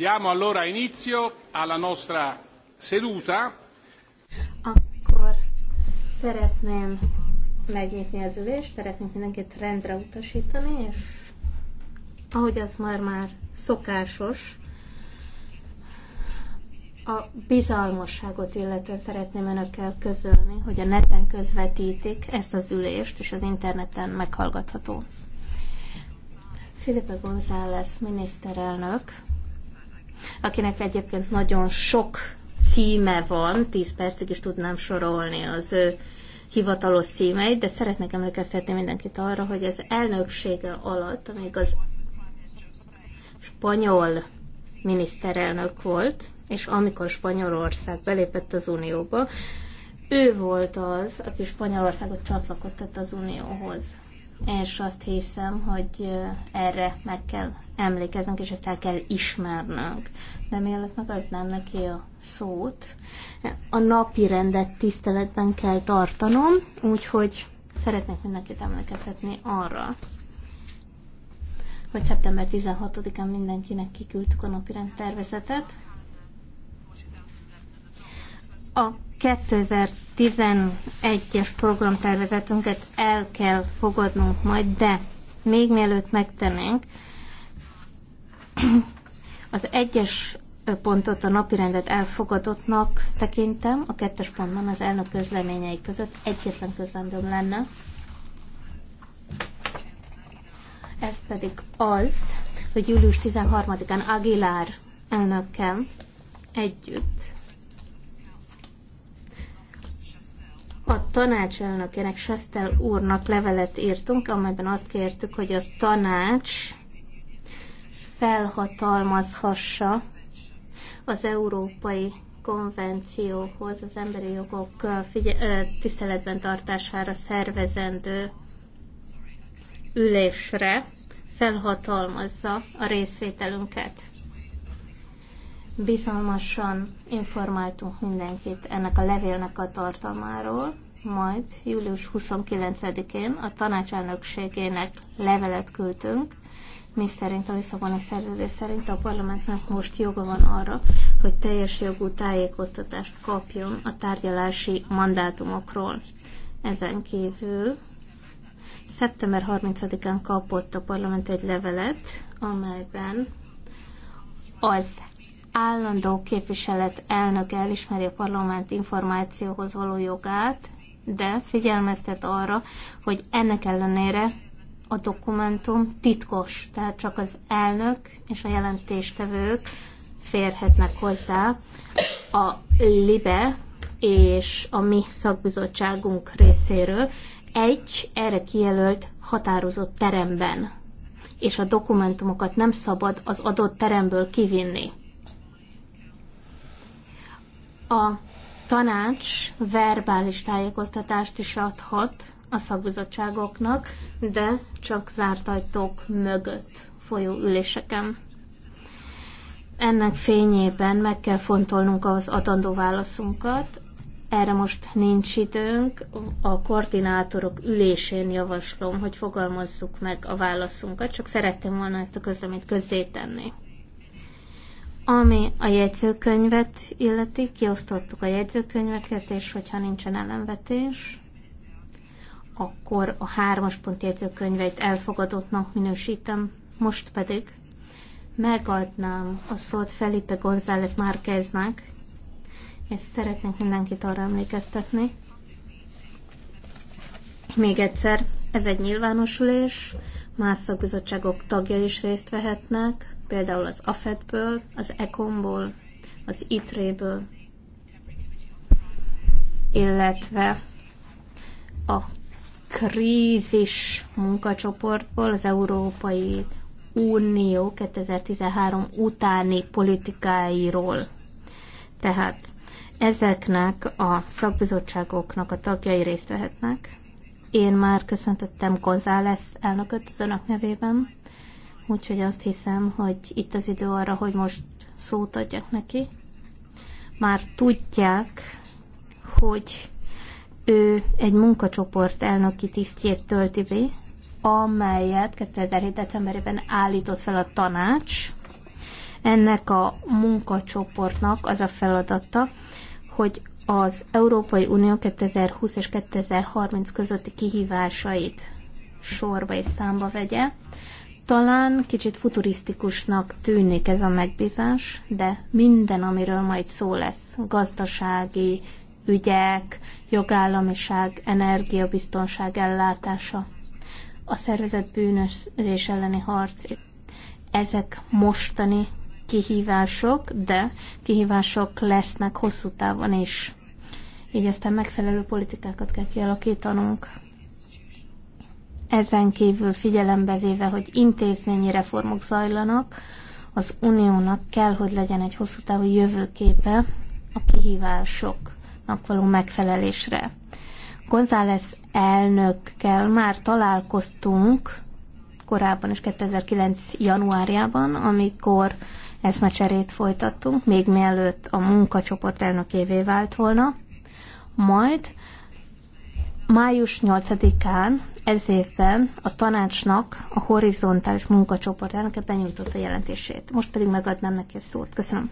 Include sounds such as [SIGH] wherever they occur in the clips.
Diamo allora inizio alla nostra seduta. Akkor szeretném megnyitni az ülést, szeretnénk mindenkit rendre utasítani, és ahogy az már már szokásos, a bizalmasságot illetően szeretném önökkel közölni, hogy a neten közvetítik ezt az ülést, és az interneten meghallgatható. Filipe González miniszterelnök akinek egyébként nagyon sok címe van, 10 percig is tudnám sorolni az ő hivatalos címeit, de szeretnék emlékeztetni mindenkit arra, hogy az elnöksége alatt, amíg az spanyol miniszterelnök volt, és amikor Spanyolország belépett az Unióba, ő volt az, aki Spanyolországot csatlakoztatta az Unióhoz. És azt hiszem, hogy erre meg kell emlékezünk, és ezt el kell ismernünk. De mielőtt megadnám neki a szót, a napi rendet tiszteletben kell tartanom, úgyhogy szeretnék mindenkit emlékeztetni arra, hogy szeptember 16-án mindenkinek kiküldtük a rend tervezetet. A 2011-es programtervezetünket el kell fogadnunk majd, de még mielőtt megtennénk, az egyes pontot a napirendet elfogadottnak tekintem, a kettes pontban az elnök közleményei között egyetlen közlendőm lenne. Ez pedig az, hogy július 13-án Aguilar elnökkel együtt a tanács elnökének Sestel úrnak levelet írtunk, amelyben azt kértük, hogy a tanács felhatalmazhassa az Európai Konvencióhoz az emberi jogok tiszteletben tartására szervezendő ülésre, felhatalmazza a részvételünket. Bizalmasan informáltunk mindenkit ennek a levélnek a tartalmáról, majd július 29-én a tanácselnökségének levelet küldtünk, mi szerint a Lisszaboni szerződés szerint a parlamentnek most joga van arra, hogy teljes jogú tájékoztatást kapjon a tárgyalási mandátumokról. Ezen kívül szeptember 30-án kapott a parlament egy levelet, amelyben az állandó képviselet elnöke elismeri a parlament információhoz való jogát, de figyelmeztet arra, hogy ennek ellenére a dokumentum titkos, tehát csak az elnök és a jelentéstevők férhetnek hozzá. A LIBE és a mi szakbizottságunk részéről egy erre kijelölt határozott teremben, és a dokumentumokat nem szabad az adott teremből kivinni. A tanács verbális tájékoztatást is adhat a szakbizottságoknak, de csak zárt ajtók mögött folyó üléseken. Ennek fényében meg kell fontolnunk az adandó válaszunkat. Erre most nincs időnk. A koordinátorok ülésén javaslom, hogy fogalmazzuk meg a válaszunkat, csak szerettem volna ezt a közleményt közzétenni. Ami a jegyzőkönyvet illeti, kiosztottuk a jegyzőkönyveket, és hogyha nincsen ellenvetés, akkor a hármas pont jegyzőkönyveit elfogadottnak minősítem. Most pedig megadnám a szót Felipe González Márqueznek. Ezt szeretnék mindenkit arra emlékeztetni. Még egyszer, ez egy nyilvánosülés, más szakbizottságok tagja is részt vehetnek, például az AFED-ből, az ECOM-ból, az ITRE-ből, illetve a krízis munkacsoportból az Európai Unió 2013 utáni politikáiról. Tehát ezeknek a szakbizottságoknak a tagjai részt vehetnek. Én már köszöntöttem González elnököt az önök nevében, úgyhogy azt hiszem, hogy itt az idő arra, hogy most szót adjak neki. Már tudják, hogy ő egy munkacsoport elnöki tisztjét tölti be, amelyet 2007. decemberében állított fel a tanács. Ennek a munkacsoportnak az a feladata, hogy az Európai Unió 2020 és 2030 közötti kihívásait sorba és számba vegye. Talán kicsit futurisztikusnak tűnik ez a megbízás, de minden, amiről majd szó lesz, gazdasági, ügyek, jogállamiság, energiabiztonság ellátása, a szervezet bűnözés elleni harc. Ezek mostani kihívások, de kihívások lesznek hosszú távon is. Így aztán megfelelő politikákat kell kialakítanunk. Ezen kívül figyelembe véve, hogy intézményi reformok zajlanak, az uniónak kell, hogy legyen egy hosszú távú jövőképe a kihívások szabályoknak való megfelelésre. González elnökkel már találkoztunk korábban is 2009. januárjában, amikor már cserét folytattunk, még mielőtt a munkacsoport elnökévé vált volna. Majd május 8-án ez évben a tanácsnak a horizontális elnöke benyújtotta jelentését. Most pedig megadnám neki a szót. Köszönöm.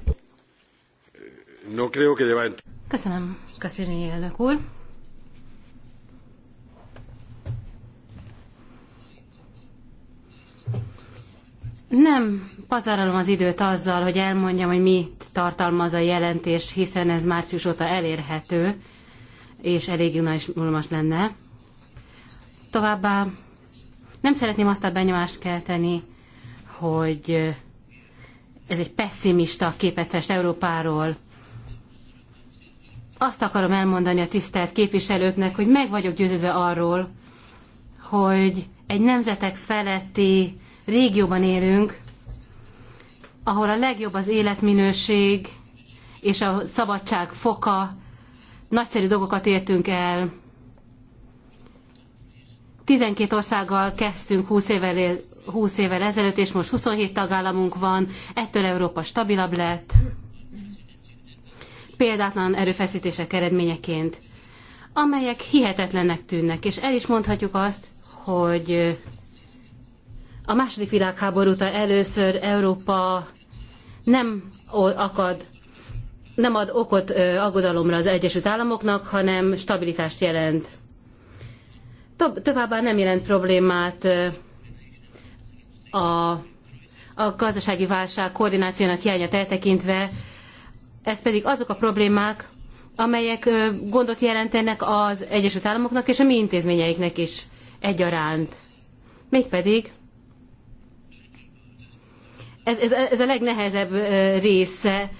No creo que deba... Köszönöm, elnök úr. Nem pazarolom az időt azzal, hogy elmondjam, hogy mit tartalmaz a jelentés, hiszen ez március óta elérhető, és elég unalmas lenne. Továbbá nem szeretném azt a benyomást kelteni, hogy ez egy pessimista képet fest Európáról, azt akarom elmondani a tisztelt képviselőknek, hogy meg vagyok győződve arról, hogy egy nemzetek feletti régióban élünk, ahol a legjobb az életminőség és a szabadság foka, nagyszerű dolgokat értünk el. 12 országgal kezdtünk 20 évvel, 20 évvel ezelőtt, és most 27 tagállamunk van, ettől Európa stabilabb lett példátlan erőfeszítések eredményeként, amelyek hihetetlennek tűnnek, és el is mondhatjuk azt, hogy a második világháború óta először Európa nem akad nem ad okot aggodalomra az Egyesült Államoknak, hanem stabilitást jelent. Továbbá nem jelent problémát a, a gazdasági válság koordinációnak hiányát tekintve, ez pedig azok a problémák, amelyek gondot jelentenek az Egyesült Államoknak és a mi intézményeiknek is egyaránt. Mégpedig ez, ez, ez a legnehezebb része,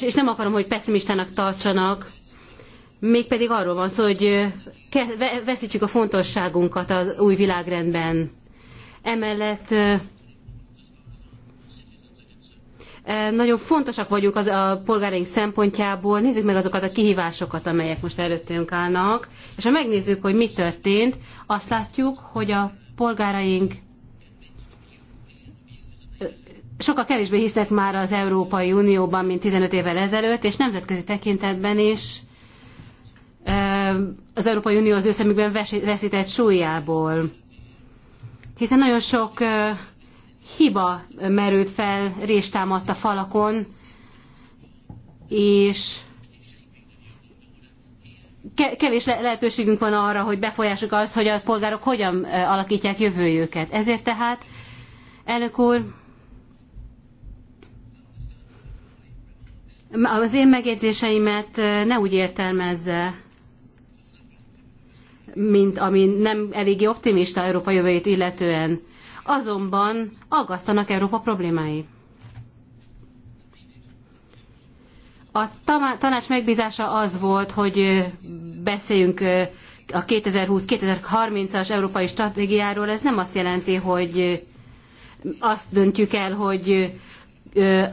és nem akarom, hogy pessimistának tartsanak, mégpedig arról van szó, hogy veszítjük a fontosságunkat az új világrendben. Emellett nagyon fontosak vagyunk az a polgáraink szempontjából, nézzük meg azokat a kihívásokat, amelyek most előttünk állnak, és ha megnézzük, hogy mi történt, azt látjuk, hogy a polgáraink sokkal kevésbé hisznek már az Európai Unióban, mint 15 évvel ezelőtt, és nemzetközi tekintetben is az Európai Unió az ő szemükben veszített súlyából. Hiszen nagyon sok hiba merült fel, rést támadt a falakon, és kevés lehetőségünk van arra, hogy befolyásoljuk azt, hogy a polgárok hogyan alakítják jövőjüket. Ezért tehát, elnök úr, az én megjegyzéseimet ne úgy értelmezze, mint ami nem eléggé optimista Európa jövőjét illetően azonban aggasztanak Európa problémái. A tanács megbízása az volt, hogy beszéljünk a 2020-2030-as európai stratégiáról. Ez nem azt jelenti, hogy azt döntjük el, hogy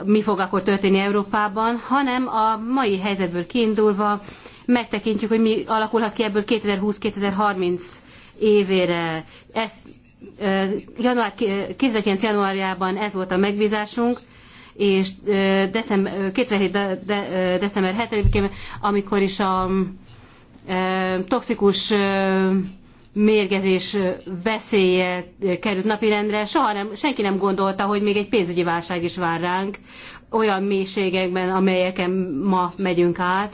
mi fog akkor történni Európában, hanem a mai helyzetből kiindulva megtekintjük, hogy mi alakulhat ki ebből 2020-2030 évére. Ezt január, 2009. januárjában ez volt a megbízásunk, és december, 2007. december 7-én, amikor is a toxikus mérgezés veszélye került napirendre, soha nem, senki nem gondolta, hogy még egy pénzügyi válság is vár ránk, olyan mélységekben, amelyeken ma megyünk át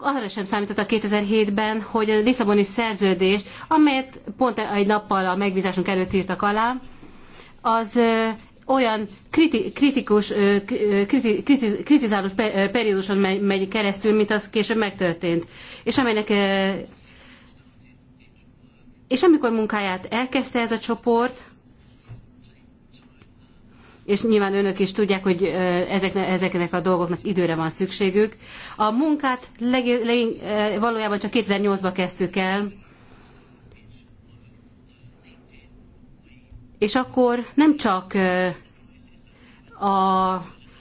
arra sem számítottak 2007-ben, hogy a Lisszaboni szerződés, amelyet pont egy nappal a megbízásunk előtt írtak alá, az olyan kriti, kritikus, kriti, kriti, kritizálós perióduson megy keresztül, mint az később megtörtént. És amelynek és amikor munkáját elkezdte ez a csoport, és nyilván önök is tudják, hogy ezeknek, ezeknek a dolgoknak időre van szükségük. A munkát leg, leg, valójában csak 2008-ban kezdtük el, és akkor nem csak a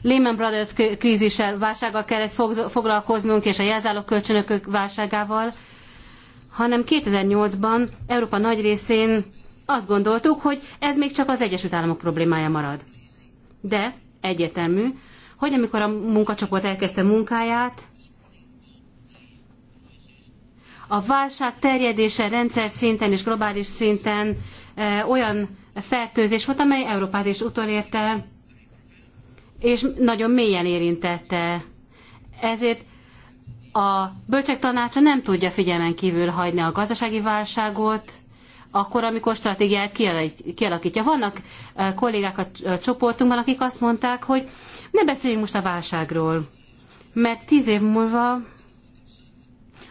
Lehman Brothers krízissel, válsággal kellett foglalkoznunk, és a jelzálog kölcsönök válságával, hanem 2008-ban Európa nagy részén azt gondoltuk, hogy ez még csak az Egyesült Államok problémája marad de egyetemű, hogy amikor a munkacsoport elkezdte munkáját, a válság terjedése rendszer szinten és globális szinten e, olyan fertőzés volt, amely Európát is utolérte, és nagyon mélyen érintette. Ezért a bölcsek tanácsa nem tudja figyelmen kívül hagyni a gazdasági válságot, akkor, amikor stratégiát kialakítja. Vannak eh, kollégák a csoportunkban, akik azt mondták, hogy ne beszéljünk most a válságról, mert tíz év múlva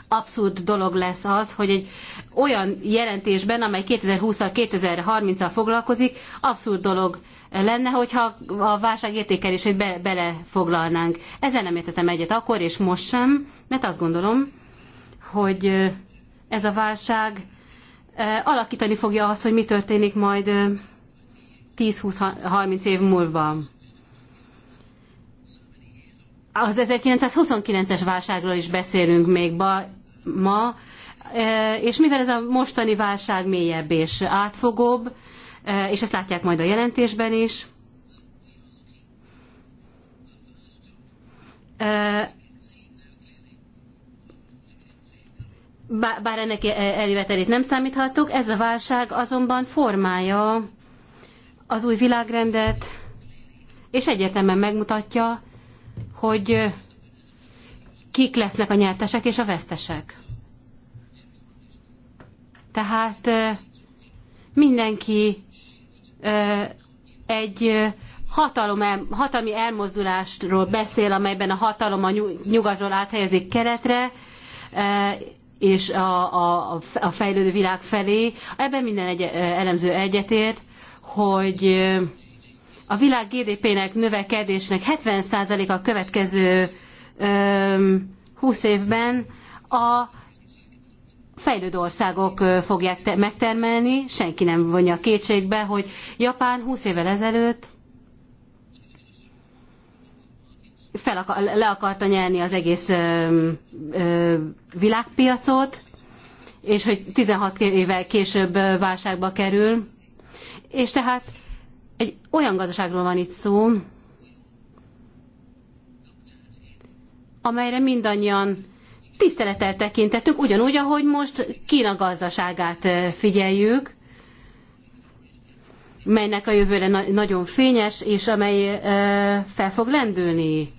abszurd dolog lesz az, hogy egy olyan jelentésben, amely 2020-al, 2030-al foglalkozik, abszurd dolog lenne, hogyha a válság értékelését be, belefoglalnánk. Ezzel nem értetem egyet akkor és most sem, mert azt gondolom, hogy eh, ez a válság alakítani fogja azt, hogy mi történik majd 10-20-30 év múlva. Az 1929-es válságról is beszélünk még ba, ma, és mivel ez a mostani válság mélyebb és átfogóbb, és ezt látják majd a jelentésben is, bár ennek e- eljövetelét nem számíthattuk, ez a válság azonban formája az új világrendet, és egyértelműen megmutatja, hogy kik lesznek a nyertesek és a vesztesek. Tehát mindenki egy hatalom, hatalmi elmozdulásról beszél, amelyben a hatalom a nyugatról áthelyezik keretre, és a, a, a fejlődő világ felé. Ebben minden egy, elemző egyetért, hogy a világ GDP-nek növekedésnek 70%-a következő öm, 20 évben a fejlődő országok fogják megtermelni, senki nem vonja kétségbe, hogy Japán 20 évvel ezelőtt fel akar, le akarta nyerni az egész ö, ö, világpiacot, és hogy 16 évvel később válságba kerül. És tehát egy olyan gazdaságról van itt szó, amelyre mindannyian tisztelettel tekintettünk, ugyanúgy, ahogy most Kína gazdaságát figyeljük, melynek a jövőre na nagyon fényes, és amely ö, fel fog lendülni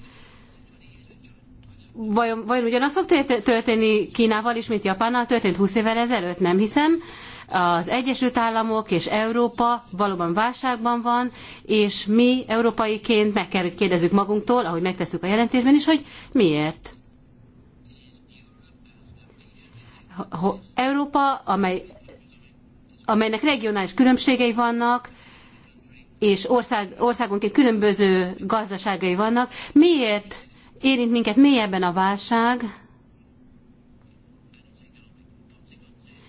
vajon, vajon ugyanaz fog történni Kínával is, mint Japánnal történt 20 évvel ezelőtt, nem hiszem. Az Egyesült Államok és Európa valóban válságban van, és mi európaiként meg kell, hogy kérdezzük magunktól, ahogy megtesszük a jelentésben is, hogy miért. Európa, amely, amelynek regionális különbségei vannak, és ország, országonként különböző gazdaságai vannak, miért érint minket mélyebben a válság,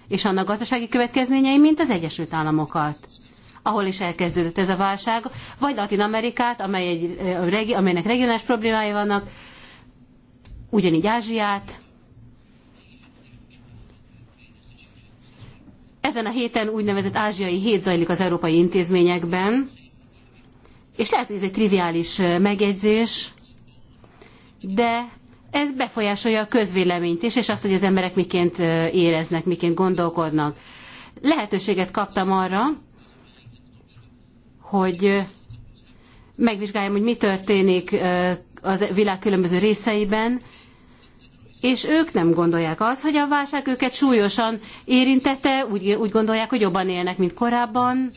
és annak gazdasági következményei, mint az Egyesült Államokat ahol is elkezdődött ez a válság, vagy Latin Amerikát, amely egy, amelynek regionális problémái vannak, ugyanígy Ázsiát. Ezen a héten úgynevezett ázsiai hét zajlik az európai intézményekben, és lehet, hogy ez egy triviális megjegyzés, de ez befolyásolja a közvéleményt is, és azt, hogy az emberek miként éreznek, miként gondolkodnak. Lehetőséget kaptam arra, hogy megvizsgáljam, hogy mi történik az világ különböző részeiben, és ők nem gondolják azt, hogy a válság őket súlyosan érintette, úgy, úgy gondolják, hogy jobban élnek, mint korábban,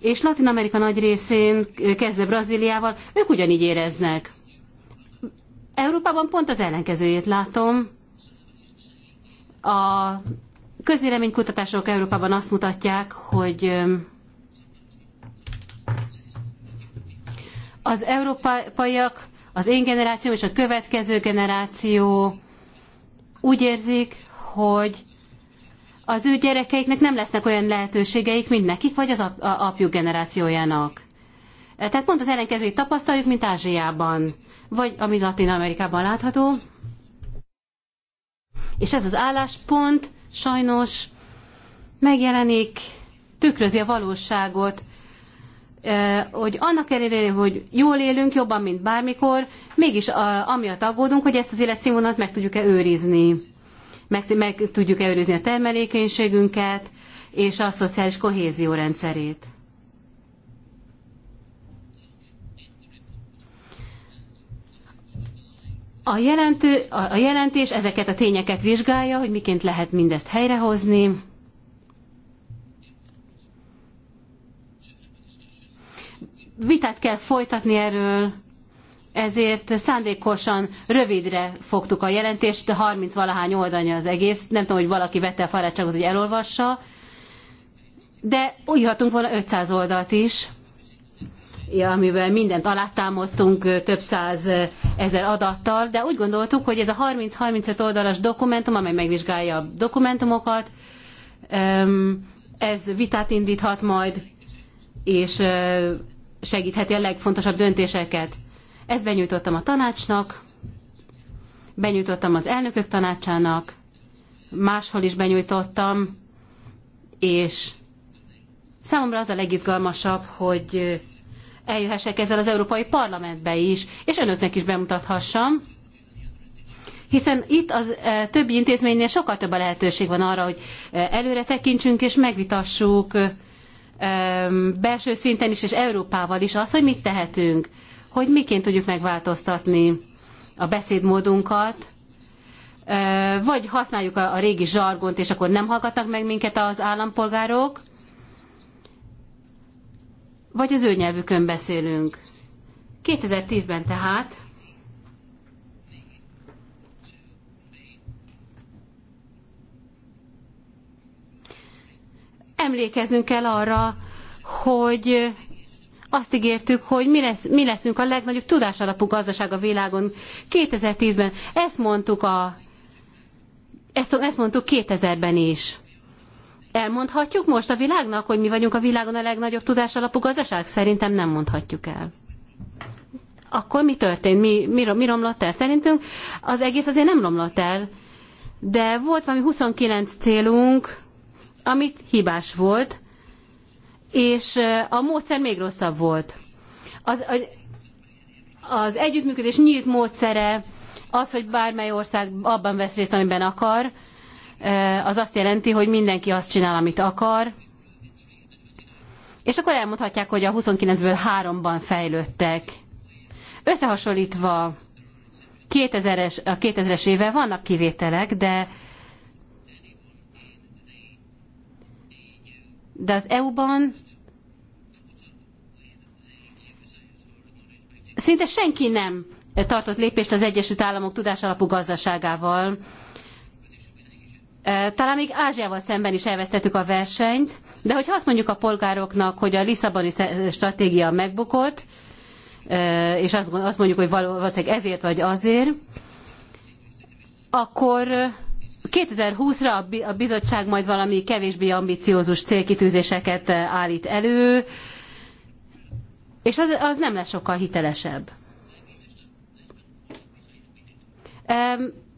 és Latin Amerika nagy részén, kezdve Brazíliával, ők ugyanígy éreznek. Európában pont az ellenkezőjét látom. A közvéleménykutatások Európában azt mutatják, hogy az európaiak, az én generációm és a következő generáció úgy érzik, hogy az ő gyerekeiknek nem lesznek olyan lehetőségeik, mint nekik, vagy az apjuk generációjának. Tehát pont az ellenkezőjét tapasztaljuk, mint Ázsiában vagy ami Latin Amerikában látható. És ez az álláspont sajnos megjelenik, tükrözi a valóságot, hogy annak ellenére, hogy jól élünk, jobban, mint bármikor, mégis amiatt aggódunk, hogy ezt az életszínvonalat meg tudjuk-e őrizni. Meg, meg tudjuk-e őrizni a termelékenységünket és a szociális kohézió rendszerét. A, jelentő, a jelentés ezeket a tényeket vizsgálja, hogy miként lehet mindezt helyrehozni. Vitát kell folytatni erről, ezért szándékosan rövidre fogtuk a jelentést, de 30 valahány oldalnya az egész. Nem tudom, hogy valaki vette a fáradtságot, hogy elolvassa, de írhatunk volna 500 oldalt is amivel mindent alátámasztunk több száz ezer adattal, de úgy gondoltuk, hogy ez a 30-35 oldalas dokumentum, amely megvizsgálja a dokumentumokat, ez vitát indíthat majd, és segítheti a legfontosabb döntéseket. Ezt benyújtottam a tanácsnak, benyújtottam az elnökök tanácsának, máshol is benyújtottam, és számomra az a legizgalmasabb, hogy eljöhessek ezzel az Európai Parlamentbe is, és önöknek is bemutathassam, hiszen itt az e, többi intézménynél sokkal több a lehetőség van arra, hogy e, előre tekintsünk és megvitassuk e, belső szinten is és Európával is azt, hogy mit tehetünk, hogy miként tudjuk megváltoztatni a beszédmódunkat, vagy használjuk a régi zsargont, és akkor nem hallgatnak meg minket az állampolgárok, vagy az ő nyelvükön beszélünk. 2010-ben tehát emlékeznünk kell arra, hogy azt ígértük, hogy mi, lesz, mi leszünk a legnagyobb tudásalapú gazdaság a világon 2010-ben. Ezt mondtuk a ezt, ezt mondtuk 2000-ben is. Elmondhatjuk most a világnak, hogy mi vagyunk a világon a legnagyobb tudásalapú gazdaság? Szerintem nem mondhatjuk el. Akkor mi történt? Mi, mi, mi romlott el? Szerintünk az egész azért nem romlott el, de volt valami 29 célunk, amit hibás volt, és a módszer még rosszabb volt. Az, az együttműködés nyílt módszere az, hogy bármely ország abban vesz részt, amiben akar, Eh, az azt jelenti, hogy mindenki azt csinál, amit akar, és akkor elmondhatják, hogy a 29-ből háromban fejlődtek. Összehasonlítva 2000-es, a 2000-es éve vannak kivételek, de de az EU-ban szinte senki nem tartott lépést az Egyesült Államok tudásalapú gazdaságával, talán még Ázsiával szemben is elvesztettük a versenyt, de hogyha azt mondjuk a polgároknak, hogy a Lisszaboni stratégia megbukott, és azt mondjuk, hogy valószínűleg ezért vagy azért, akkor 2020-ra a bizottság majd valami kevésbé ambiciózus célkitűzéseket állít elő, és az, az nem lesz sokkal hitelesebb.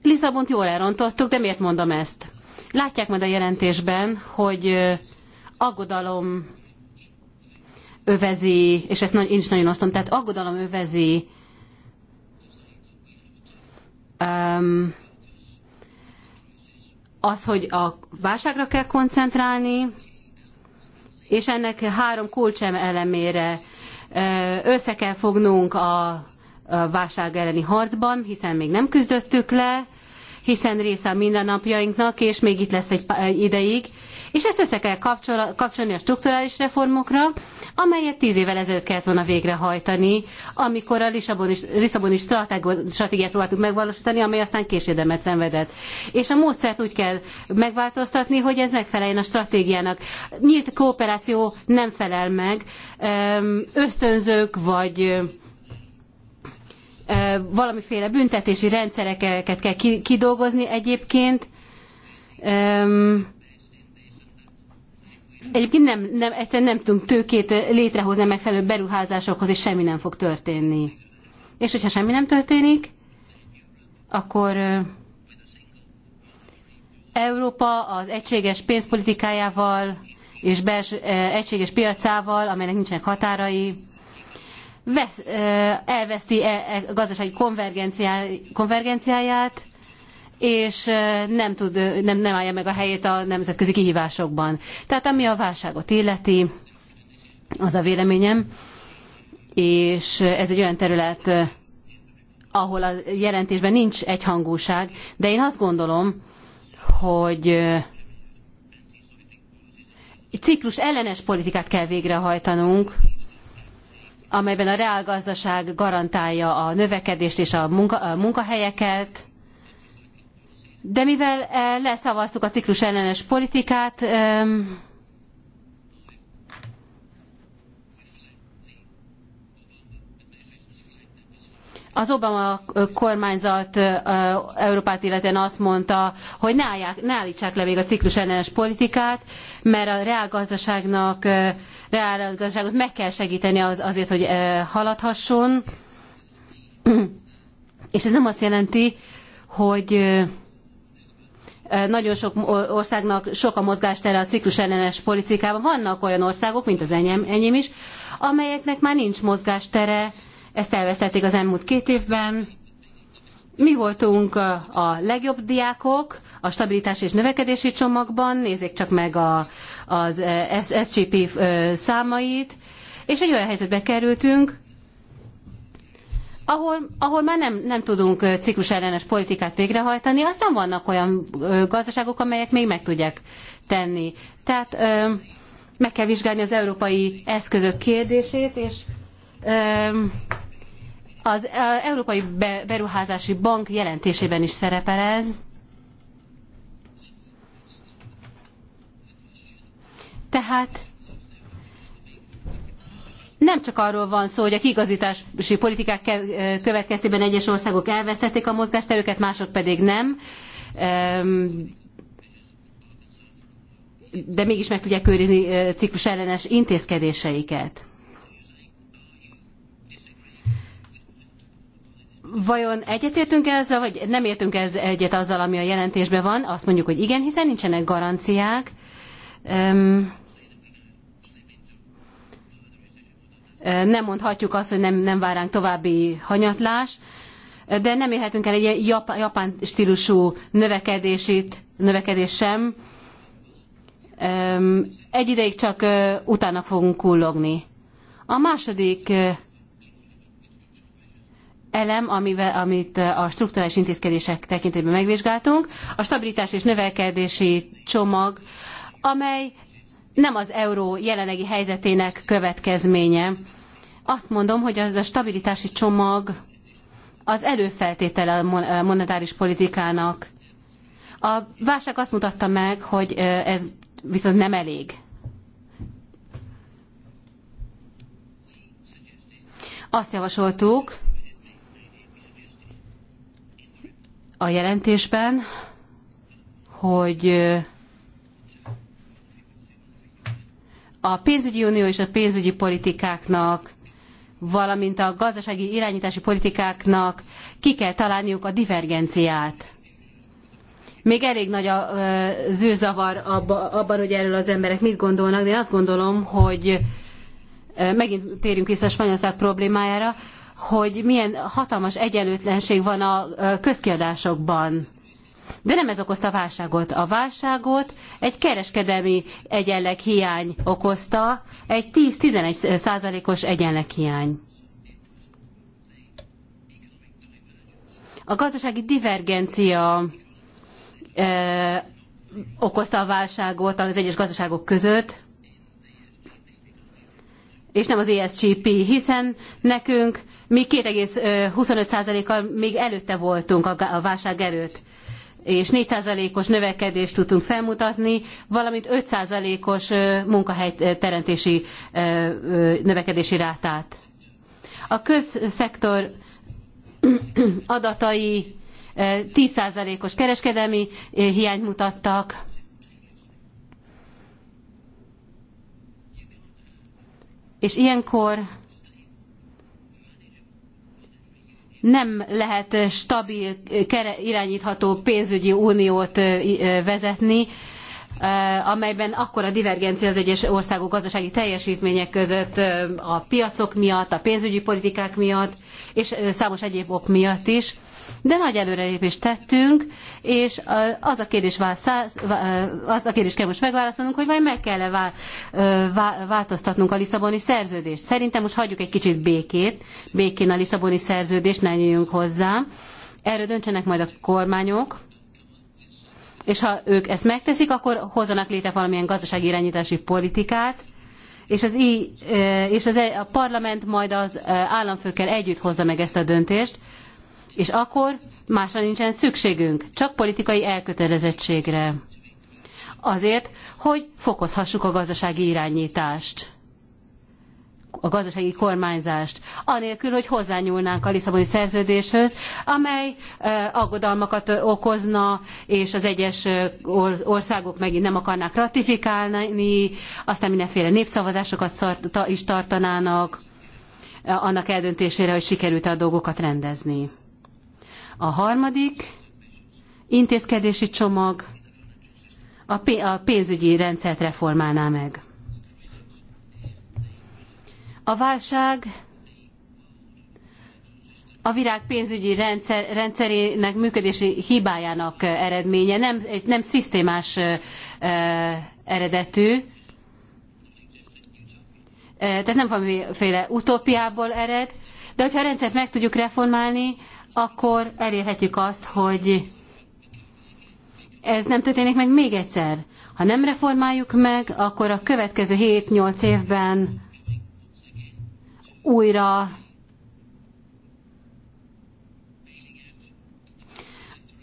Lisszabont jól elrontottuk, de miért mondom ezt? Látják majd a jelentésben, hogy aggodalom övezi, és ezt én is nagyon osztom, tehát aggodalom övezi um, az, hogy a válságra kell koncentrálni, és ennek három kulcsem elemére össze kell fognunk a válság elleni harcban, hiszen még nem küzdöttük le, hiszen része a mindennapjainknak, és még itt lesz egy ideig. És ezt össze kell kapcsolni a strukturális reformokra, amelyet tíz évvel ezelőtt kellett volna végrehajtani, amikor a Lisszaboni, stratégiát próbáltuk megvalósítani, amely aztán késédemet szenvedett. És a módszert úgy kell megváltoztatni, hogy ez megfeleljen a stratégiának. Nyílt kooperáció nem felel meg, ösztönzők vagy valamiféle büntetési rendszereket kell kidolgozni egyébként. Egyébként nem, nem, egyszerűen nem tudunk tőkét létrehozni megfelelő beruházásokhoz, és semmi nem fog történni. És hogyha semmi nem történik, akkor Európa az egységes pénzpolitikájával és belső, egységes piacával, amelynek nincsenek határai, vesz, elveszti -e a e, gazdasági konvergenciá, konvergenciáját, és nem, tud, nem, nem állja meg a helyét a nemzetközi kihívásokban. Tehát ami a válságot illeti, az a véleményem, és ez egy olyan terület, ahol a jelentésben nincs egyhangúság, de én azt gondolom, hogy ciklus ellenes politikát kell végrehajtanunk, amelyben a reálgazdaság garantálja a növekedést és a, munka, a munkahelyeket. De mivel eh, leszavaztuk a ciklus ellenes politikát, Az Obama kormányzat Európát illetően azt mondta, hogy ne, állják, ne állítsák le még a ciklus ellenes politikát, mert a reálgazdaságnak, reálgazdaságot meg kell segíteni az, azért, hogy haladhasson. És ez nem azt jelenti, hogy nagyon sok országnak sok a mozgástere a ciklus ellenes politikában. Vannak olyan országok, mint az enyém, enyém is, amelyeknek már nincs mozgástere, ezt elvesztették az elmúlt két évben. Mi voltunk a legjobb diákok a stabilitás és növekedési csomagban, nézzék csak meg a, az eh, SGP eh, számait, és egy olyan helyzetbe kerültünk, ahol, ahol már nem, nem tudunk eh, ciklusellenes politikát végrehajtani, aztán vannak olyan gazdaságok, amelyek még meg tudják tenni. Tehát meg kell vizsgálni az európai eszközök kérdését, és az Európai Beruházási Bank jelentésében is szerepel ez. Tehát nem csak arról van szó, hogy a kiigazítási politikák következtében egyes országok elvesztették a mozgásterüket, mások pedig nem, de mégis meg tudják őrizni ciklus ellenes intézkedéseiket. vajon egyetértünk -e ezzel, vagy nem értünk ez egyet azzal, ami a jelentésben van? Azt mondjuk, hogy igen, hiszen nincsenek garanciák. Um, nem mondhatjuk azt, hogy nem, nem váránk további hanyatlás, de nem érhetünk el egy japán, japán stílusú növekedését, növekedés sem. Um, egy ideig csak uh, utána fogunk kullogni. A második elem, amivel, amit eh, a strukturális intézkedések tekintetében megvizsgáltunk, a stabilitás és növekedési csomag, amely nem az euró jelenlegi helyzetének következménye. Azt mondom, hogy az a stabilitási csomag az előfeltétele a monetáris politikának. A válság azt mutatta meg, hogy eh, ez viszont nem elég. Azt javasoltuk, a jelentésben, hogy a pénzügyi unió és a pénzügyi politikáknak, valamint a gazdasági irányítási politikáknak ki kell találniuk a divergenciát. Még elég nagy a zűrzavar abban, hogy erről az emberek mit gondolnak, de én azt gondolom, hogy megint térjünk vissza a Spanyolország problémájára, hogy milyen hatalmas egyenlőtlenség van a közkiadásokban. De nem ez okozta a válságot. A válságot egy kereskedelmi egyenleg hiány okozta, egy 10-11 százalékos egyenleg hiány. A gazdasági divergencia ö, okozta a válságot az egyes gazdaságok között, és nem az ESGP, hiszen nekünk mi 2,25%-kal még előtte voltunk a válság előtt és 4%-os növekedést tudtunk felmutatni, valamint 5%-os munkahelyteremtési növekedési rátát. A közszektor [CLEARS THROAT] adatai 10%-os kereskedelmi hiányt mutattak, és ilyenkor nem lehet stabil, irányítható pénzügyi uniót vezetni, Eh, amelyben akkora divergencia az egyes országok gazdasági teljesítmények között eh, a piacok miatt, a pénzügyi politikák miatt, és eh, számos egyéb ok miatt is. De nagy előrelépést tettünk, és az a kérdés, válszáz, az a kérdés kell most megválaszolnunk, hogy vajon meg kell-e változtatnunk a Lisszaboni szerződést. Szerintem most hagyjuk egy kicsit békét, békén a Lisszaboni szerződést, ne nyúljunk hozzá. Erről döntsenek majd a kormányok, és ha ők ezt megteszik, akkor hozzanak létre valamilyen gazdasági irányítási politikát, és az, í, és az e, a parlament majd az államfőkkel együtt hozza meg ezt a döntést, és akkor másra nincsen szükségünk, csak politikai elkötelezettségre. Azért, hogy fokozhassuk a gazdasági irányítást a gazdasági kormányzást, anélkül, hogy hozzányúlnánk a Lisszaboni szerződéshöz, amely eh, aggodalmakat eh, okozna, és az egyes eh, országok megint nem akarnák ratifikálni, aztán mindenféle népszavazásokat is tartanának annak eldöntésére, hogy sikerült-e a dolgokat rendezni. A harmadik intézkedési csomag a pénzügyi rendszert reformálná meg. A válság a világ pénzügyi rendszer, rendszerének működési hibájának eredménye, nem, nem szisztémás eredetű, tehát nem valamiféle utópiából ered, de hogyha a rendszert meg tudjuk reformálni, akkor elérhetjük azt, hogy ez nem történik meg még egyszer. Ha nem reformáljuk meg, akkor a következő 7-8 évben újra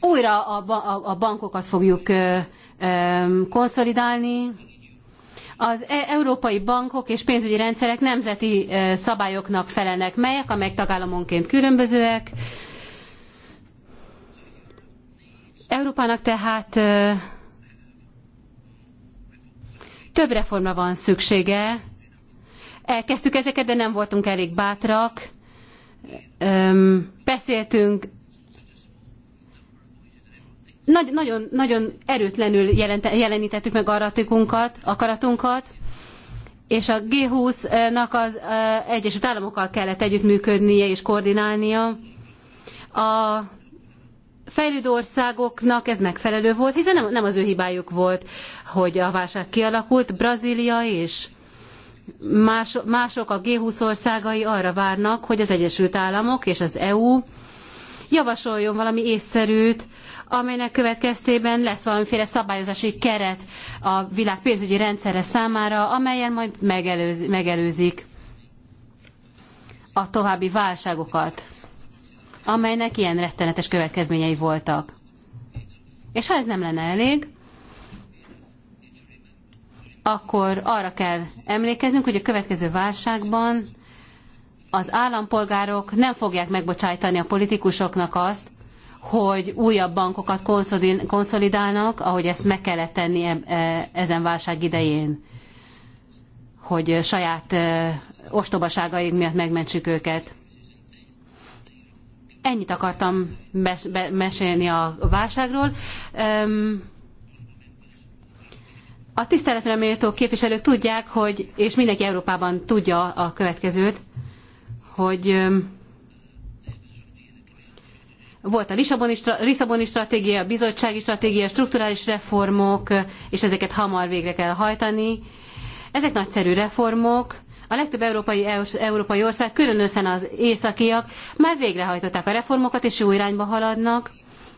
újra a, bankokat fogjuk konszolidálni. Az e- európai bankok és pénzügyi rendszerek nemzeti szabályoknak felelnek melyek, amelyek tagállamonként különbözőek. Európának tehát több reformra van szüksége, Elkezdtük ezeket, de nem voltunk elég bátrak. Beszéltünk nagy, nagyon, nagyon erőtlenül jelenítettük meg akaratunkat, akaratunkat, és a G20-nak az Egyesült Államokkal kellett együttműködnie és koordinálnia. A fejlődő országoknak ez megfelelő volt, hiszen nem, nem az ő hibájuk volt, hogy a válság kialakult. Brazília és más, mások a G20 országai arra várnak, hogy az Egyesült Államok és az EU javasoljon valami észszerűt, amelynek következtében lesz valamiféle szabályozási keret a világ pénzügyi rendszere számára, amelyen majd megelőz, megelőzik a további válságokat, amelynek ilyen rettenetes következményei voltak. És ha ez nem lenne elég, akkor arra kell emlékeznünk, hogy a következő válságban az állampolgárok nem fogják megbocsájtani a politikusoknak azt, hogy újabb bankokat konszolidálnak, ahogy ezt meg kellett tenni e, ezen válság idején, hogy saját e, ostobaságaik miatt megmentsük őket. Ennyit akartam mesélni a válságról. A tiszteletre méltó képviselők tudják, hogy, és mindenki Európában tudja a következőt, hogy volt a Lisszaboni, Lisszaboni stratégia, a bizottsági stratégia, strukturális reformok, és ezeket hamar végre kell hajtani. Ezek nagyszerű reformok. A legtöbb európai, e-, európai ország, különösen az északiak már végrehajtották a reformokat, és jó irányba haladnak.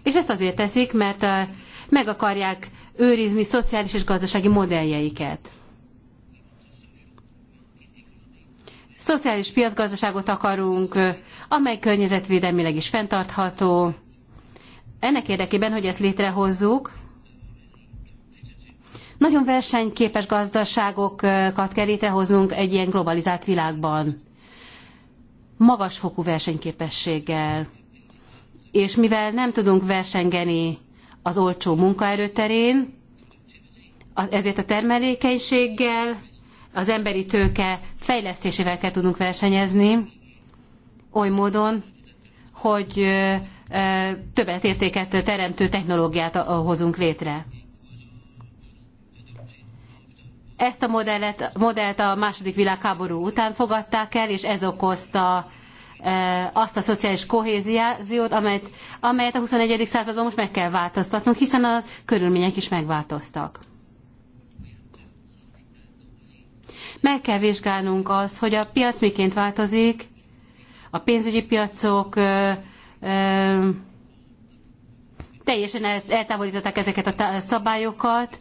És ezt azért teszik, mert meg akarják őrizni szociális és gazdasági modelljeiket. Szociális piacgazdaságot akarunk, amely környezetvédelmileg is fenntartható. Ennek érdekében, hogy ezt létrehozzuk, nagyon versenyképes gazdaságokat kell létrehoznunk egy ilyen globalizált világban. Magas fokú versenyképességgel. És mivel nem tudunk versengeni az olcsó munkaerő terén, ezért a termelékenységgel, az emberi tőke fejlesztésével kell tudnunk versenyezni, oly módon, hogy értéket teremtő technológiát hozunk létre. Ezt a modellet, modellt a második világháború után fogadták el, és ez okozta Eh, azt a szociális kohéziót, amelyet, amelyet a 21. században most meg kell változtatnunk, hiszen a körülmények is megváltoztak. Meg kell vizsgálnunk azt, hogy a piac miként változik, a pénzügyi piacok ö, ö, teljesen eltávolították ezeket a szabályokat,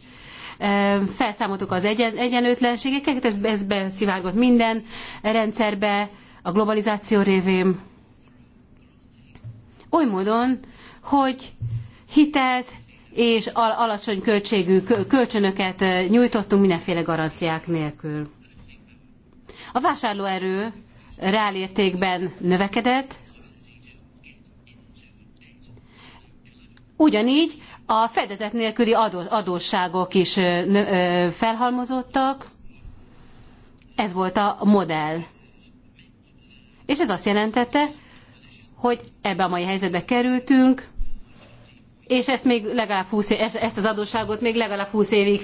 felszámoltuk az egyen, egyenlőtlenségeket, ez, ez beszivárgott minden rendszerbe, a globalizáció révén, oly módon, hogy hitelt és al- alacsony költségű kölcsönöket nyújtottunk mindenféle garanciák nélkül. A vásárlóerő reálértékben növekedett, ugyanígy a fedezet nélküli adósságok is felhalmozottak. Ez volt a modell. És ez azt jelentette, hogy ebbe a mai helyzetbe kerültünk, és ezt még legalább 20, ezt az adósságot még legalább 20 évig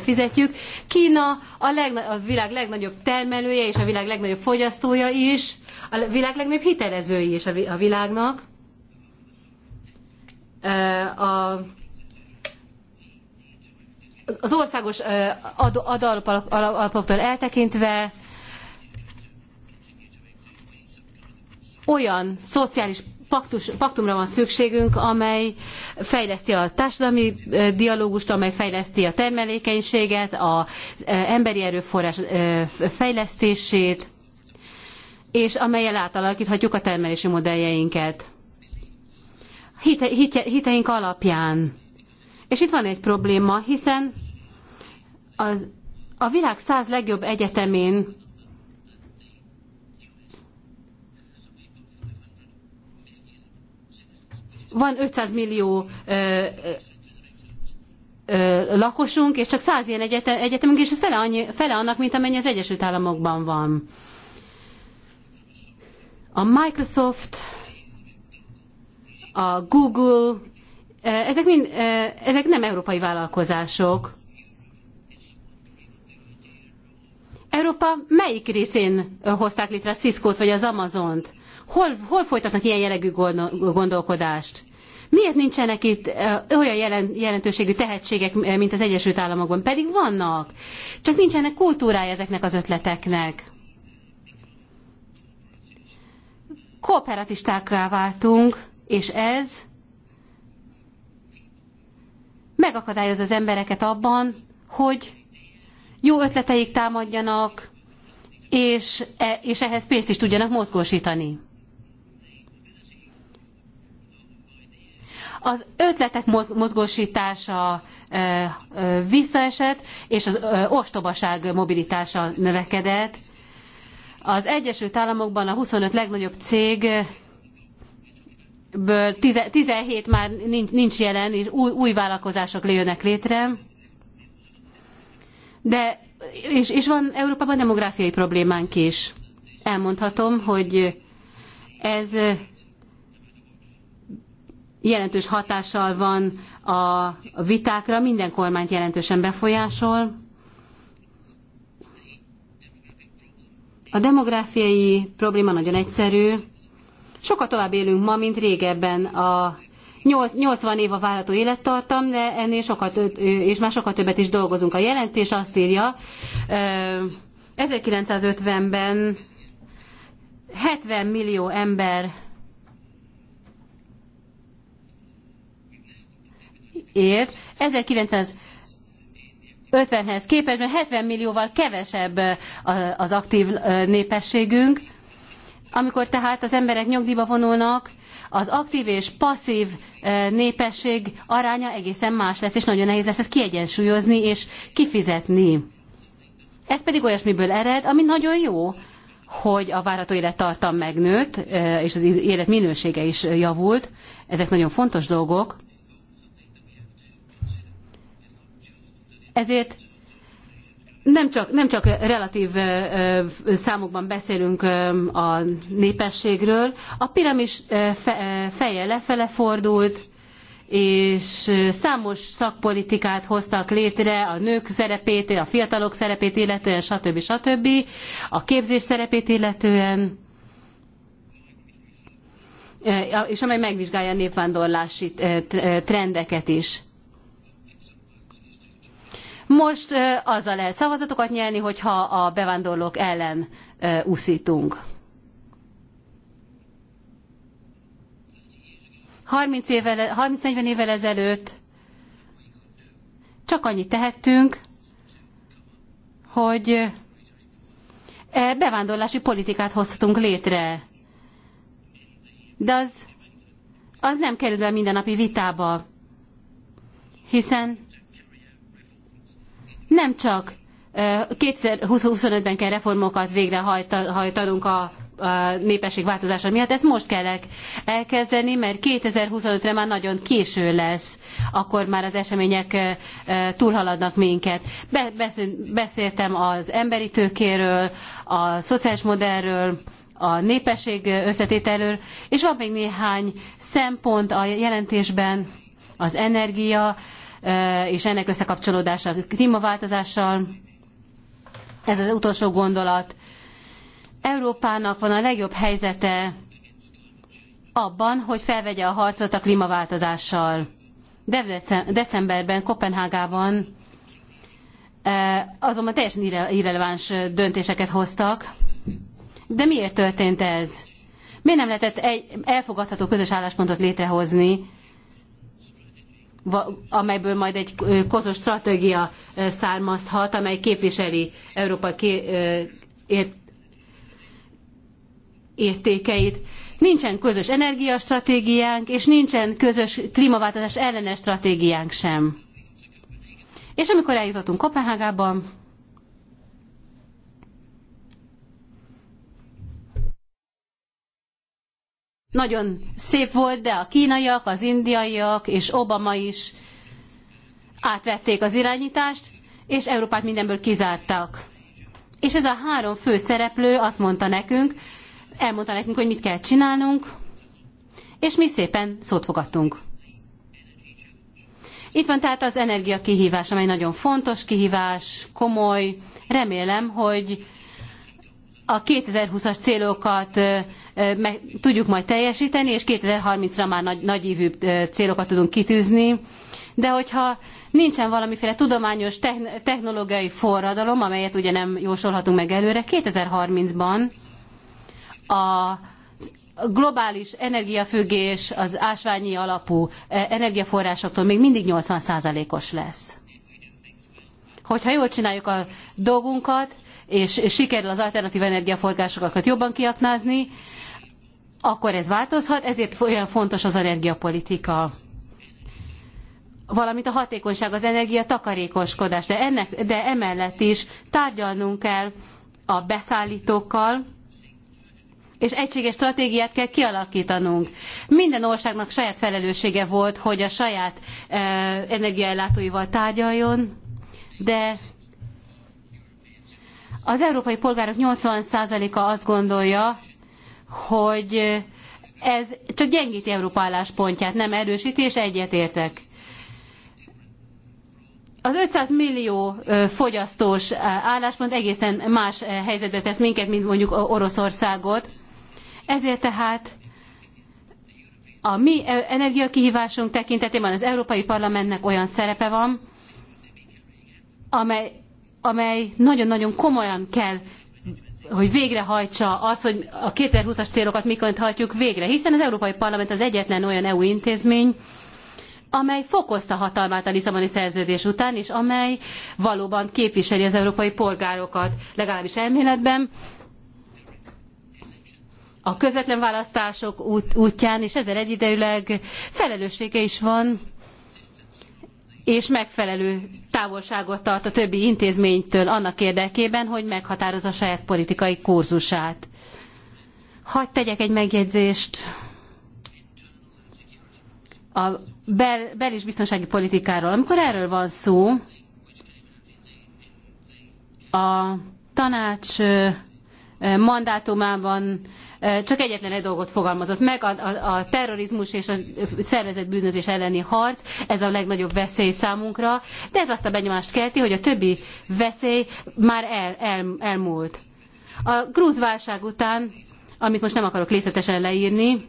fizetjük. Kína a, legna, a világ legnagyobb termelője és a világ legnagyobb fogyasztója is, a világ legnagyobb hitelezői is a világnak. A az országos adóalapoktól eltekintve olyan szociális paktus, paktumra van szükségünk, amely fejleszti a társadalmi dialógust, amely fejleszti a termelékenységet, az emberi erőforrás fejlesztését, és amelyel átalakíthatjuk a termelési modelljeinket. Hite, hite, hiteink alapján. És itt van egy probléma, hiszen az, a világ száz legjobb egyetemén van 500 millió lakosunk, és csak 100 ilyen egyetem, egyetemünk, és ez fele, annyi, fele annak, mint amennyi az Egyesült Államokban van. A Microsoft, a Google, ezek, mind, ezek nem európai vállalkozások. Európa melyik részén hozták létre a Cisco-t vagy az Amazon-t? Hol, hol folytatnak ilyen jellegű gondolkodást? Miért nincsenek itt olyan jelentőségű tehetségek, mint az Egyesült Államokban? Pedig vannak. Csak nincsenek kultúrája ezeknek az ötleteknek. Kooperatistákká váltunk, és ez megakadályoz az embereket abban, hogy jó ötleteik támadjanak, és, e, és ehhez pénzt is tudjanak mozgósítani. Az ötletek mozgósítása visszaesett, és az ostobaság mobilitása növekedett. Az Egyesült Államokban a 25 legnagyobb cég ből 17 már nincs, jelen, és új, új vállalkozások jönnek létre. De, és, és van Európában demográfiai problémánk is. Elmondhatom, hogy ez jelentős hatással van a vitákra, minden kormányt jelentősen befolyásol. A demográfiai probléma nagyon egyszerű. Sokkal tovább élünk ma, mint régebben. A 80 év a várható élettartam, de ennél sokat, és már sokat többet is dolgozunk. A jelentés azt írja, 1950-ben 70 millió ember ért. 1950-hez képest 70 millióval kevesebb az aktív népességünk. Amikor tehát az emberek nyugdíjba vonulnak, az aktív és passzív népesség aránya egészen más lesz, és nagyon nehéz lesz ezt kiegyensúlyozni és kifizetni. Ez pedig olyasmiből ered, ami nagyon jó, hogy a várható élettartam megnőtt, és az életminősége is javult. Ezek nagyon fontos dolgok. Ezért nem csak, nem csak relatív számokban beszélünk a népességről, a piramis feje lefele fordult, és számos szakpolitikát hoztak létre, a nők szerepét, a fiatalok szerepét illetően, stb. stb., a képzés szerepét illetően, és amely megvizsgálja a népvándorlási trendeket is. Most azzal lehet szavazatokat nyerni, hogyha a bevándorlók ellen úszítunk. 30 évvel, 30-40 évvel ezelőtt csak annyit tehettünk, hogy bevándorlási politikát hozhatunk létre. De az, az nem kerül be mindennapi vitába, hiszen nem csak 2025-ben kell reformokat végrehajtanunk a népesség változása miatt. Ezt most kell elkezdeni, mert 2025-re már nagyon késő lesz, akkor már az események túlhaladnak minket. Beszéltem az emberi tőkéről, a szociális modellről, a népesség összetételről, és van még néhány szempont a jelentésben, az energia, és ennek összekapcsolódása a klímaváltozással. Ez az utolsó gondolat. Európának van a legjobb helyzete abban, hogy felvegye a harcot a klímaváltozással. Decemberben Kopenhágában azonban teljesen irreleváns döntéseket hoztak. De miért történt ez? Miért nem lehetett egy elfogadható közös álláspontot létrehozni amelyből majd egy kozos stratégia származhat, amely képviseli Európa értékeit. Nincsen közös energiastratégiánk, és nincsen közös klímaváltozás ellenes stratégiánk sem. És amikor eljutottunk Kopenhágában, Nagyon szép volt, de a kínaiak, az indiaiak és Obama is átvették az irányítást, és Európát mindenből kizártak. És ez a három fő szereplő azt mondta nekünk, elmondta nekünk, hogy mit kell csinálnunk, és mi szépen szót fogadtunk. Itt van tehát az energiakihívás, amely nagyon fontos kihívás, komoly. Remélem, hogy a 2020-as célokat meg tudjuk majd teljesíteni, és 2030-ra már nagy, nagyívű célokat tudunk kitűzni. De hogyha nincsen valamiféle tudományos, technológiai forradalom, amelyet ugye nem jósolhatunk meg előre, 2030-ban a globális energiafüggés az ásványi alapú energiaforrásoktól még mindig 80%-os lesz. Hogyha jól csináljuk a dolgunkat, és, és sikerül az alternatív energiaforrásokat jobban kiaknázni, akkor ez változhat, ezért olyan fontos az energiapolitika valamint a hatékonyság, az energia takarékoskodás. De, ennek, de emellett is tárgyalnunk kell a beszállítókkal, és egységes stratégiát kell kialakítanunk. Minden országnak saját felelőssége volt, hogy a saját e, energiaellátóival tárgyaljon, de az európai polgárok 80%-a azt gondolja, hogy ez csak gyengíti Európa álláspontját, nem erősíti, és egyetértek. Az 500 millió fogyasztós álláspont egészen más helyzetbe tesz minket, mint mondjuk Oroszországot. Ezért tehát a mi energiakihívásunk tekintetében az Európai Parlamentnek olyan szerepe van, amely amely nagyon-nagyon komolyan kell hogy végrehajtsa azt, hogy a 2020-as célokat mikor hajtjuk végre, hiszen az Európai Parlament az egyetlen olyan EU intézmény, amely fokozta hatalmát a Lisszaboni szerződés után, és amely valóban képviseli az európai polgárokat, legalábbis elméletben, a közvetlen választások út, útján, és ezzel egyidejűleg felelőssége is van és megfelelő távolságot tart a többi intézménytől annak érdekében, hogy meghatározza saját politikai kurzusát. Hagy tegyek egy megjegyzést a bel, bel- és biztonsági politikáról. Amikor erről van szó, a tanács mandátumában csak egyetlen egy dolgot fogalmazott meg, a, a, a terrorizmus és a szervezett bűnözés elleni harc, ez a legnagyobb veszély számunkra, de ez azt a benyomást kelti, hogy a többi veszély már el, el, elmúlt. A grúz válság után, amit most nem akarok részletesen leírni,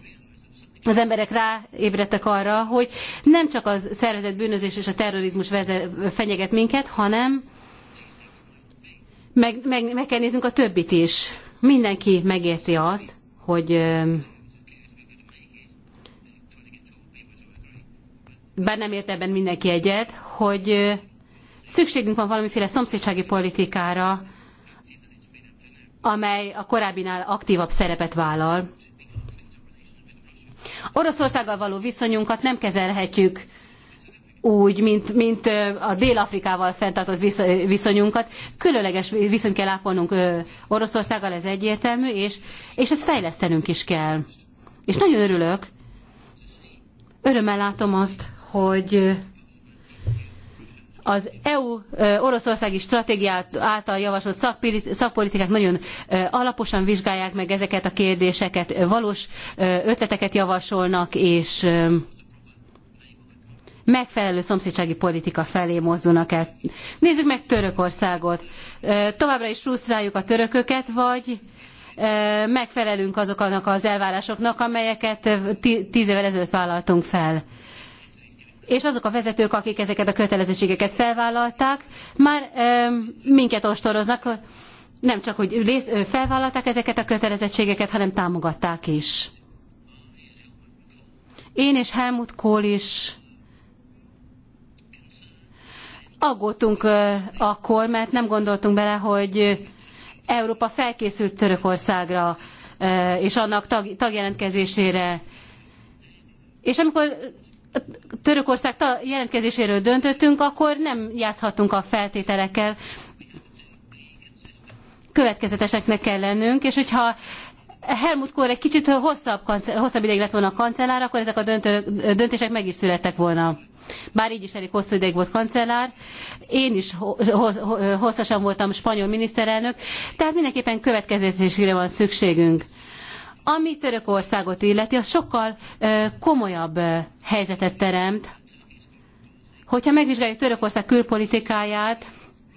az emberek ráébredtek arra, hogy nem csak a szervezett bűnözés és a terrorizmus vezet, fenyeget minket, hanem meg, meg, meg kell néznünk a többit is. Mindenki megérti azt, hogy bár nem ért ebben mindenki egyet, hogy szükségünk van valamiféle szomszédsági politikára, amely a korábbinál aktívabb szerepet vállal. Oroszországgal való viszonyunkat nem kezelhetjük úgy, mint, mint a Dél-Afrikával fenntartott viszonyunkat. Különleges viszony kell ápolnunk Oroszországgal, ez egyértelmű, és, és ezt fejlesztenünk is kell. És nagyon örülök, örömmel látom azt, hogy az EU oroszországi stratégiát által javasolt szakpolitikák nagyon alaposan vizsgálják meg ezeket a kérdéseket, valós ötleteket javasolnak, és megfelelő szomszédsági politika felé mozdulnak el. Nézzük meg Törökországot. Továbbra is frusztráljuk a törököket, vagy megfelelünk azoknak az elvárásoknak, amelyeket tíz évvel ezelőtt vállaltunk fel. És azok a vezetők, akik ezeket a kötelezettségeket felvállalták, már minket ostoroznak, nem csak, hogy rész, felvállalták ezeket a kötelezettségeket, hanem támogatták is. Én és Helmut Kohl is aggódtunk akkor, mert nem gondoltunk bele, hogy Európa felkészült Törökországra és annak tag, tagjelentkezésére. És amikor Törökország jelentkezéséről döntöttünk, akkor nem játszhatunk a feltételekkel. Következeteseknek kell lennünk, és hogyha Helmut Kohl egy kicsit hosszabb, hosszabb ideig lett volna a kancellár, akkor ezek a döntő, döntések meg is születtek volna. Bár így is elég hosszú ideig volt kancellár. Én is hosszasan voltam spanyol miniszterelnök, tehát mindenképpen következetésére van szükségünk. Ami Törökországot illeti, az sokkal komolyabb helyzetet teremt. Hogyha megvizsgáljuk Törökország külpolitikáját,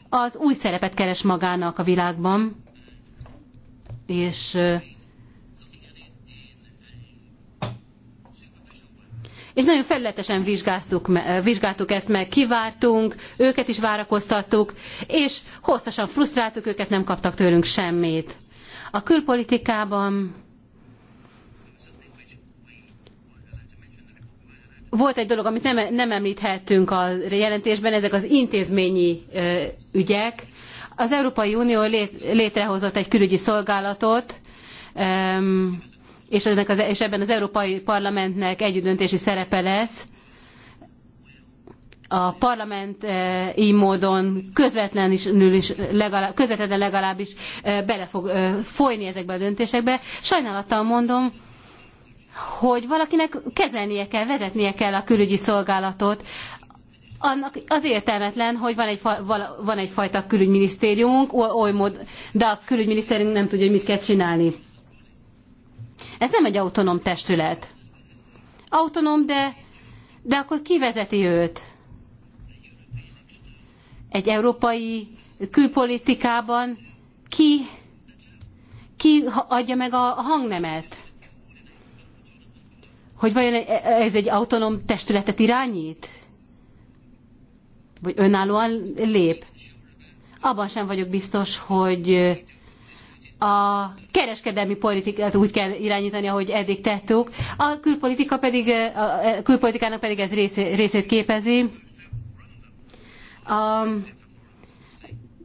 az új szerepet keres magának a világban, és és nagyon felületesen vizsgáztuk, eh, vizsgáltuk ezt meg, kivártunk, őket is várakoztattuk, és hosszasan frusztráltuk őket, nem kaptak tőlünk semmit. A külpolitikában volt egy dolog, amit nem, nem említhettünk a jelentésben, ezek az intézményi eh, ügyek. Az Európai Unió létrehozott egy külügyi szolgálatot, és, ennek az, és ebben az Európai Parlamentnek együttdöntési szerepe lesz. A parlament e, így módon közvetlenül is, is legalább, közvetlenül legalábbis e, bele fog e, folyni ezekbe a döntésekbe. Sajnálattal mondom, hogy valakinek kezelnie kell, vezetnie kell a külügyi szolgálatot. Annak az értelmetlen, hogy van, egy, van egyfajta külügyminisztériumunk, oly mód, de a külügyminiszterünk nem tudja, hogy mit kell csinálni ez nem egy autonóm testület. Autonóm, de, de akkor ki vezeti őt? Egy európai külpolitikában ki, ki adja meg a hangnemet? Hogy vajon ez egy autonóm testületet irányít? Vagy önállóan lép? Abban sem vagyok biztos, hogy a kereskedelmi politikát úgy kell irányítani, ahogy eddig tettük, a, külpolitika pedig, a külpolitikának pedig ez részét, képezi. A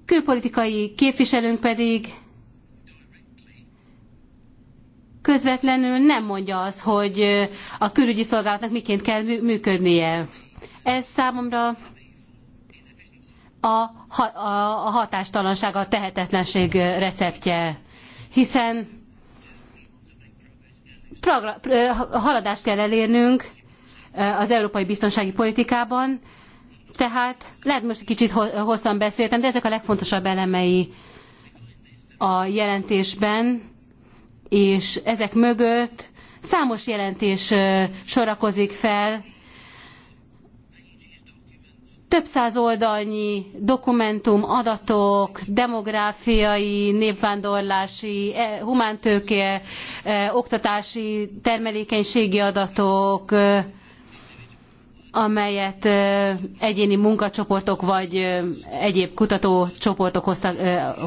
külpolitikai képviselőnk pedig közvetlenül nem mondja azt, hogy a külügyi szolgálatnak miként kell működnie. Ez számomra a, a, a hatástalanság, a tehetetlenség receptje hiszen haladást kell elérnünk az európai biztonsági politikában, tehát lehet most egy kicsit hosszan beszéltem, de ezek a legfontosabb elemei a jelentésben, és ezek mögött számos jelentés sorakozik fel, több száz oldalnyi dokumentum, adatok, demográfiai, népvándorlási, e, humántőke, e, oktatási, termelékenységi adatok, e, amelyet egyéni munkacsoportok vagy egyéb kutatócsoportok hoztak,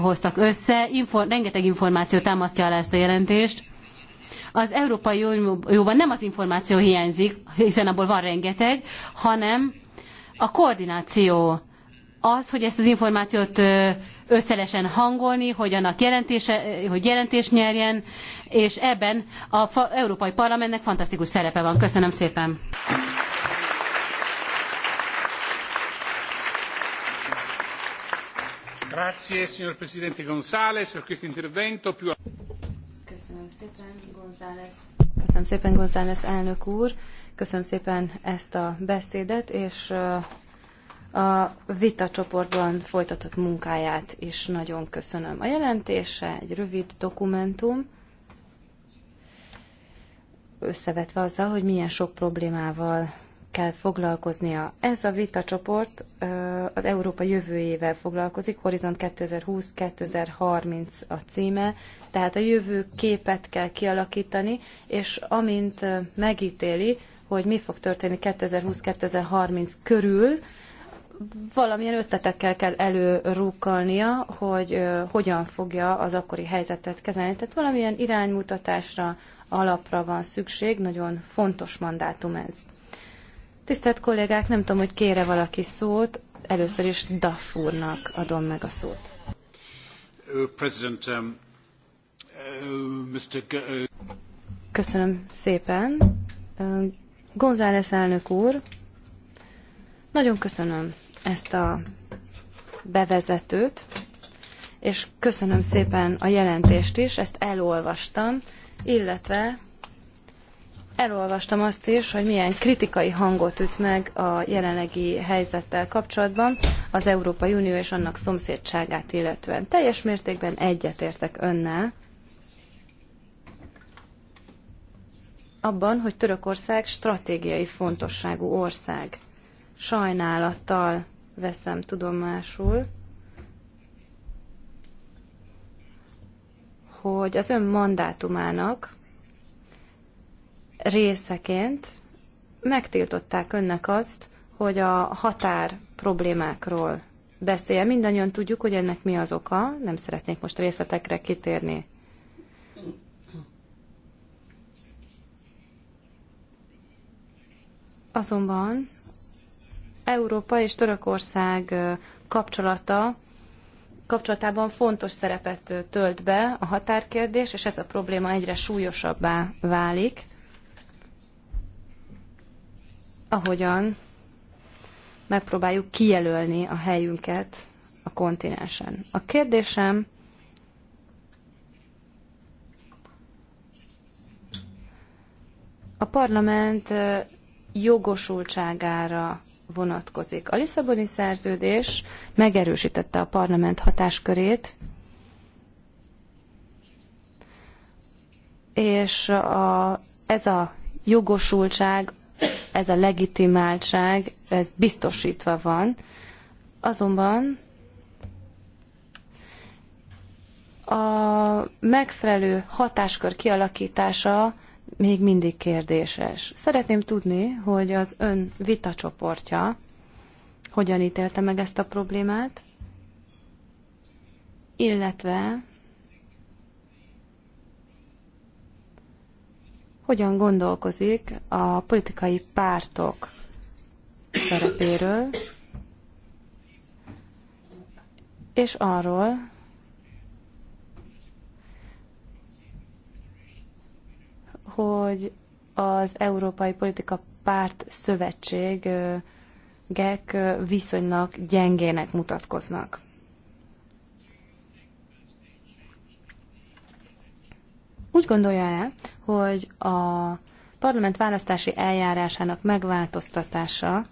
hoztak össze. Info, rengeteg információ támasztja alá ezt a jelentést. Az Európai Unióban nem az információ hiányzik, hiszen abból van rengeteg, hanem a koordináció az, hogy ezt az információt összelesen hangolni, hogy annak jelentése, hogy jelentés nyerjen, és ebben a Európai Parlamentnek fantasztikus szerepe van. Köszönöm szépen! Grazie, signor Presidente González, per questo intervento. Più... Köszönöm szépen, González. Köszönöm szépen, González elnök úr. Köszönöm szépen ezt a beszédet, és a vita csoportban folytatott munkáját is nagyon köszönöm. A jelentése egy rövid dokumentum, összevetve azzal, hogy milyen sok problémával kell foglalkoznia. Ez a vitacsoport az Európa jövőjével foglalkozik, Horizont 2020-2030 a címe, tehát a jövő képet kell kialakítani, és amint megítéli, hogy mi fog történni 2020-2030 körül, valamilyen ötletekkel kell előrúkkalnia, hogy hogyan fogja az akkori helyzetet kezelni. Tehát valamilyen iránymutatásra, alapra van szükség, nagyon fontos mandátum ez. Tisztelt kollégák, nem tudom, hogy kére valaki szót, először is Duff úrnak adom meg a szót. President, Mr. Um, Köszönöm szépen. González elnök úr, nagyon köszönöm ezt a bevezetőt, és köszönöm szépen a jelentést is, ezt elolvastam, illetve elolvastam azt is, hogy milyen kritikai hangot üt meg a jelenlegi helyzettel kapcsolatban az Európai Unió és annak szomszédságát illetően. Teljes mértékben egyetértek önnel, abban, hogy Törökország stratégiai fontosságú ország. Sajnálattal veszem tudomásul, hogy az ön mandátumának részeként megtiltották önnek azt, hogy a határ problémákról beszél. Mindannyian tudjuk, hogy ennek mi az oka, nem szeretnék most részletekre kitérni. Azonban Európa és Törökország kapcsolata kapcsolatában fontos szerepet tölt be a határkérdés, és ez a probléma egyre súlyosabbá válik, ahogyan megpróbáljuk kijelölni a helyünket a kontinensen. A kérdésem a parlament jogosultságára vonatkozik. A Lisszaboni szerződés megerősítette a parlament hatáskörét, és a, ez a jogosultság, ez a legitimáltság, ez biztosítva van. Azonban a megfelelő hatáskör kialakítása még mindig kérdéses. Szeretném tudni, hogy az ön vitacsoportja hogyan ítélte meg ezt a problémát, illetve hogyan gondolkozik a politikai pártok szerepéről, és arról, hogy az Európai Politika Párt gek viszonylag gyengének mutatkoznak. Úgy gondolja el, hogy a parlament választási eljárásának megváltoztatása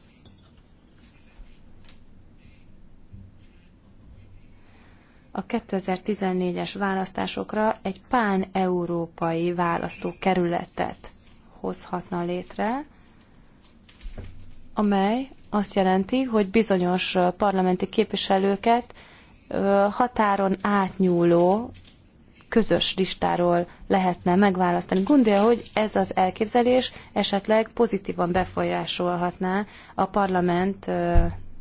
a 2014-es választásokra egy pán-európai választókerületet hozhatna létre, amely azt jelenti, hogy bizonyos parlamenti képviselőket határon átnyúló közös listáról lehetne megválasztani. Gondolja, hogy ez az elképzelés esetleg pozitívan befolyásolhatná a parlament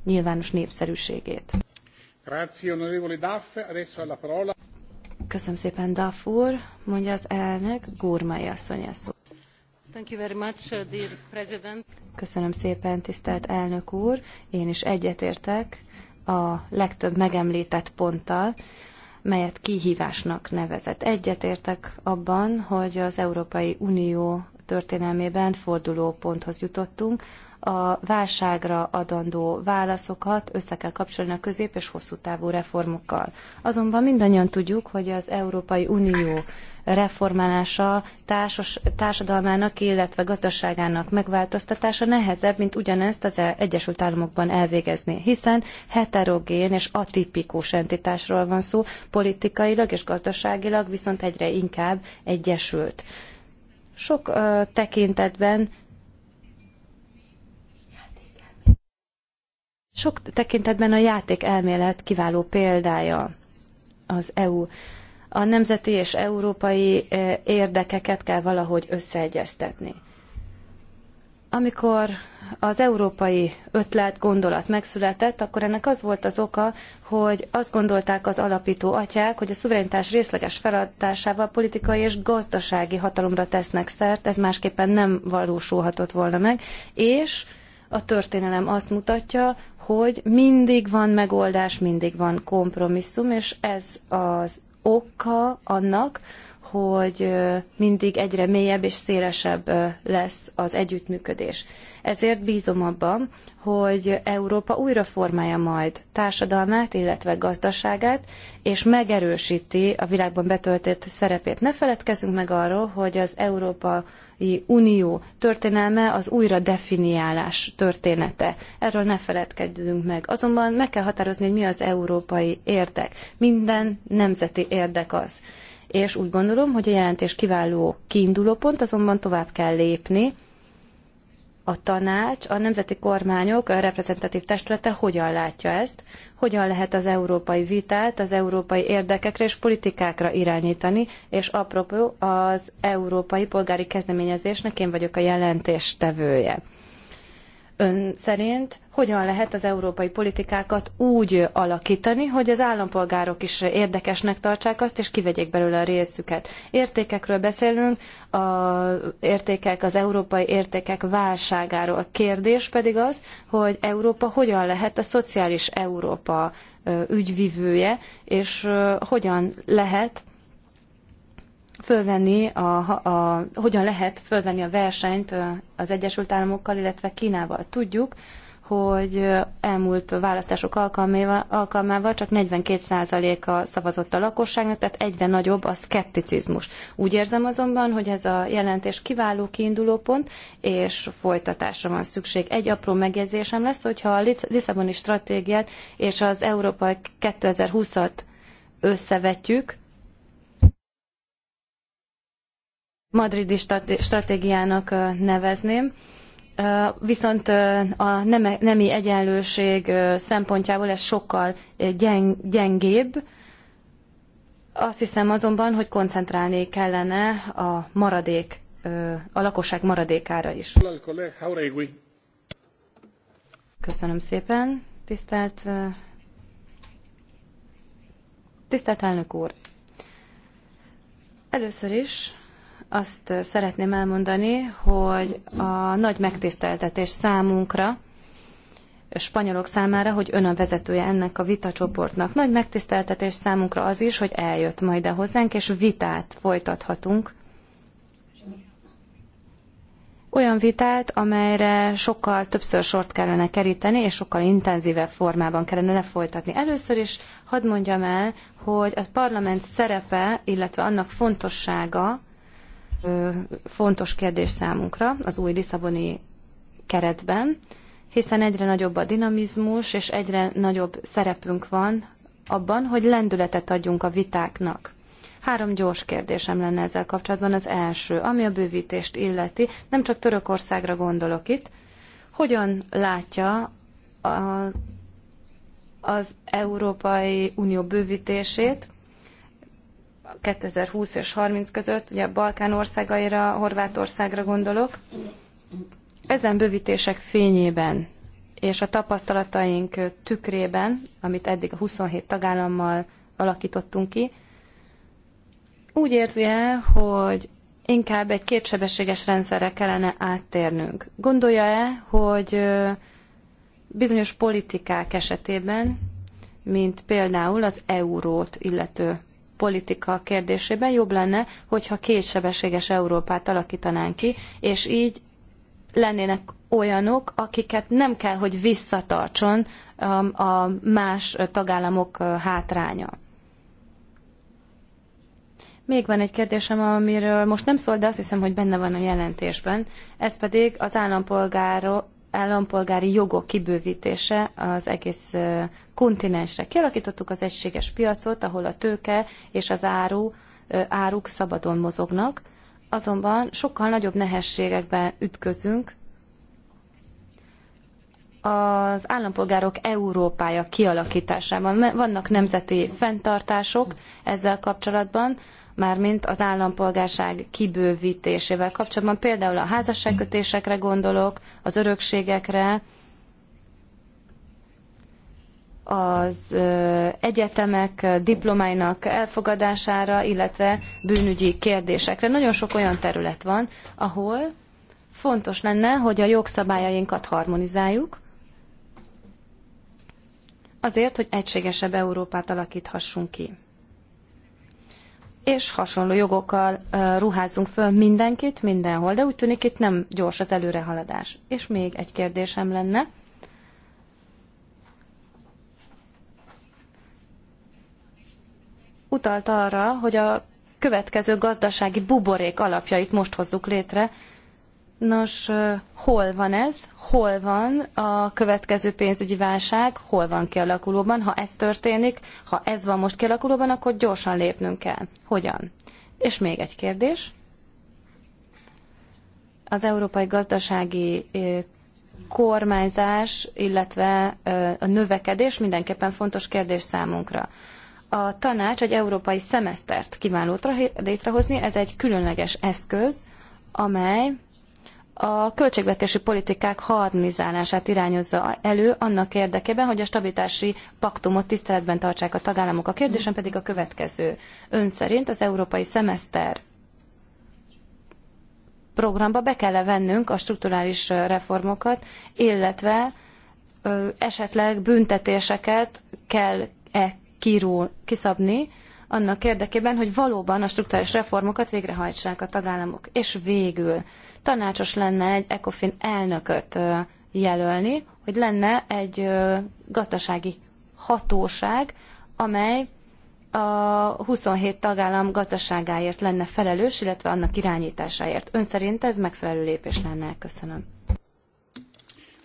nyilvános népszerűségét. Köszönöm szépen, Duff úr, mondja az elnök, Gurmai asszony a szó. Thank you very much, uh, dear president. Köszönöm szépen, tisztelt elnök úr. Én is egyetértek a legtöbb megemlített ponttal, melyet kihívásnak nevezett. Egyetértek abban, hogy az Európai Unió történelmében forduló ponthoz jutottunk, a válságra adandó válaszokat össze kell kapcsolni a közép- és hosszú távú reformokkal. Azonban mindannyian tudjuk, hogy az Európai Unió reformálása társas, társadalmának, illetve gazdaságának megváltoztatása nehezebb, mint ugyanezt az e- Egyesült Államokban elvégezni, hiszen heterogén és atipikus entitásról van szó, politikailag és gazdaságilag viszont egyre inkább egyesült. Sok ö, tekintetben Sok tekintetben a játék elmélet kiváló példája az EU. A nemzeti és európai e, érdekeket kell valahogy összeegyeztetni. Amikor az európai ötlet, gondolat megszületett, akkor ennek az volt az oka, hogy azt gondolták az alapító atyák, hogy a szuverenitás részleges feladásával politikai és gazdasági hatalomra tesznek szert, ez másképpen nem valósulhatott volna meg, és a történelem azt mutatja, hogy mindig van megoldás, mindig van kompromisszum, és ez az oka annak, hogy mindig egyre mélyebb és szélesebb lesz az együttműködés. Ezért bízom abban, hogy Európa újra formálja majd társadalmát, illetve gazdaságát, és megerősíti a világban betöltött szerepét. Ne feledkezzünk meg arról, hogy az Európa Unió történelme az újra definiálás története. Erről ne feledkedjünk meg. Azonban meg kell határozni, hogy mi az európai érdek. Minden nemzeti érdek az. És úgy gondolom, hogy a jelentés kiváló kiindulópont, azonban tovább kell lépni, a tanács, a nemzeti kormányok a reprezentatív testülete hogyan látja ezt hogyan lehet az európai vitát az európai érdekekre és politikákra irányítani, és apropó az európai polgári kezdeményezésnek én vagyok a jelentéstevője ön szerint hogyan lehet az európai politikákat úgy alakítani, hogy az állampolgárok is érdekesnek tartsák azt, és kivegyék belőle a részüket. Értékekről beszélünk, a értékek, az európai értékek válságáról. A kérdés pedig az, hogy Európa hogyan lehet a szociális Európa ügyvivője, és hogyan lehet fölvenni, a, a, a, hogyan lehet fölvenni a versenyt az Egyesült Államokkal, illetve Kínával. Tudjuk, hogy elmúlt választások alkalmával, alkalmával csak 42%-a szavazott a lakosságnak, tehát egyre nagyobb a szkepticizmus. Úgy érzem azonban, hogy ez a jelentés kiváló kiindulópont, és folytatásra van szükség. Egy apró megjegyzésem lesz, hogyha a Lisszaboni stratégiát és az Európai 2020-at összevetjük, madridi stratégiának nevezném. Viszont a nemi egyenlőség szempontjából ez sokkal gyengébb. Azt hiszem azonban, hogy koncentrálni kellene a maradék, a lakosság maradékára is. Köszönöm szépen, tisztelt, tisztelt elnök úr. Először is azt szeretném elmondani, hogy a nagy megtiszteltetés számunkra, spanyolok számára, hogy ön a vezetője ennek a vitacsoportnak. Nagy megtiszteltetés számunkra az is, hogy eljött majd ide hozzánk, és vitát folytathatunk. Olyan vitát, amelyre sokkal többször sort kellene keríteni, és sokkal intenzívebb formában kellene lefolytatni. Először is hadd mondjam el, hogy az parlament szerepe, illetve annak fontossága, fontos kérdés számunkra az új Lisszaboni keretben, hiszen egyre nagyobb a dinamizmus, és egyre nagyobb szerepünk van abban, hogy lendületet adjunk a vitáknak. Három gyors kérdésem lenne ezzel kapcsolatban. Az első, ami a bővítést illeti, nem csak Törökországra gondolok itt, hogyan látja a, az Európai Unió bővítését, 2020 és 30 között, ugye a Balkán országaira, Horvátországra gondolok. Ezen bővítések fényében és a tapasztalataink tükrében, amit eddig a 27 tagállammal alakítottunk ki, úgy érzi -e, hogy inkább egy kétsebességes rendszerre kellene áttérnünk. Gondolja-e, hogy bizonyos politikák esetében, mint például az eurót illető politika kérdésében jobb lenne, hogyha kétsebességes Európát alakítanánk ki, és így lennének olyanok, akiket nem kell, hogy visszatartson um, a más tagállamok uh, hátránya. Még van egy kérdésem, amiről most nem szól, de azt hiszem, hogy benne van a jelentésben. Ez pedig az állampolgárok állampolgári jogok kibővítése az egész kontinensre. Kialakítottuk az egységes piacot, ahol a tőke és az áru, áruk szabadon mozognak, azonban sokkal nagyobb nehézségekben ütközünk, az állampolgárok Európája kialakításában. Vannak nemzeti fenntartások ezzel kapcsolatban, mármint az állampolgárság kibővítésével kapcsolatban. Például a házasságkötésekre gondolok, az örökségekre, az egyetemek diplomáinak elfogadására, illetve bűnügyi kérdésekre. Nagyon sok olyan terület van, ahol fontos lenne, hogy a jogszabályainkat harmonizáljuk, azért, hogy egységesebb Európát alakíthassunk ki és hasonló jogokkal ruházunk föl mindenkit, mindenhol, de úgy tűnik itt nem gyors az előrehaladás. És még egy kérdésem lenne. Utalt arra, hogy a következő gazdasági buborék alapjait most hozzuk létre, Nos, hol van ez? Hol van a következő pénzügyi válság? Hol van kialakulóban? Ha ez történik, ha ez van most kialakulóban, akkor gyorsan lépnünk kell. Hogyan? És még egy kérdés. Az európai gazdasági kormányzás, illetve a növekedés mindenképpen fontos kérdés számunkra. A tanács egy európai szemesztert kíván létrehozni, ez egy különleges eszköz, amely a költségvetési politikák harmonizálását irányozza elő annak érdekében, hogy a stabilitási paktumot tiszteletben tartsák a tagállamok. A kérdésem pedig a következő. Ön szerint az európai szemeszter programba be kell -e vennünk a strukturális reformokat, illetve ö, esetleg büntetéseket kell-e kirúl, kiszabni, annak érdekében, hogy valóban a strukturális reformokat végrehajtsák a tagállamok. És végül tanácsos lenne egy ECOFIN elnököt jelölni, hogy lenne egy gazdasági hatóság, amely a 27 tagállam gazdaságáért lenne felelős, illetve annak irányításáért. Ön szerint ez megfelelő lépés lenne? Köszönöm.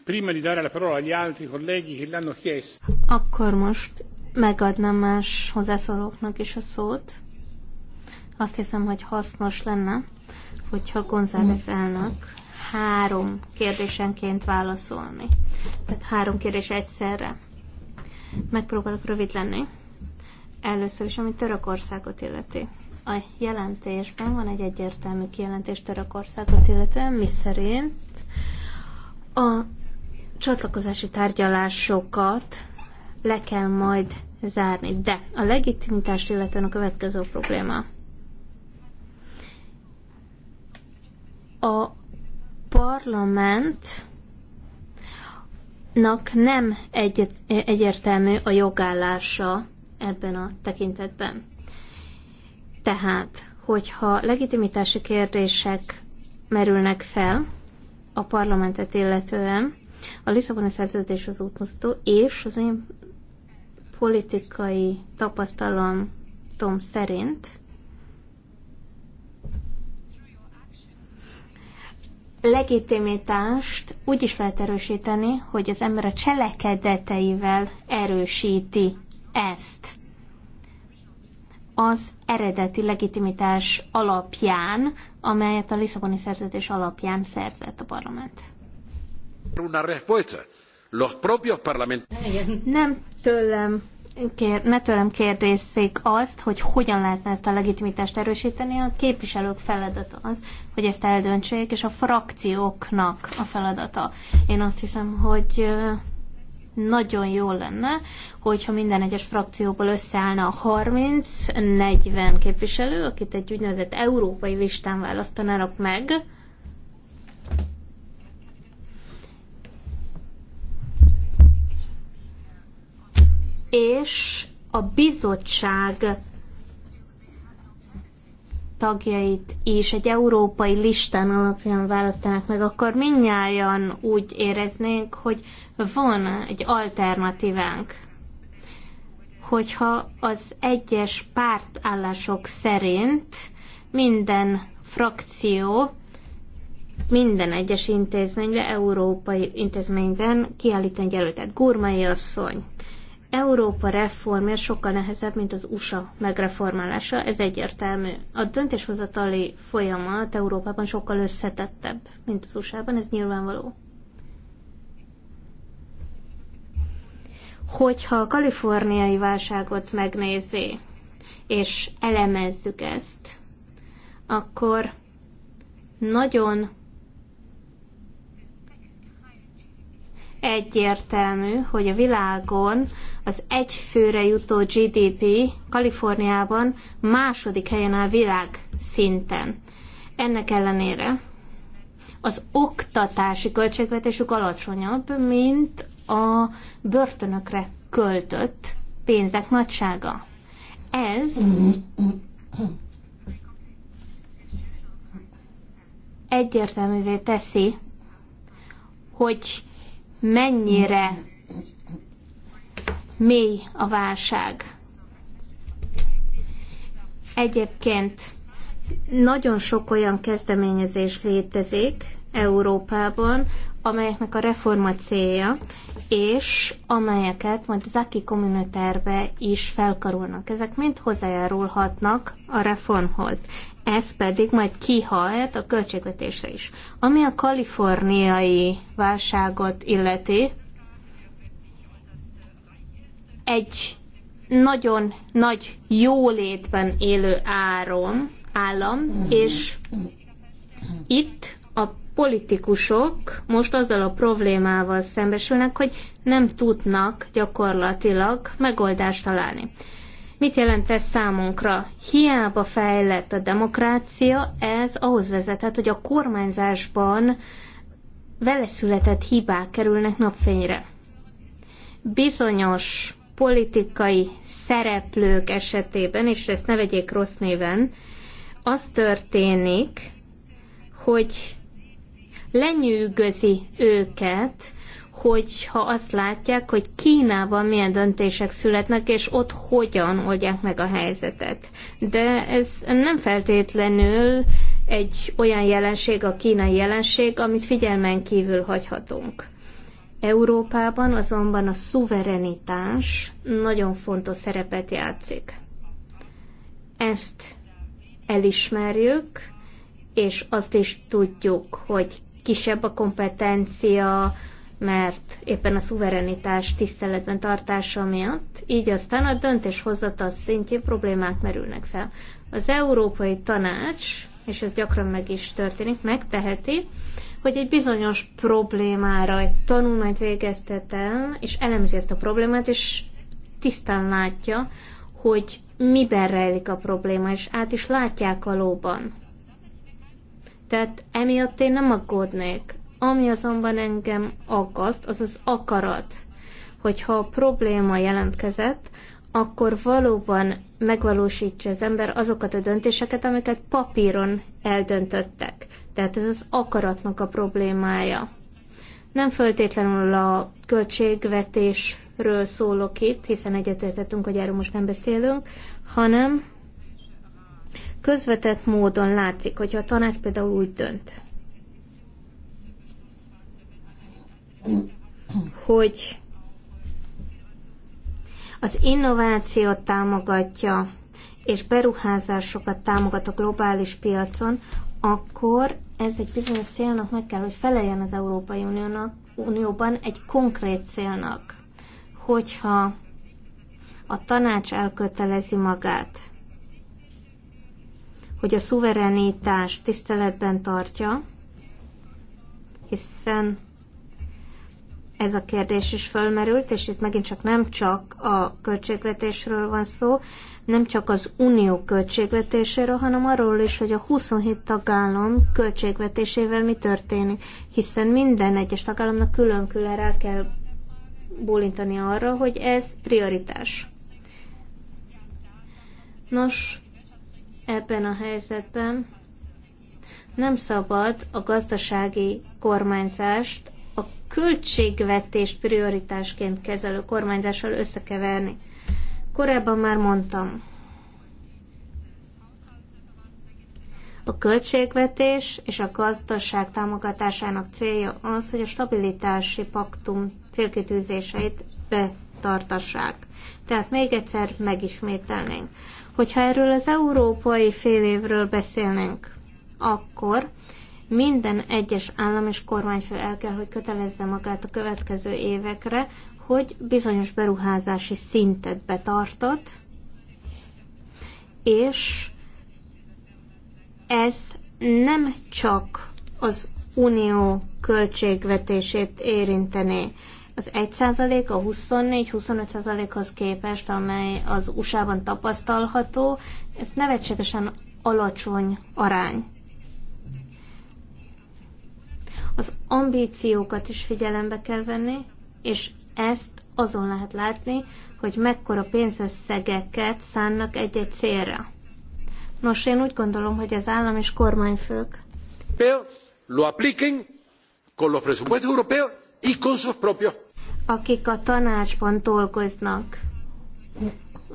Prima di dare la parola agli altri colleghi che chiesto. Akkor most megadnám más hozzászólóknak is a szót. Azt hiszem, hogy hasznos lenne, hogyha González elnök három kérdésenként válaszolni. Tehát három kérdés egyszerre. Megpróbálok rövid lenni. Először is, ami Törökországot illeti. A jelentésben van egy egyértelmű kijelentés Törökországot illetően, mi szerint a csatlakozási tárgyalásokat le kell majd zárni. De a legitimitás illetően a következő probléma. a parlamentnak nem egy, egyértelmű a jogállása ebben a tekintetben. Tehát, hogyha legitimitási kérdések merülnek fel a parlamentet illetően, a Lisszaboni szerződés az útmutató, és az én politikai tapasztalatom szerint legitimitást úgy is lehet erősíteni, hogy az ember a cselekedeteivel erősíti ezt. Az eredeti legitimitás alapján, amelyet a Lisszaboni szerződés alapján szerzett a parlament. Una Los propios parlament... Nem tőlem kér, ne tőlem kérdezzék azt, hogy hogyan lehetne ezt a legitimitást erősíteni. A képviselők feladata az, hogy ezt eldöntsék, és a frakcióknak a feladata. Én azt hiszem, hogy nagyon jó lenne, hogyha minden egyes frakcióból összeállna a 30-40 képviselő, akit egy úgynevezett európai listán választanának meg, és a bizottság tagjait is egy európai listán alapján választanak meg, akkor mindnyájan úgy éreznénk, hogy van egy alternatívánk. Hogyha az egyes pártállások szerint minden frakció minden egyes intézményben, európai intézményben kiállít egy jelöltet. Gurmai asszony, Európa reformja sokkal nehezebb, mint az USA megreformálása, ez egyértelmű. A döntéshozatali folyamat Európában sokkal összetettebb, mint az USA-ban, ez nyilvánvaló. Hogyha a kaliforniai válságot megnézi, és elemezzük ezt, akkor nagyon egyértelmű, hogy a világon az főre jutó GDP Kaliforniában második helyen áll világ szinten. Ennek ellenére az oktatási költségvetésük alacsonyabb, mint a börtönökre költött pénzek nagysága. Ez egyértelművé teszi, hogy mennyire mély a válság. Egyébként nagyon sok olyan kezdeményezés létezik Európában, amelyeknek a reforma célja, és amelyeket majd az aki kommunitárbe is felkarolnak. Ezek mind hozzájárulhatnak a reformhoz. Ez pedig majd kihahet a költségvetésre is. Ami a kaliforniai válságot illeti, egy nagyon nagy jólétben élő áron, állam, és itt a politikusok most azzal a problémával szembesülnek, hogy nem tudnak gyakorlatilag megoldást találni. Mit jelent ez számunkra? Hiába fejlett a demokrácia, ez ahhoz vezetett, hogy a kormányzásban vele született hibák kerülnek napfényre. Bizonyos politikai szereplők esetében, és ezt ne vegyék rossz néven, az történik, hogy lenyűgözi őket, hogy ha azt látják, hogy Kínában milyen döntések születnek, és ott hogyan oldják meg a helyzetet. De ez nem feltétlenül egy olyan jelenség, a kínai jelenség, amit figyelmen kívül hagyhatunk. Európában azonban a szuverenitás nagyon fontos szerepet játszik. Ezt elismerjük, és azt is tudjuk, hogy kisebb a kompetencia, mert éppen a szuverenitás tiszteletben tartása miatt, így aztán a döntéshozatal szintjén problémák merülnek fel. Az Európai Tanács, és ez gyakran meg is történik, megteheti, hogy egy bizonyos problémára egy tanulmányt végeztet el, és elemzi ezt a problémát, és tisztán látja, hogy miben rejlik a probléma, és át is látják valóban. Tehát emiatt én nem aggódnék. Ami azonban engem aggaszt, az az akarat, hogyha a probléma jelentkezett, akkor valóban megvalósítsa az ember azokat a döntéseket, amiket papíron eldöntöttek. Tehát ez az akaratnak a problémája. Nem föltétlenül a költségvetésről szólok itt, hiszen egyetértettünk, hogy erről most nem beszélünk, hanem közvetett módon látszik, hogyha a tanács például úgy dönt, hogy az innovációt támogatja, és beruházásokat támogat a globális piacon, akkor ez egy bizonyos célnak meg kell, hogy feleljen az Európai Uniónak, Unióban egy konkrét célnak. Hogyha a tanács elkötelezi magát, hogy a szuverenitás tiszteletben tartja, hiszen ez a kérdés is fölmerült, és itt megint csak nem csak a költségvetésről van szó, nem csak az unió költségvetéséről, hanem arról is, hogy a 27 tagállam költségvetésével mi történik, hiszen minden egyes tagállamnak külön-külön rá kell bólintani arra, hogy ez prioritás. Nos, ebben a helyzetben nem szabad a gazdasági kormányzást a költségvetés prioritásként kezelő kormányzással összekeverni. Korábban már mondtam, A költségvetés és a gazdaság támogatásának célja az, hogy a stabilitási paktum célkitűzéseit betartassák. Tehát még egyszer megismételnénk. Hogyha erről az európai fél évről beszélnénk, akkor minden egyes állam és kormányfő el kell, hogy kötelezze magát a következő évekre, hogy bizonyos beruházási szintet betartott, és ez nem csak az unió költségvetését érintené. Az 1% a 24-25%-hoz képest, amely az USA-ban tapasztalható, ez nevetségesen alacsony arány. Az ambíciókat is figyelembe kell venni, és ezt azon lehet látni, hogy mekkora pénzösszegeket szánnak egy-egy célra. Nos, én úgy gondolom, hogy az állam és kormányfők lo apliquen con los presupuestos europeos y con sus propios. Akik a tanácsban dolgoznak,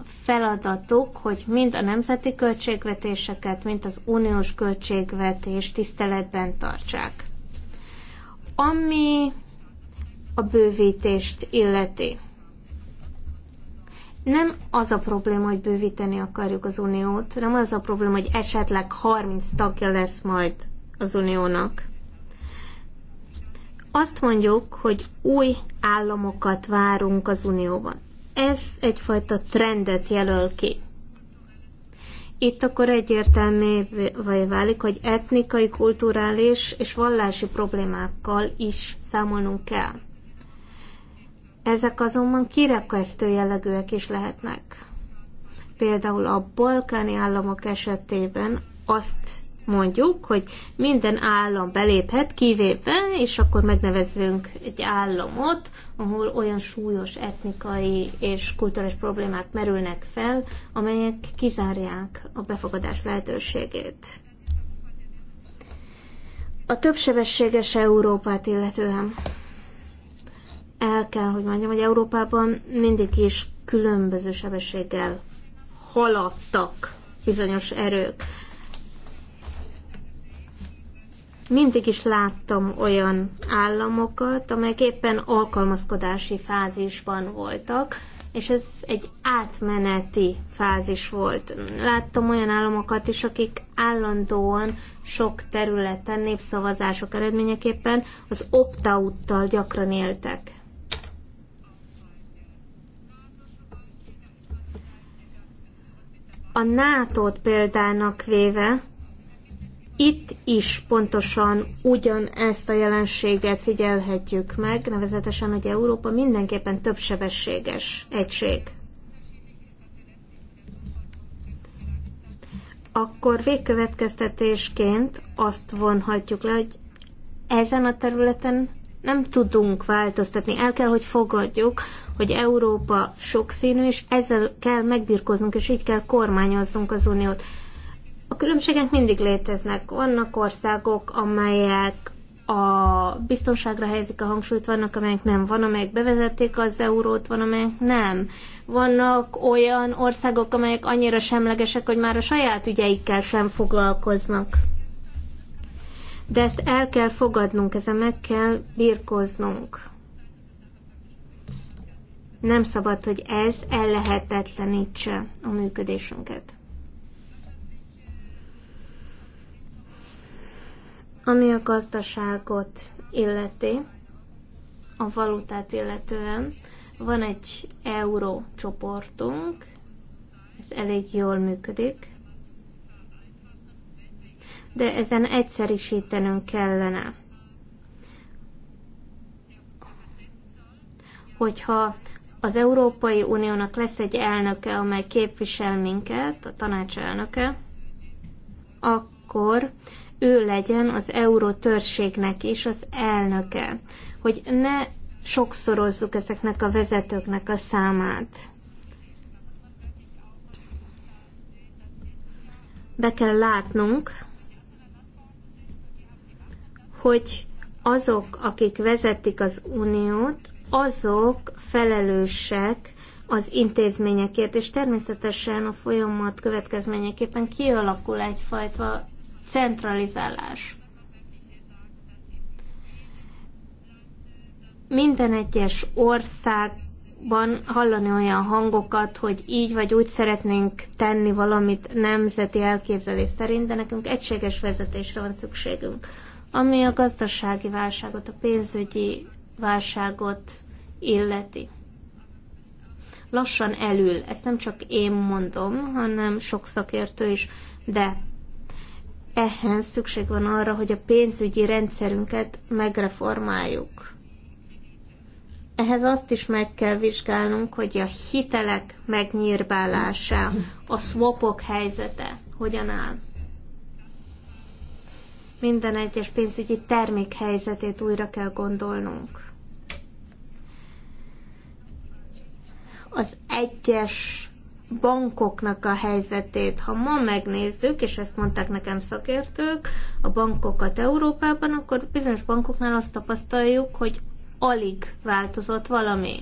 feladatuk, hogy mind a nemzeti költségvetéseket, mind az uniós költségvetést tiszteletben tartsák. Ami a bővítést illeti. Nem az a probléma, hogy bővíteni akarjuk az uniót, nem az a probléma, hogy esetleg 30 tagja lesz majd az uniónak. Azt mondjuk, hogy új államokat várunk az unióban. Ez egyfajta trendet jelöl ki itt akkor egyértelművé válik, hogy etnikai, kulturális és vallási problémákkal is számolnunk kell. Ezek azonban kirekesztő jellegűek is lehetnek. Például a balkáni államok esetében azt mondjuk, hogy minden állam beléphet, kivéve, és akkor megnevezzünk egy államot, ahol olyan súlyos etnikai és kulturális problémák merülnek fel, amelyek kizárják a befogadás lehetőségét. A többsebességes Európát illetően el kell, hogy mondjam, hogy Európában mindig is különböző sebességgel haladtak bizonyos erők mindig is láttam olyan államokat, amelyek éppen alkalmazkodási fázisban voltak, és ez egy átmeneti fázis volt. Láttam olyan államokat is, akik állandóan sok területen népszavazások eredményeképpen az opt-out-tal gyakran éltek. A NATO-t példának véve itt is pontosan ugyanezt a jelenséget figyelhetjük meg, nevezetesen, hogy Európa mindenképpen többsebességes egység. Akkor végkövetkeztetésként azt vonhatjuk le, hogy ezen a területen nem tudunk változtatni. El kell, hogy fogadjuk, hogy Európa sokszínű, és ezzel kell megbirkoznunk, és így kell kormányoznunk az uniót. A különbségek mindig léteznek. Vannak országok, amelyek a biztonságra helyezik a hangsúlyt, vannak, amelyek nem, van, amelyek bevezették az eurót, van, amelyek nem. Vannak olyan országok, amelyek annyira semlegesek, hogy már a saját ügyeikkel sem foglalkoznak. De ezt el kell fogadnunk, ezen meg kell birkoznunk. Nem szabad, hogy ez ellehetetlenítse a működésünket. Ami a gazdaságot illeti, a valutát illetően, van egy euró csoportunk, ez elég jól működik, de ezen egyszerűsítenünk kellene. Hogyha az Európai Uniónak lesz egy elnöke, amely képvisel minket, a tanács elnöke, akkor ő legyen az eurótörségnek is az elnöke, hogy ne sokszorozzuk ezeknek a vezetőknek a számát. Be kell látnunk, hogy azok, akik vezetik az uniót, azok felelősek az intézményekért, és természetesen a folyamat következményeképpen kialakul egyfajta centralizálás. Minden egyes országban hallani olyan hangokat, hogy így vagy úgy szeretnénk tenni valamit nemzeti elképzelés szerint, de nekünk egységes vezetésre van szükségünk. Ami a gazdasági válságot, a pénzügyi válságot illeti lassan elül. Ezt nem csak én mondom, hanem sok szakértő is, de ehhez szükség van arra, hogy a pénzügyi rendszerünket megreformáljuk. Ehhez azt is meg kell vizsgálnunk, hogy a hitelek megnyírbálása, a swapok helyzete hogyan áll. Minden egyes pénzügyi termék helyzetét újra kell gondolnunk. Az egyes bankoknak a helyzetét. Ha ma megnézzük, és ezt mondták nekem szakértők, a bankokat Európában, akkor bizonyos bankoknál azt tapasztaljuk, hogy alig változott valami.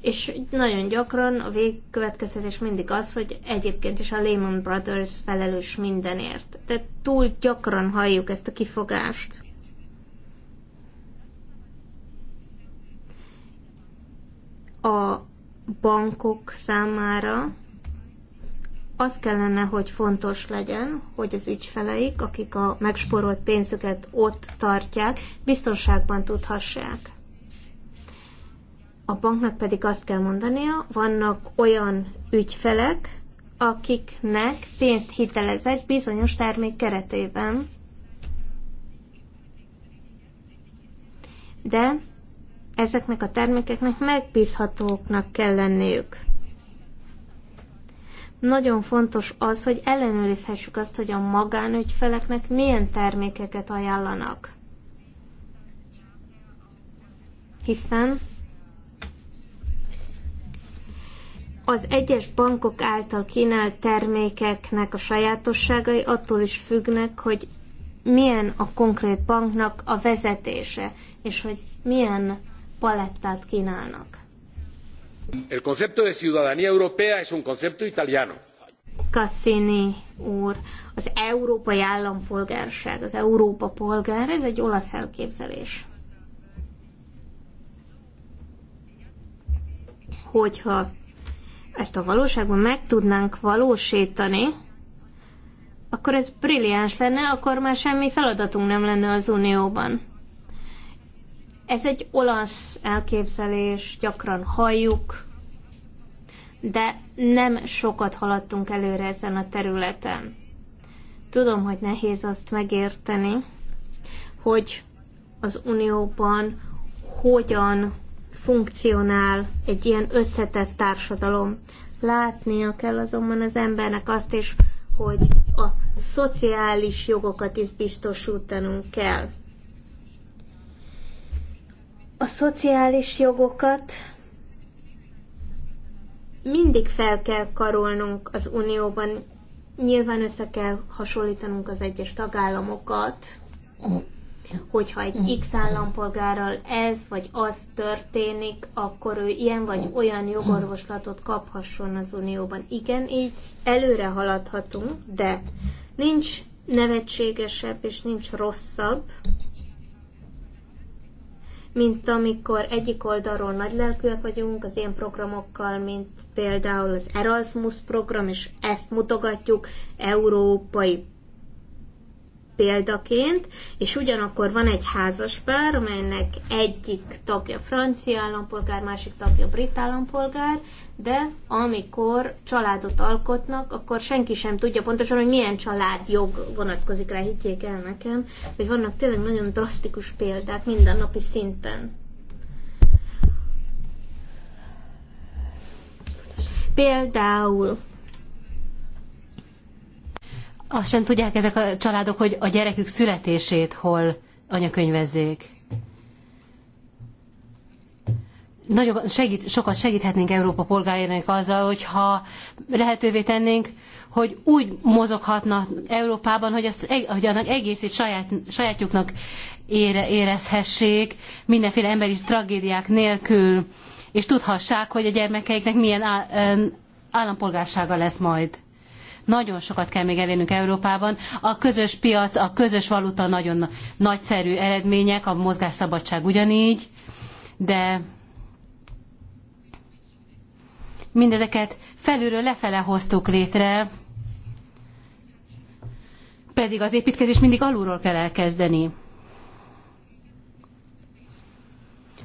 És nagyon gyakran a végkövetkeztetés mindig az, hogy egyébként is a Lehman Brothers felelős mindenért. de túl gyakran halljuk ezt a kifogást. A bankok számára az kellene, hogy fontos legyen, hogy az ügyfeleik, akik a megsporolt pénzüket ott tartják, biztonságban tudhassák. A banknak pedig azt kell mondania, vannak olyan ügyfelek, akiknek pénzt hitelezek bizonyos termék keretében, de ezeknek a termékeknek megbízhatóknak kell lenniük. Nagyon fontos az, hogy ellenőrizhessük azt, hogy a magánügyfeleknek milyen termékeket ajánlanak. Hiszen az egyes bankok által kínált termékeknek a sajátosságai attól is függnek, hogy milyen a konkrét banknak a vezetése, és hogy milyen palettát kínálnak. El concepto de ciudadanía europea es un concepto italiano. Cassini úr, az európai állampolgárság, az Európa polgár, ez egy olasz elképzelés. Hogyha ezt a valóságban meg tudnánk valósítani, akkor ez brilliáns lenne, akkor már semmi feladatunk nem lenne az Unióban. Ez egy olasz elképzelés, gyakran halljuk, de nem sokat haladtunk előre ezen a területen. Tudom, hogy nehéz azt megérteni, hogy az Unióban hogyan funkcionál egy ilyen összetett társadalom. Látnia kell azonban az embernek azt is, hogy a szociális jogokat is biztosítanunk kell a szociális jogokat mindig fel kell karolnunk az Unióban. Nyilván össze kell hasonlítanunk az egyes tagállamokat, hogyha egy X állampolgárral ez vagy az történik, akkor ő ilyen vagy olyan jogorvoslatot kaphasson az Unióban. Igen, így előre haladhatunk, de nincs nevetségesebb és nincs rosszabb, mint amikor egyik oldalról nagy lelkűek vagyunk az ilyen programokkal, mint például az Erasmus program, és ezt mutogatjuk európai példaként, és ugyanakkor van egy házas pár, amelynek egyik tagja francia állampolgár, másik tagja brit állampolgár, de amikor családot alkotnak, akkor senki sem tudja pontosan, hogy milyen családjog vonatkozik rá, higgyék el nekem, hogy vannak tényleg nagyon drasztikus példák mindennapi szinten. Például azt sem tudják ezek a családok, hogy a gyerekük születését hol anyakönyvezzék. Nagyon segít, sokat segíthetnénk Európa polgárjának azzal, hogyha lehetővé tennénk, hogy úgy mozoghatna Európában, hogy, ezt, hogy annak egészét saját, sajátjuknak ére, érezhessék, mindenféle emberi tragédiák nélkül, és tudhassák, hogy a gyermekeiknek milyen állampolgársága lesz majd. Nagyon sokat kell még elérnünk Európában. A közös piac, a közös valuta nagyon nagyszerű eredmények, a mozgásszabadság ugyanígy, de mindezeket felülről lefele hoztuk létre, pedig az építkezés mindig alulról kell elkezdeni.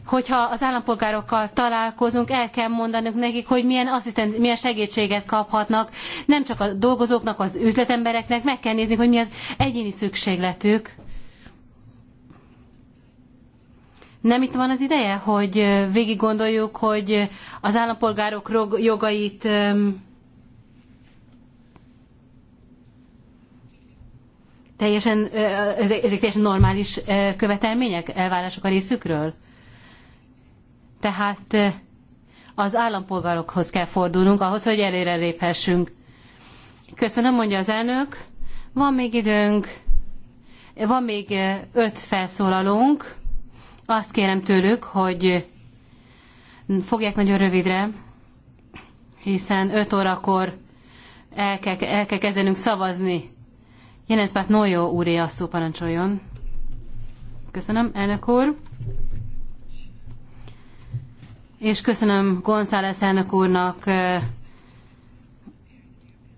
hogyha az állampolgárokkal találkozunk, el kell mondanunk nekik, hogy milyen, asszisztent, milyen segítséget kaphatnak, nem csak a dolgozóknak, az üzletembereknek, meg kell nézni, hogy mi az egyéni szükségletük. Nem itt van az ideje, hogy végig gondoljuk, hogy az állampolgárok jogait teljesen, ezek, ezek teljesen normális követelmények, elvárások a részükről? Tehát eh, az állampolgárokhoz kell fordulnunk, ahhoz, hogy előre léphessünk. Köszönöm, mondja az elnök. Van még időnk, van még eh, öt felszólalónk. Azt kérem tőlük, hogy fogják nagyon rövidre, hiszen öt órakor el kell, el kell kezdenünk szavazni. Jelenszpát Nojo úré a szó parancsoljon. Köszönöm, elnök úr és köszönöm González elnök úrnak,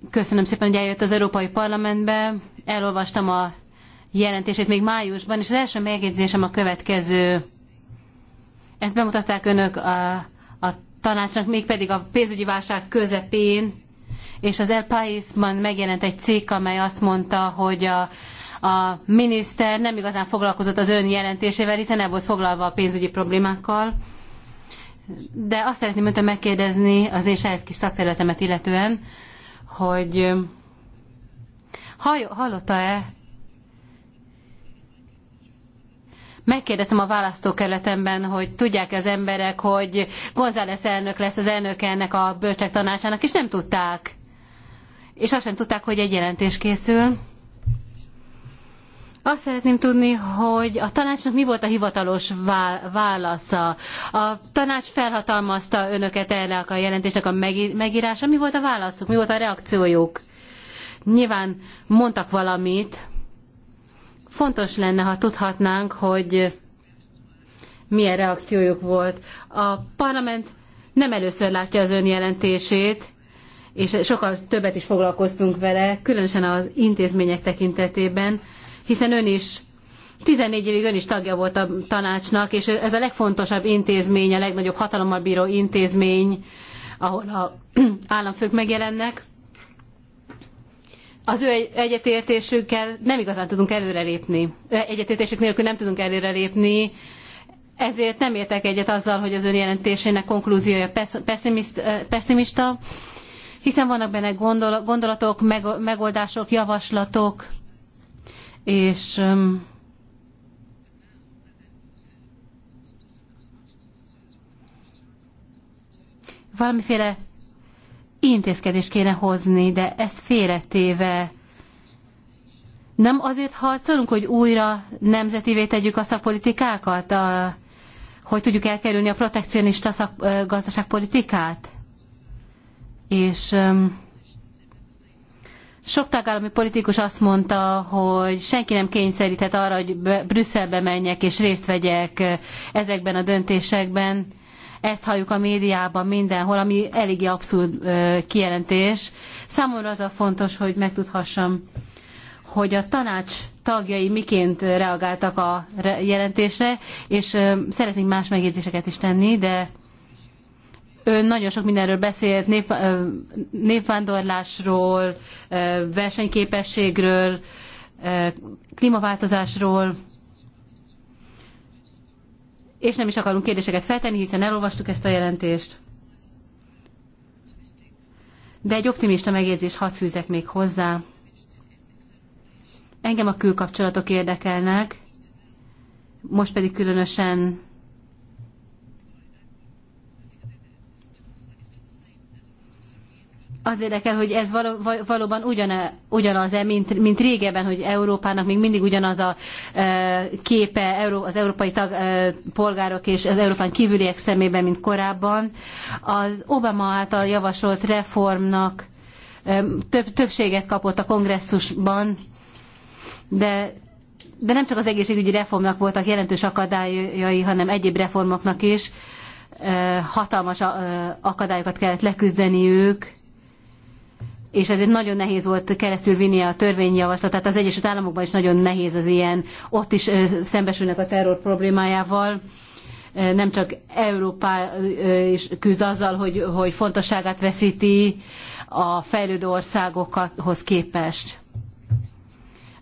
köszönöm szépen, hogy eljött az Európai Parlamentbe, elolvastam a jelentését még májusban, és az első megjegyzésem a következő. Ezt bemutatták önök a, a tanácsnak, mégpedig a pénzügyi válság közepén, és az El Paisban megjelent egy cikk, amely azt mondta, hogy a, a miniszter nem igazán foglalkozott az ön jelentésével, hiszen el volt foglalva a pénzügyi problémákkal de azt szeretném öntől megkérdezni az én saját kis szakterületemet illetően, hogy hallotta-e megkérdeztem a választókerületemben, hogy tudják -e az emberek, hogy González elnök lesz az elnök ennek a bölcsek tanácsának, és nem tudták. És azt sem tudták, hogy egy jelentés készül. Azt szeretném tudni, hogy a tanácsnak mi volt a hivatalos válasza. A tanács felhatalmazta önöket erre a jelentésnek a megírása. Mi volt a válaszuk? Mi volt a reakciójuk? Nyilván mondtak valamit. Fontos lenne, ha tudhatnánk, hogy milyen reakciójuk volt. A parlament nem először látja az ön jelentését, és sokkal többet is foglalkoztunk vele, különösen az intézmények tekintetében hiszen ön is 14 évig ön is tagja volt a tanácsnak, és ez a legfontosabb intézmény, a legnagyobb hatalommal bíró intézmény, ahol a [CLEARS THROAT] államfők megjelennek. Az ő egyetértésükkel nem igazán tudunk előrelépni. Egyetértésük nélkül nem tudunk előrelépni, ezért nem értek egyet azzal, hogy az ön jelentésének konklúziója pessimista, hiszen vannak benne gondolatok, megoldások, javaslatok, és valamiféle intézkedést kéne hozni, de ezt félretéve nem azért harcolunk, hogy újra nemzetivé tegyük a szakpolitikákat, a, hogy tudjuk elkerülni a protekcionista szak, gazdaságpolitikát? És sok tagállami politikus azt mondta, hogy senki nem kényszeríthet arra, hogy Brüsszelbe menjek és részt vegyek ezekben a döntésekben. Ezt halljuk a médiában mindenhol, ami eléggé abszurd kijelentés. Számomra az a fontos, hogy megtudhassam, hogy a tanács tagjai miként reagáltak a jelentésre, és szeretnénk más megjegyzéseket is tenni, de Ön nagyon sok mindenről beszélt, nép, népvándorlásról, versenyképességről, klímaváltozásról, és nem is akarunk kérdéseket feltenni, hiszen elolvastuk ezt a jelentést. De egy optimista megjegyzés hadd fűzek még hozzá. Engem a külkapcsolatok érdekelnek, most pedig különösen az érdekel, hogy ez valóban ugyan, ugyanaz-e, mint, mint régebben, hogy Európának még mindig ugyanaz a e, képe az európai tag, e, polgárok és az Európán kívüliek szemében, mint korábban. Az Obama által javasolt reformnak e, több, többséget kapott a kongresszusban, de de nem csak az egészségügyi reformnak voltak jelentős akadályai, hanem egyéb reformoknak is hatalmas akadályokat kellett leküzdeniük és ezért nagyon nehéz volt keresztül vinni a törvényjavaslatát. Az Egyesült Államokban is nagyon nehéz az ilyen, ott is szembesülnek a terror problémájával nem csak Európá is küzd azzal, hogy, hogy fontosságát veszíti a fejlődő országokhoz képest.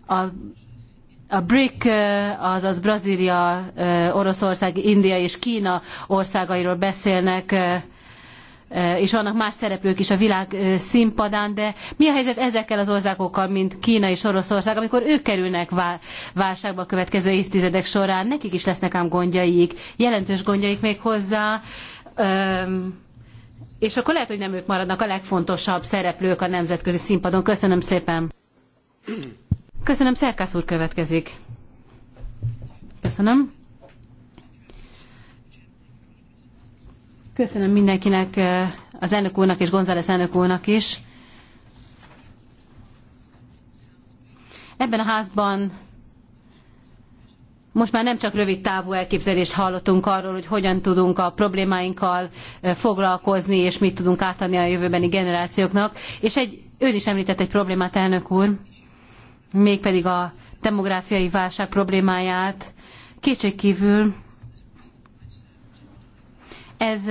A, a BRIC, azaz Brazília, Oroszország, India és Kína országairól beszélnek, Eh, és vannak más szereplők is a világ eh, színpadán, de mi a helyzet ezekkel az országokkal, mint Kína és Oroszország, amikor ők kerülnek válságba a következő évtizedek során, nekik is lesznek ám gondjaik, jelentős gondjaik még hozzá, ehm, és akkor lehet, hogy nem ők maradnak a legfontosabb szereplők a nemzetközi színpadon. Köszönöm szépen! Köszönöm, Szerkász úr következik. Köszönöm. Köszönöm mindenkinek, eh, az elnök úrnak és González elnök úrnak is. Ebben a házban most már nem csak rövid távú elképzelést hallottunk arról, hogy hogyan tudunk a problémáinkkal eh, foglalkozni, és mit tudunk átadni a jövőbeni generációknak. És egy, ön is említett egy problémát, elnök úr, mégpedig a demográfiai válság problémáját. Kétségkívül ez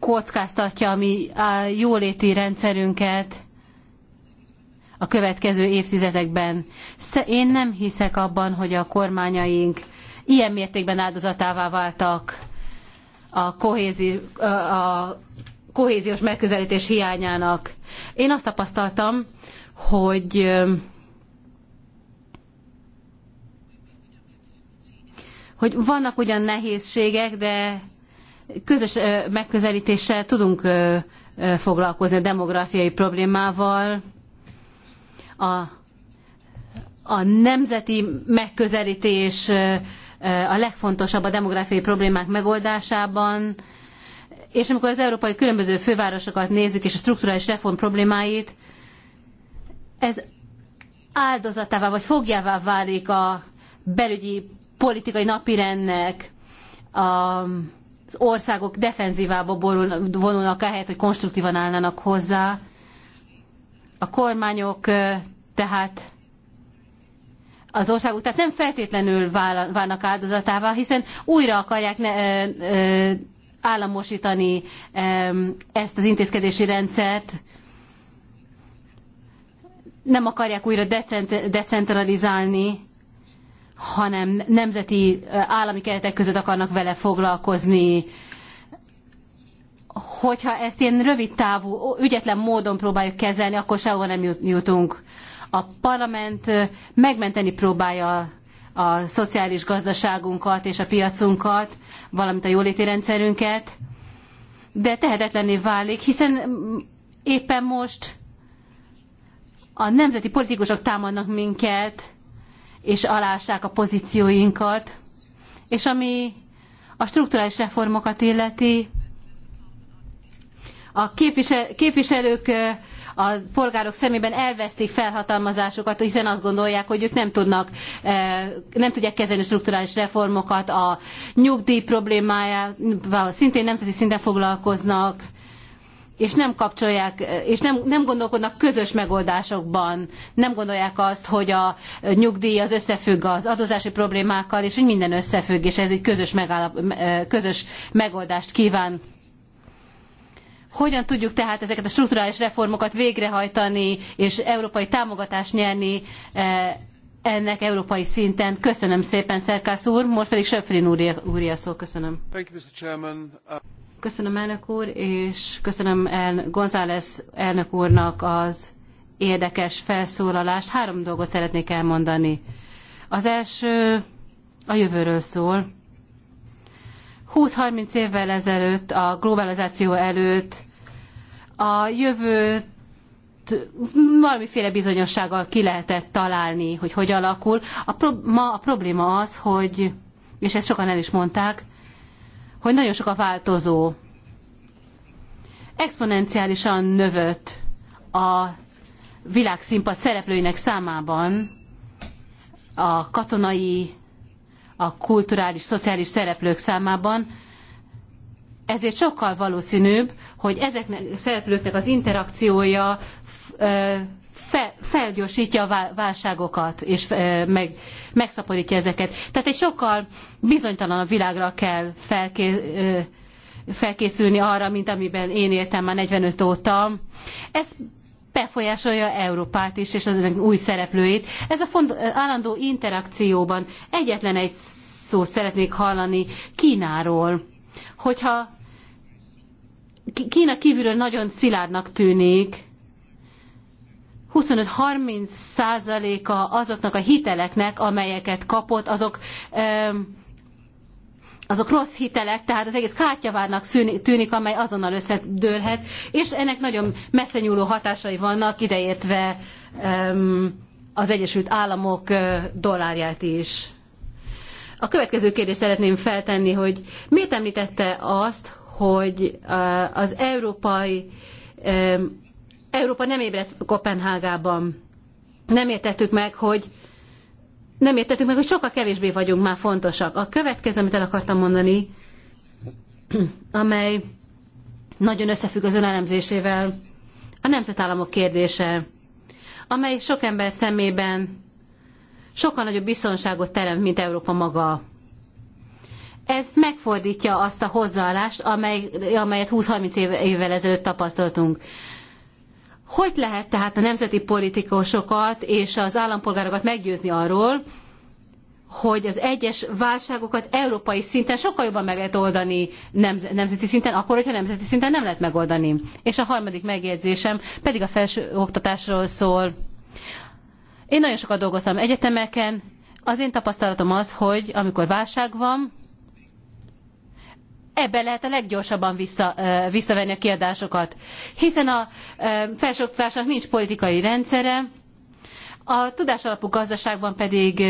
kockáztatja a mi a jóléti rendszerünket a következő évtizedekben. Én nem hiszek abban, hogy a kormányaink ilyen mértékben áldozatává váltak a, kohézi, a kohéziós megközelítés hiányának. Én azt tapasztaltam, hogy hogy vannak ugyan nehézségek, de közös megközelítéssel tudunk foglalkozni a demográfiai problémával, a, a nemzeti megközelítés a legfontosabb a demográfiai problémák megoldásában, és amikor az európai különböző fővárosokat nézzük, és a strukturális reform problémáit, ez áldozatává vagy fogjává válik a belügyi politikai napirendnek, a országok defenzívába borul, vonulnak, ahelyett, hogy konstruktívan állnának hozzá. A kormányok tehát az országok, tehát nem feltétlenül válnak áldozatává, hiszen újra akarják ne, ö, ö, államosítani ö, ezt az intézkedési rendszert, nem akarják újra decent, decentralizálni, hanem nemzeti állami keretek között akarnak vele foglalkozni. Hogyha ezt ilyen rövid távú, ügyetlen módon próbáljuk kezelni, akkor sehova nem jutunk. A parlament megmenteni próbálja a szociális gazdaságunkat és a piacunkat, valamint a jóléti rendszerünket, de tehetetlenné válik, hiszen éppen most a nemzeti politikusok támadnak minket, és alássák a pozícióinkat, és ami a strukturális reformokat illeti, a képviselők a polgárok szemében elvesztik felhatalmazásukat, hiszen azt gondolják, hogy ők nem tudnak, nem tudják kezelni strukturális reformokat, a nyugdíj problémájával szintén nemzeti szinten foglalkoznak, és nem kapcsolják, és nem, nem gondolkodnak közös megoldásokban, nem gondolják azt, hogy a nyugdíj az összefügg az adózási problémákkal, és hogy minden összefügg, és ez egy közös, megállap, közös megoldást kíván. Hogyan tudjuk tehát ezeket a strukturális reformokat végrehajtani, és európai támogatást nyerni ennek európai szinten. Köszönöm szépen, Szerkász úr, most pedig Söfrin úr, úr szó. Köszönöm. Köszönöm elnök úr, és köszönöm el, González elnök úrnak az érdekes felszólalást. Három dolgot szeretnék elmondani. Az első a jövőről szól. 20-30 évvel ezelőtt, a globalizáció előtt a jövőt valamiféle bizonyossággal ki lehetett találni, hogy hogy alakul. A ma a probléma az, hogy, és ezt sokan el is mondták, hogy nagyon sok a változó. Exponenciálisan növött a világszínpad szereplőinek számában a katonai, a kulturális, szociális szereplők számában, ezért sokkal valószínűbb, hogy ezeknek a szereplőknek az interakciója fe, felgyorsítja a válságokat, és meg, megszaporítja ezeket. Tehát egy sokkal bizonytalanabb világra kell felké, felkészülni arra, mint amiben én éltem már 45 óta. Ez befolyásolja Európát is, és az új szereplőit. Ez a font, állandó interakcióban egyetlen egy szót szeretnék hallani Kínáról, hogyha Kína kívülről nagyon szilárdnak tűnik, 25-30 százaléka azoknak a hiteleknek, amelyeket kapott, azok azok rossz hitelek, tehát az egész kártyavárnak tűnik, amely azonnal összedőlhet, és ennek nagyon messze nyúló hatásai vannak, ideértve az Egyesült Államok dollárját is. A következő kérdést szeretném feltenni, hogy miért említette azt, hogy az európai Európa nem ébredt Kopenhágában. Nem értettük meg, hogy nem értettük meg, hogy sokkal kevésbé vagyunk már fontosak. A következő, amit el akartam mondani, amely nagyon összefügg az önelemzésével, a nemzetállamok kérdése, amely sok ember szemében sokkal nagyobb biztonságot teremt, mint Európa maga. Ez megfordítja azt a hozzáállást, amely, amelyet 20-30 évvel ezelőtt tapasztaltunk. Hogy lehet tehát a nemzeti politikusokat és az állampolgárokat meggyőzni arról, hogy az egyes válságokat európai szinten sokkal jobban meg lehet oldani nemzeti szinten, akkor, hogyha nemzeti szinten nem lehet megoldani. És a harmadik megjegyzésem pedig a felsőoktatásról szól. Én nagyon sokat dolgoztam egyetemeken, az én tapasztalatom az, hogy amikor válság van, ebbe lehet a leggyorsabban vissza, visszavenni a kiadásokat. Hiszen a felsőoktatásnak nincs politikai rendszere, a tudásalapú gazdaságban pedig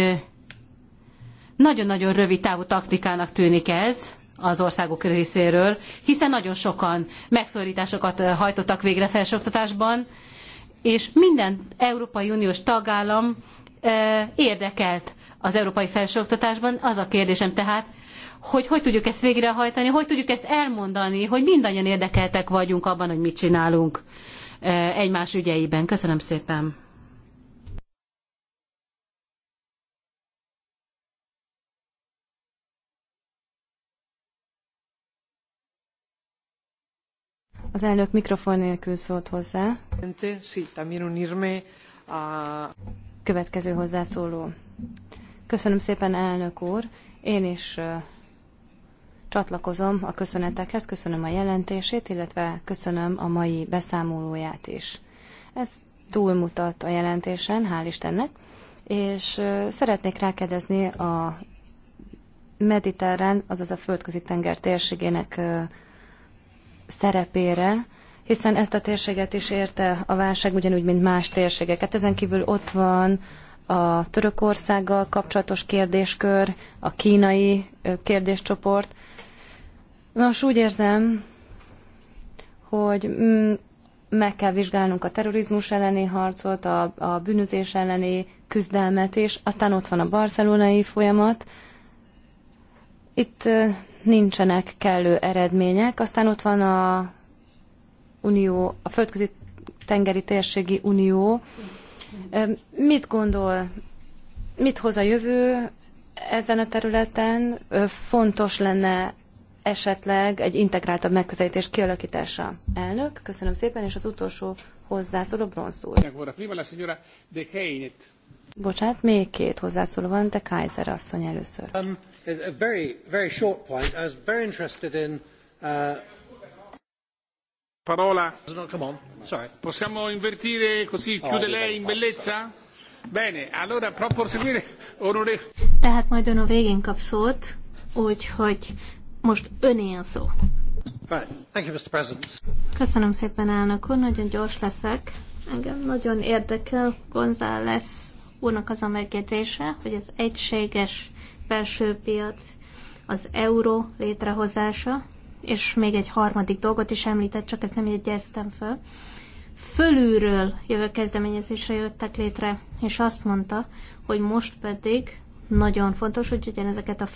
nagyon-nagyon rövid távú taktikának tűnik ez az országok részéről, hiszen nagyon sokan megszorításokat hajtottak végre felsőoktatásban, és minden Európai Uniós tagállam érdekelt az európai felsőoktatásban. Az a kérdésem tehát, hogy hogy tudjuk ezt végrehajtani, hogy tudjuk ezt elmondani, hogy mindannyian érdekeltek vagyunk abban, hogy mit csinálunk eh, egymás ügyeiben. Köszönöm szépen! Az elnök mikrofon nélkül szólt hozzá. Következő hozzászóló. Köszönöm szépen, elnök úr. Én is eh, csatlakozom a köszönetekhez, köszönöm a jelentését, illetve köszönöm a mai beszámolóját is. Ez túlmutat a jelentésen, hál' Istennek, és szeretnék rákérdezni a mediterrán, azaz a földközi tenger térségének szerepére, hiszen ezt a térséget is érte a válság, ugyanúgy, mint más térségeket. Ezen kívül ott van a Törökországgal kapcsolatos kérdéskör, a kínai kérdéscsoport, Nos, úgy érzem, hogy mm, meg kell vizsgálnunk a terrorizmus elleni harcot, a, a bűnözés elleni küzdelmet is, aztán ott van a barcelonai folyamat. Itt nincsenek kellő eredmények, aztán ott van a unió, a földközi tengeri térségi unió. Mit gondol, mit hoz a jövő ezen a területen? Fontos lenne esetleg egy integráltabb megközelítés kialakítása. Elnök, köszönöm szépen, és az utolsó hozzászóló bronzúr. Bocsánat, még két hozzászóló van, de Kaiser asszony először. Um, a very, very short point. I was very interested in uh... Parola. No, come on. Sorry. Possiamo invertire così chiude lei in bellezza? Bene, allora proporre seguire Tehát majd ön a végén kap szót, úgyhogy most öné a szó. Köszönöm szépen, elnök úr, nagyon gyors leszek. Engem nagyon érdekel González úrnak az a megjegyzése, hogy az egységes belső piac, az euró létrehozása, és még egy harmadik dolgot is említett, csak ezt nem jegyeztem föl. Fölülről jövő kezdeményezésre jöttek létre, és azt mondta, hogy most pedig nagyon fontos, hogy ugyanezeket a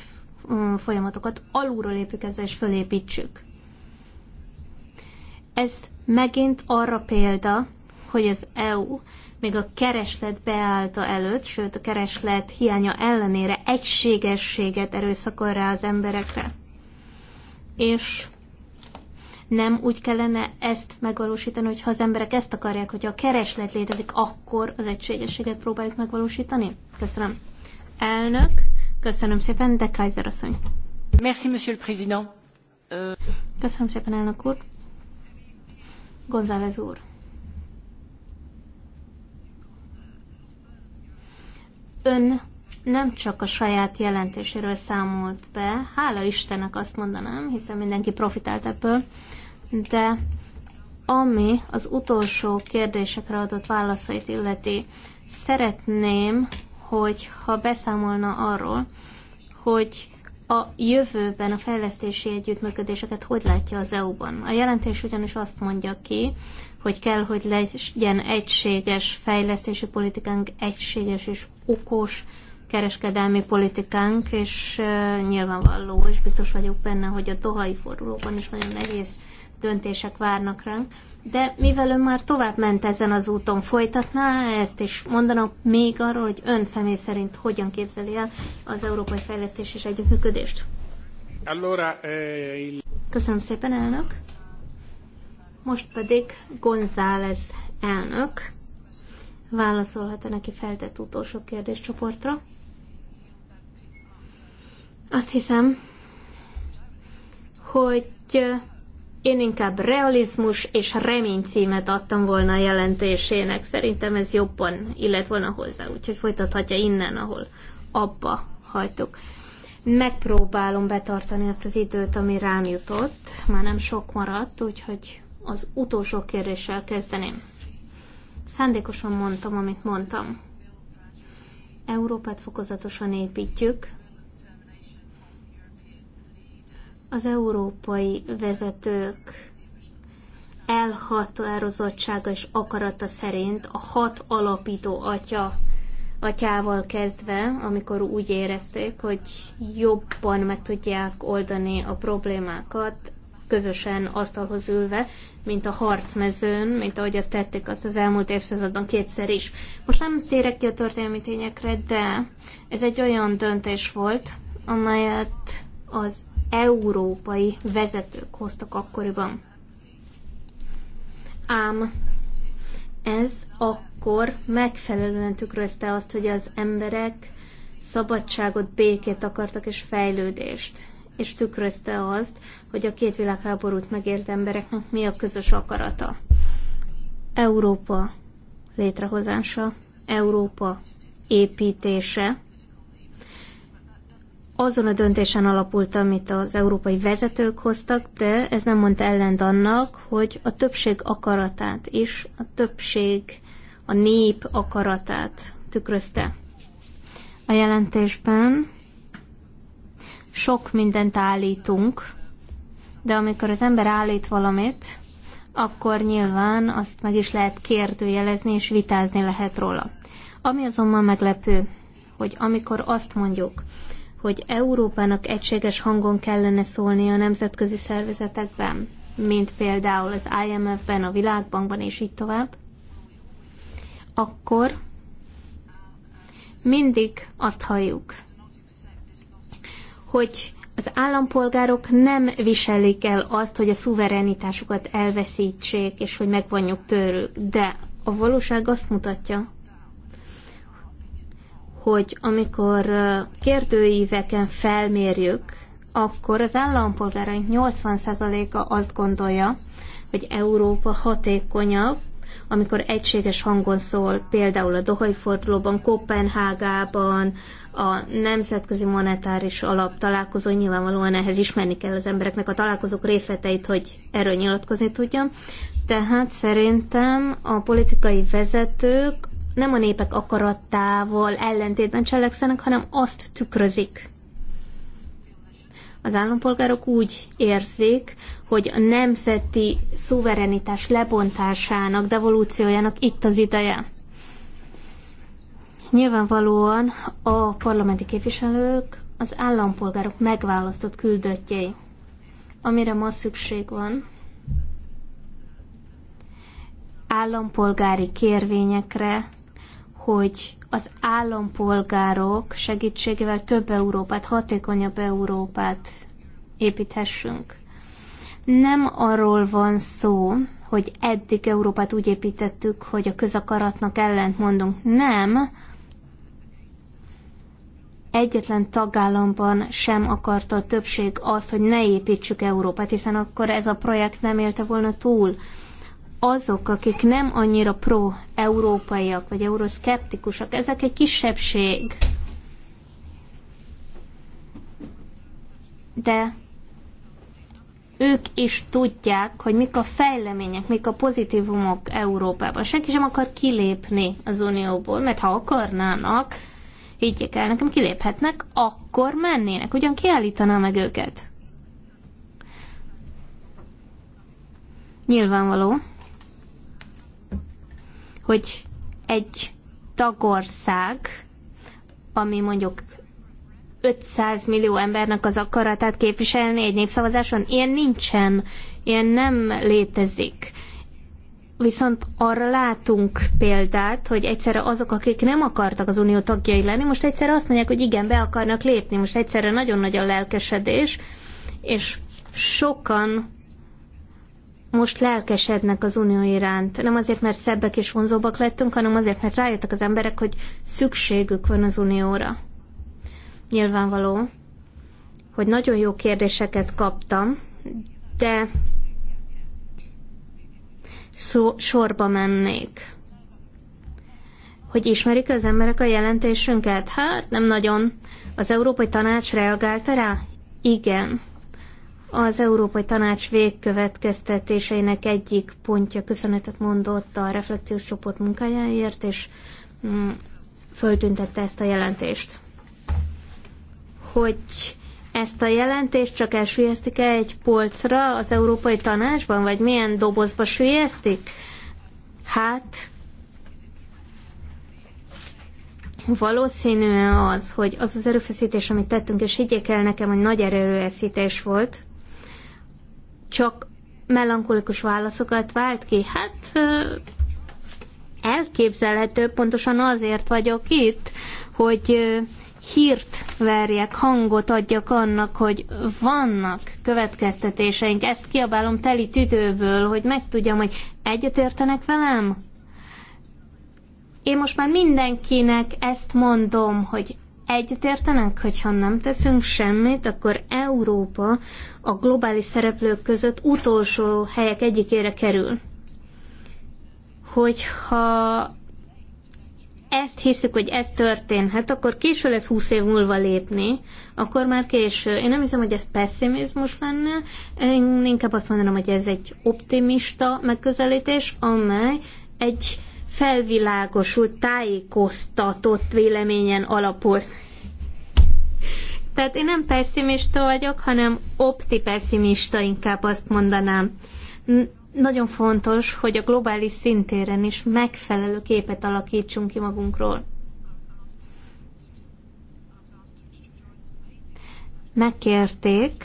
folyamatokat alulról lépjük ezzel, és fölépítsük. Ez megint arra példa, hogy az EU még a kereslet beállta előtt, sőt a kereslet hiánya ellenére egységességet erőszakol rá az emberekre. És nem úgy kellene ezt megvalósítani, hogy az emberek ezt akarják, hogy a kereslet létezik, akkor az egységességet próbáljuk megvalósítani? Köszönöm. Elnök, Köszönöm szépen, de Kaiser asszony. Merci, monsieur le président. Euh, Köszönöm szépen, elnök úr. González úr. Ön nem csak a saját jelentéséről számolt be, hála Istennek azt mondanám, hiszen mindenki profitált ebből, de ami az utolsó kérdésekre adott válaszait illeti, szeretném hogy ha beszámolna arról, hogy a jövőben a fejlesztési együttműködéseket hogy látja az EU-ban. A jelentés ugyanis azt mondja ki, hogy kell, hogy legyen egységes fejlesztési politikánk, egységes és okos kereskedelmi politikánk, és uh, nyilvánvaló, és biztos vagyok benne, hogy a dohai fordulóban is nagyon nehéz döntések várnak ránk. De mivel ön már tovább ment ezen az úton, folytatná ezt, és mondanak még arról, hogy ön személy szerint hogyan képzeli el az európai fejlesztés és együttműködést? Allora, eh, il... Köszönöm szépen, elnök. Most pedig González elnök válaszolhat e neki feltett utolsó kérdéscsoportra. Azt hiszem, hogy én inkább realizmus és remény címet adtam volna a jelentésének. Szerintem ez jobban illet volna hozzá, úgyhogy folytathatja innen, ahol abba hagytuk. Megpróbálom betartani azt az időt, ami rám jutott. Már nem sok maradt, úgyhogy az utolsó kérdéssel kezdeném. Szándékosan mondtam, amit mondtam. Európát fokozatosan építjük, az európai vezetők elhatározottsága és akarata szerint a hat alapító atya atyával kezdve, amikor úgy érezték, hogy jobban meg tudják oldani a problémákat, közösen asztalhoz ülve, mint a harcmezőn, mint ahogy azt tették azt az elmúlt évszázadban kétszer is. Most nem térek ki a történelmi tényekre, de ez egy olyan döntés volt, amelyet az európai vezetők hoztak akkoriban. Ám ez akkor megfelelően tükrözte azt, hogy az emberek szabadságot, békét akartak és fejlődést. És tükrözte azt, hogy a két világháborút megért embereknek mi a közös akarata. Európa létrehozása, Európa építése, azon a döntésen alapult, amit az európai vezetők hoztak, de ez nem mondta ellent annak, hogy a többség akaratát is, a többség, a nép akaratát tükrözte. A jelentésben sok mindent állítunk, de amikor az ember állít valamit, akkor nyilván azt meg is lehet kérdőjelezni és vitázni lehet róla. Ami azonban meglepő, hogy amikor azt mondjuk, hogy Európának egységes hangon kellene szólni a nemzetközi szervezetekben, mint például az IMF-ben, a Világbankban és így tovább, akkor mindig azt halljuk, hogy az állampolgárok nem viselik el azt, hogy a szuverenitásukat elveszítsék, és hogy megvonjuk tőlük. De a valóság azt mutatja, hogy amikor kérdőíveken felmérjük, akkor az állampolgáraink 80%-a azt gondolja, hogy Európa hatékonyabb, amikor egységes hangon szól, például a Dohai fordulóban, Kopenhágában, a Nemzetközi Monetáris Alap találkozó, nyilvánvalóan ehhez ismerni kell az embereknek a találkozók részleteit, hogy erről nyilatkozni tudjam. Tehát szerintem a politikai vezetők nem a népek akaratával ellentétben cselekszenek, hanem azt tükrözik. Az állampolgárok úgy érzik, hogy a nemzeti szuverenitás lebontásának, devolúciójának itt az ideje. Nyilvánvalóan a parlamenti képviselők az állampolgárok megválasztott küldöttjei, amire ma szükség van. Állampolgári kérvényekre, hogy az állampolgárok segítségével több Európát, hatékonyabb Európát építhessünk. Nem arról van szó, hogy eddig Európát úgy építettük, hogy a közakaratnak ellent mondunk. Nem. Egyetlen tagállamban sem akarta a többség azt, hogy ne építsük Európát, hiszen akkor ez a projekt nem élte volna túl azok, akik nem annyira pro-európaiak vagy euroszkeptikusak, ezek egy kisebbség. De ők is tudják, hogy mik a fejlemények, mik a pozitívumok Európában. Senki sem akar kilépni az Unióból, mert ha akarnának, higgyék el nekem, kiléphetnek, akkor mennének. Ugyan kiállítaná meg őket? Nyilvánvaló, hogy egy tagország, ami mondjuk 500 millió embernek az akaratát képviselni egy népszavazáson, ilyen nincsen, ilyen nem létezik. Viszont arra látunk példát, hogy egyszerre azok, akik nem akartak az unió tagjai lenni, most egyszerre azt mondják, hogy igen, be akarnak lépni. Most egyszerre nagyon nagy a lelkesedés, és sokan most lelkesednek az unió iránt. Nem azért, mert szebbek és vonzóbbak lettünk, hanem azért, mert rájöttek az emberek, hogy szükségük van az unióra. Nyilvánvaló, hogy nagyon jó kérdéseket kaptam, de szó, sorba mennék. Hogy ismerik az emberek a jelentésünket? Hát nem nagyon. Az Európai Tanács reagálta rá? Igen az Európai Tanács végkövetkeztetéseinek egyik pontja köszönetet mondott a reflexiós csoport munkájáért, és mm, föltüntette ezt a jelentést. Hogy ezt a jelentést csak elsüllyesztik -e egy polcra az Európai Tanácsban, vagy milyen dobozba sülyeztik? Hát, valószínűen az, hogy az az erőfeszítés, amit tettünk, és higgyék el nekem, hogy nagy erőfeszítés volt, csak melankolikus válaszokat vált ki. Hát elképzelhető, pontosan azért vagyok itt, hogy hírt verjek, hangot adjak annak, hogy vannak következtetéseink. Ezt kiabálom teli tüdőből, hogy megtudjam, hogy egyetértenek velem. Én most már mindenkinek ezt mondom, hogy egyetértenek, hogyha nem teszünk semmit, akkor Európa a globális szereplők között utolsó helyek egyikére kerül. Hogyha ezt hiszük, hogy ez történhet, akkor késő lesz 20 év múlva lépni, akkor már késő. Én nem hiszem, hogy ez pessimizmus lenne, én inkább azt mondanám, hogy ez egy optimista megközelítés, amely egy felvilágosult, tájékoztatott véleményen alapul. Tehát én nem pessimista vagyok, hanem optipesszimista inkább azt mondanám. Nagyon fontos, hogy a globális szintéren is megfelelő képet alakítsunk ki magunkról. Megkérték,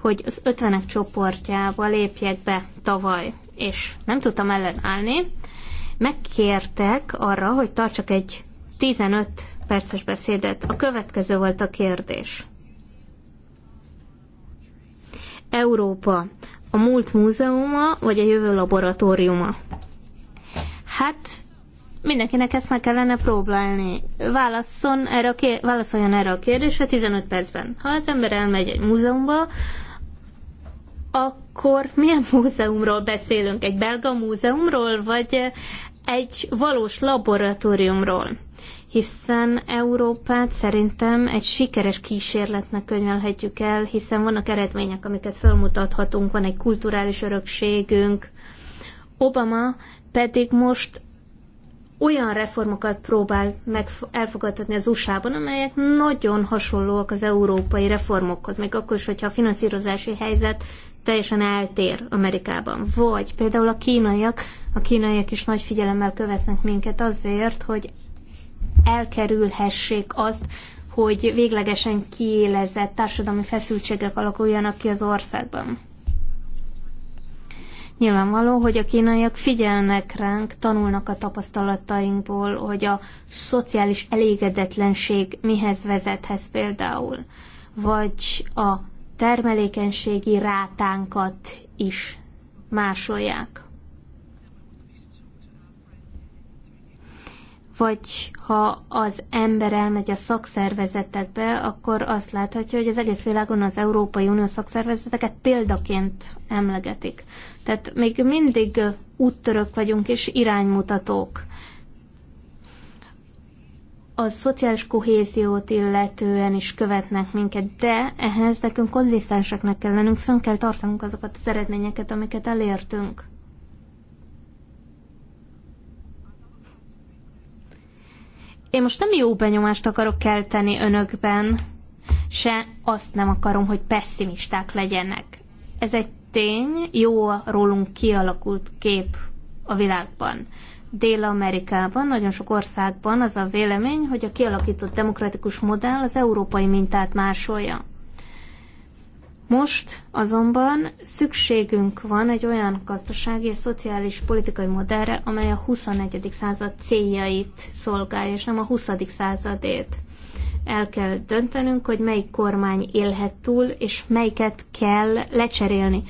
hogy az ötvenek csoportjába lépjek be tavaly, és nem tudtam ellenállni. Megkértek arra, hogy tartsak egy 15 perces beszédet. A következő volt a kérdés. Európa a múlt múzeuma, vagy a jövő laboratóriuma? Hát mindenkinek ezt meg kellene próbálni. Válasszon erre a kér- válaszoljon erre a kérdésre 15 percben. Ha az ember elmegy egy múzeumba, akkor milyen múzeumról beszélünk? Egy belga múzeumról, vagy egy valós laboratóriumról? hiszen Európát szerintem egy sikeres kísérletnek könyvelhetjük el, hiszen vannak eredmények, amiket felmutathatunk, van egy kulturális örökségünk. Obama pedig most olyan reformokat próbál meg elfogadtatni az USA-ban, amelyek nagyon hasonlóak az európai reformokhoz, még akkor is, hogyha a finanszírozási helyzet teljesen eltér Amerikában. Vagy például a kínaiak, a kínaiak is nagy figyelemmel követnek minket azért, hogy elkerülhessék azt, hogy véglegesen kiélezett társadalmi feszültségek alakuljanak ki az országban. Nyilvánvaló, hogy a kínaiak figyelnek ránk, tanulnak a tapasztalatainkból, hogy a szociális elégedetlenség mihez vezethez például, vagy a termelékenységi rátánkat is másolják. vagy ha az ember elmegy a szakszervezetekbe, akkor azt láthatja, hogy az egész világon az Európai Unió szakszervezeteket példaként emlegetik. Tehát még mindig úttörök vagyunk és iránymutatók. A szociális kohéziót illetően is követnek minket, de ehhez nekünk konzisztenseknek kell lennünk, fönn kell tartanunk azokat az eredményeket, amiket elértünk. Én most nem jó benyomást akarok kelteni önökben, se azt nem akarom, hogy pessimisták legyenek. Ez egy tény, jó rólunk kialakult kép a világban. Dél-Amerikában, nagyon sok országban az a vélemény, hogy a kialakított demokratikus modell az európai mintát másolja. Most azonban szükségünk van egy olyan gazdasági és szociális politikai modellre, amely a 21. század céljait szolgálja, és nem a 20. századét. El kell döntenünk, hogy melyik kormány élhet túl, és melyiket kell lecserélni.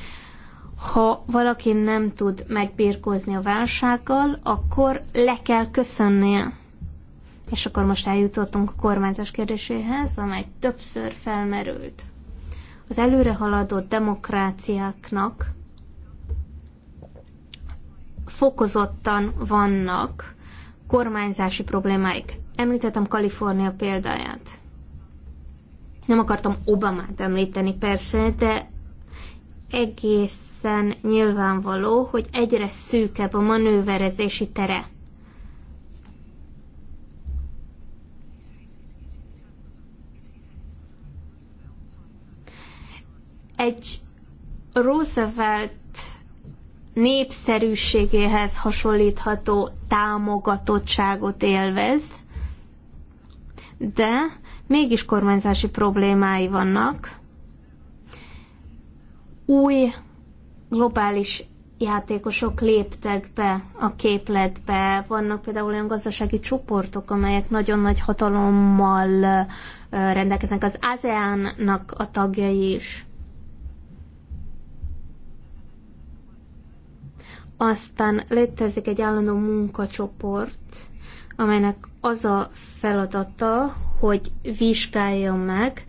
Ha valaki nem tud megbírkozni a válsággal, akkor le kell köszönnie. És akkor most eljutottunk a kormányzás kérdéséhez, amely többször felmerült az előrehaladó demokráciáknak fokozottan vannak kormányzási problémáik. Említettem Kalifornia példáját. Nem akartam Obamát említeni persze, de egészen nyilvánvaló, hogy egyre szűkebb a manőverezési tere. egy Roosevelt népszerűségéhez hasonlítható támogatottságot élvez, de mégis kormányzási problémái vannak. Új globális játékosok léptek be a képletbe. Vannak például olyan gazdasági csoportok, amelyek nagyon nagy hatalommal rendelkeznek. Az ASEAN-nak a tagjai is. Aztán létezik egy állandó munkacsoport, amelynek az a feladata, hogy vizsgálja meg,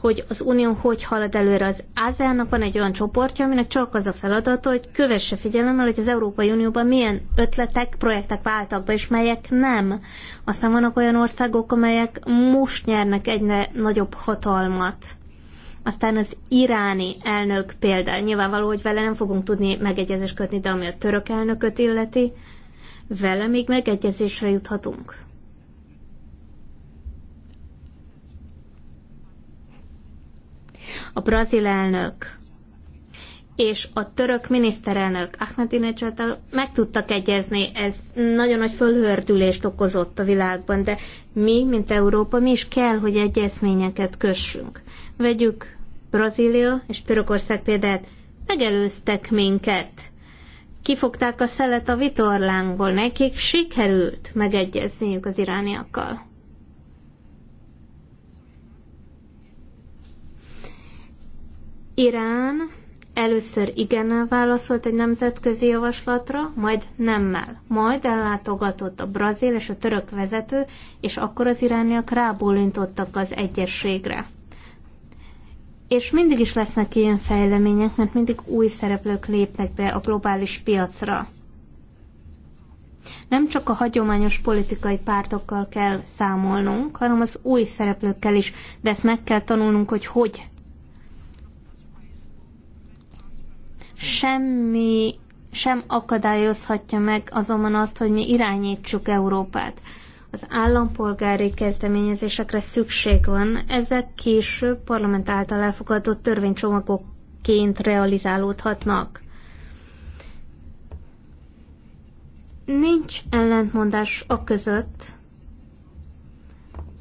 hogy az Unió hogy halad előre. Az ASEAN-nak van egy olyan csoportja, aminek csak az a feladata, hogy kövesse figyelemmel, hogy az Európai Unióban milyen ötletek, projektek váltak be, és melyek nem. Aztán vannak olyan országok, amelyek most nyernek egyre nagyobb hatalmat. Aztán az iráni elnök példa. Nyilvánvaló, hogy vele nem fogunk tudni megegyezést kötni, de ami a török elnököt illeti, vele még megegyezésre juthatunk. A brazil elnök és a török miniszterelnök Ahmadinejad meg tudtak egyezni. Ez nagyon nagy fölhördülést okozott a világban, de mi, mint Európa, mi is kell, hogy egyezményeket kössünk. Vegyük Brazília és Törökország példát megelőztek minket. Kifogták a szelet a vitorlánkból, nekik sikerült megegyezniük az irániakkal. Irán először igennel válaszolt egy nemzetközi javaslatra, majd nemmel. Majd ellátogatott a brazil és a török vezető, és akkor az irániak rábólintottak az egyességre. És mindig is lesznek ilyen fejlemények, mert mindig új szereplők lépnek be a globális piacra. Nem csak a hagyományos politikai pártokkal kell számolnunk, hanem az új szereplőkkel is, de ezt meg kell tanulnunk, hogy hogy. Semmi sem akadályozhatja meg azonban azt, hogy mi irányítsuk Európát. Az állampolgári kezdeményezésekre szükség van, ezek később parlament által elfogadott törvénycsomagokként realizálódhatnak. Nincs ellentmondás a között,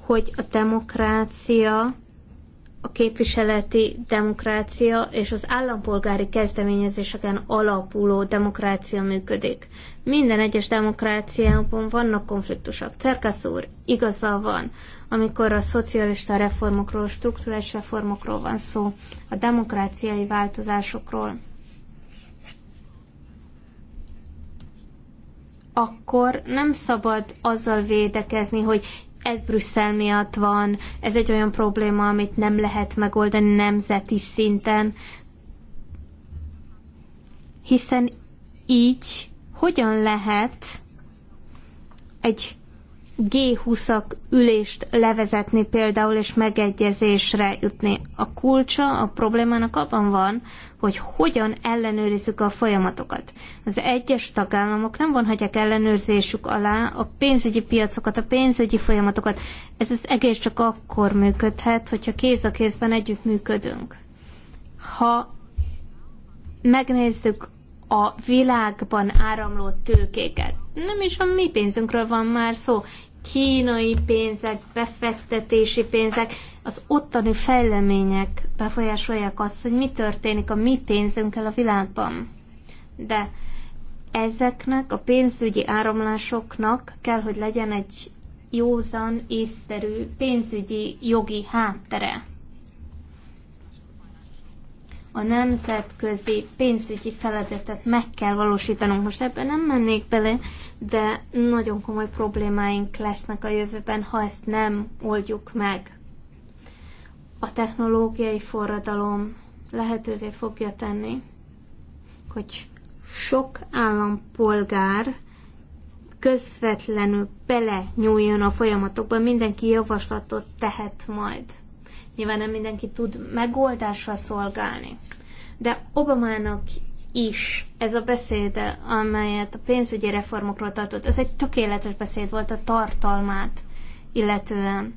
hogy a demokrácia a képviseleti demokrácia és az állampolgári kezdeményezéseken alapuló demokrácia működik. Minden egyes demokráciában vannak konfliktusok. Cerkasz úr, igaza van, amikor a szocialista reformokról, struktúrális reformokról van szó, a demokráciai változásokról, akkor nem szabad azzal védekezni, hogy ez Brüsszel miatt van, ez egy olyan probléma, amit nem lehet megoldani nemzeti szinten, hiszen így hogyan lehet egy G20-ak ülést levezetni például, és megegyezésre jutni. A kulcsa a problémának abban van, hogy hogyan ellenőrizzük a folyamatokat. Az egyes tagállamok nem vonhatják ellenőrzésük alá a pénzügyi piacokat, a pénzügyi folyamatokat. Ez az egész csak akkor működhet, hogyha kéz a kézben együttműködünk. Ha megnézzük a világban áramló tőkéket. Nem is a mi pénzünkről van már szó kínai pénzek, befektetési pénzek, az ottani fejlemények befolyásolják azt, hogy mi történik a mi pénzünkkel a világban. De ezeknek a pénzügyi áramlásoknak kell, hogy legyen egy józan, észszerű pénzügyi jogi háttere a nemzetközi pénzügyi feladatot meg kell valósítanunk. Most ebben nem mennék bele, de nagyon komoly problémáink lesznek a jövőben, ha ezt nem oldjuk meg. A technológiai forradalom lehetővé fogja tenni, hogy sok állampolgár közvetlenül bele nyúljon a folyamatokba, mindenki javaslatot tehet majd. Nyilván nem mindenki tud megoldásra szolgálni. De Obamának is ez a beszéde, amelyet a pénzügyi reformokról tartott, ez egy tökéletes beszéd volt a tartalmát illetően.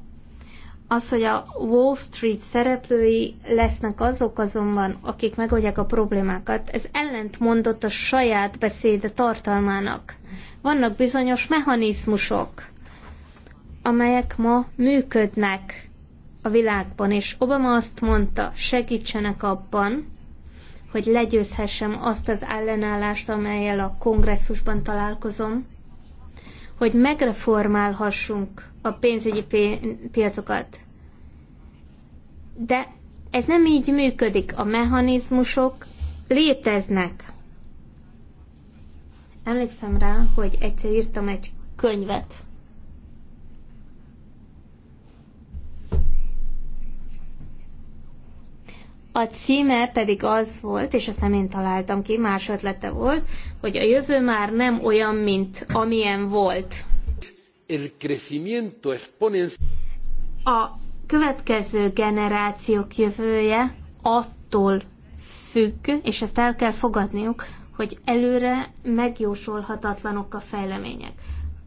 Az, hogy a Wall Street szereplői lesznek azok azonban, akik megoldják a problémákat, ez ellentmondott a saját beszéde tartalmának. Vannak bizonyos mechanizmusok, amelyek ma működnek a világban, és Obama azt mondta, segítsenek abban, hogy legyőzhessem azt az ellenállást, amelyel a kongresszusban találkozom, hogy megreformálhassunk a pénzügyi piacokat. De ez nem így működik. A mechanizmusok léteznek. Emlékszem rá, hogy egyszer írtam egy könyvet A címe pedig az volt, és ezt nem én találtam ki, más ötlete volt, hogy a jövő már nem olyan, mint amilyen volt. El crecimiento a következő generációk jövője attól függ, és ezt el kell fogadniuk, hogy előre megjósolhatatlanok a fejlemények.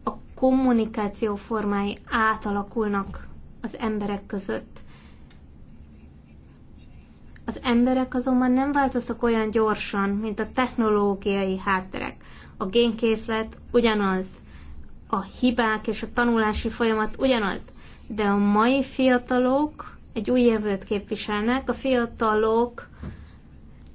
A kommunikáció formái átalakulnak az emberek között az emberek azonban nem változtak olyan gyorsan, mint a technológiai hátterek. A génkészlet ugyanaz, a hibák és a tanulási folyamat ugyanaz, de a mai fiatalok egy új jövőt képviselnek, a fiatalok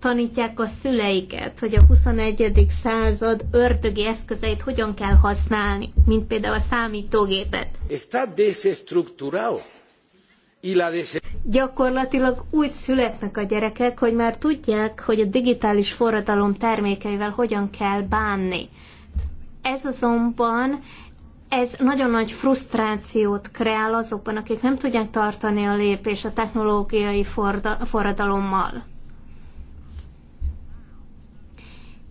tanítják a szüleiket, hogy a 21. század ördögi eszközeit hogyan kell használni, mint például a számítógépet. Está desestructurado Gyakorlatilag úgy születnek a gyerekek, hogy már tudják, hogy a digitális forradalom termékeivel hogyan kell bánni. Ez azonban ez nagyon nagy frusztrációt kreál azokban, akik nem tudják tartani a lépést a technológiai forradalommal.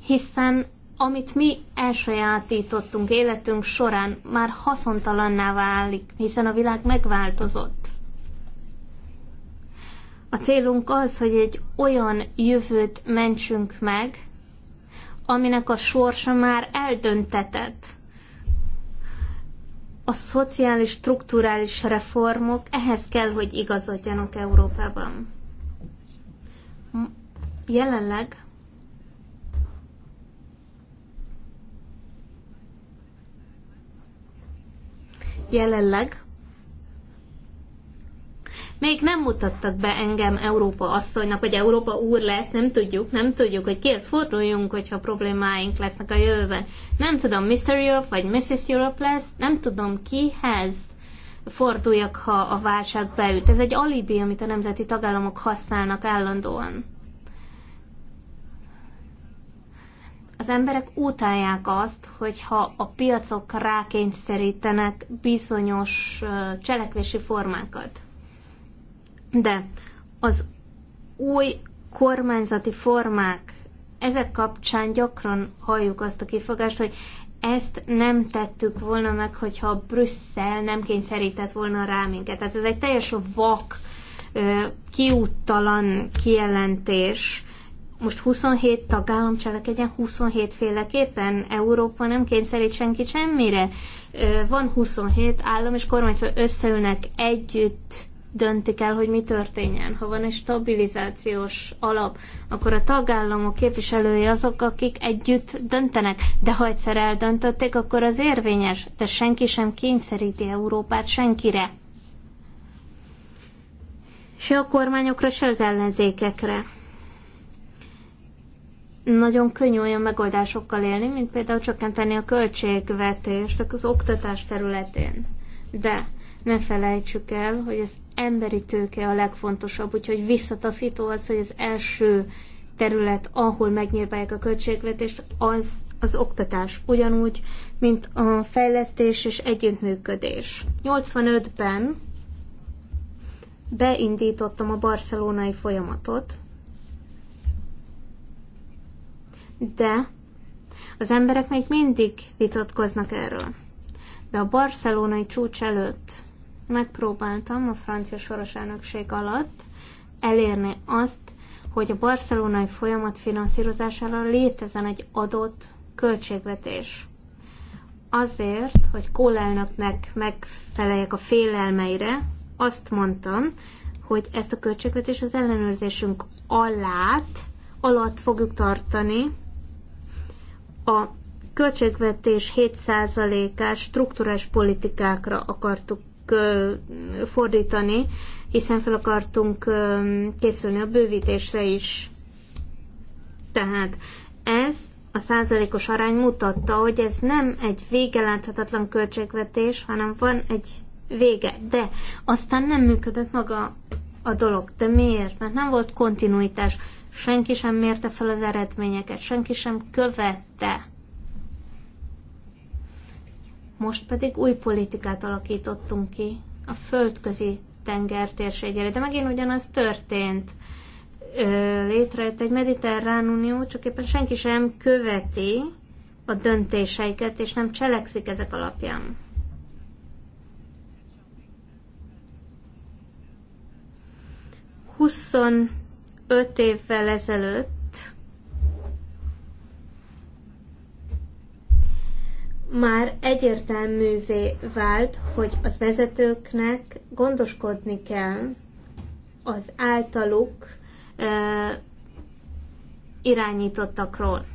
Hiszen amit mi elsajátítottunk életünk során, már haszontalanná válik, hiszen a világ megváltozott. A célunk az, hogy egy olyan jövőt mentsünk meg, aminek a sorsa már eldöntetett. A szociális, strukturális reformok ehhez kell, hogy igazodjanak Európában. Jelenleg jelenleg még nem mutattak be engem Európa asszonynak, hogy Európa úr lesz, nem tudjuk, nem tudjuk, hogy kihez forduljunk, hogyha problémáink lesznek a jövőben. Nem tudom, Mr. Europe vagy Mrs. Europe lesz, nem tudom kihez forduljak, ha a válság beüt. Ez egy alibi, amit a nemzeti tagállamok használnak állandóan. az emberek utálják azt, hogyha a piacok rákényszerítenek bizonyos cselekvési formákat. De az új kormányzati formák, ezek kapcsán gyakran halljuk azt a kifogást, hogy ezt nem tettük volna meg, hogyha Brüsszel nem kényszerített volna rá minket. Tehát ez egy teljes vak, kiúttalan kijelentés. Most 27 tagállam cselekedjen 27 féleképpen, Európa nem kényszerít senkit semmire. Van 27 állam, és kormányfő összeülnek együtt, döntik el, hogy mi történjen. Ha van egy stabilizációs alap, akkor a tagállamok képviselői azok, akik együtt döntenek. De ha egyszer eldöntötték, akkor az érvényes, de senki sem kényszeríti Európát senkire. Se a kormányokra, se az ellenzékekre. Nagyon könnyű olyan megoldásokkal élni, mint például csökkenteni a költségvetést az oktatás területén. De ne felejtsük el, hogy ez emberi tőke a legfontosabb, úgyhogy visszataszító az, hogy az első terület, ahol megnyírbálják a költségvetést, az az oktatás, ugyanúgy, mint a fejlesztés és együttműködés. 85-ben beindítottam a barcelonai folyamatot, de az emberek még mindig vitatkoznak erről. De a barcelonai csúcs előtt megpróbáltam a francia soros elnökség alatt elérni azt, hogy a barcelonai folyamat finanszírozására létezen egy adott költségvetés. Azért, hogy kólelnöknek megfeleljek a félelmeire, azt mondtam, hogy ezt a költségvetést az ellenőrzésünk alát, alatt fogjuk tartani a költségvetés 7 át strukturális politikákra akartuk fordítani, hiszen fel akartunk készülni a bővítésre is. Tehát ez a százalékos arány mutatta, hogy ez nem egy végeláthatatlan költségvetés, hanem van egy vége. De aztán nem működött maga a dolog. De miért? Mert nem volt kontinuitás. Senki sem mérte fel az eredményeket, senki sem követte most pedig új politikát alakítottunk ki a földközi tenger térségére. De megint ugyanaz történt. Létrejött egy mediterrán unió, csak éppen senki sem követi a döntéseiket, és nem cselekszik ezek alapján. Huszon öt évvel ezelőtt már egyértelművé vált, hogy az vezetőknek gondoskodni kell az általuk e, irányítottakról.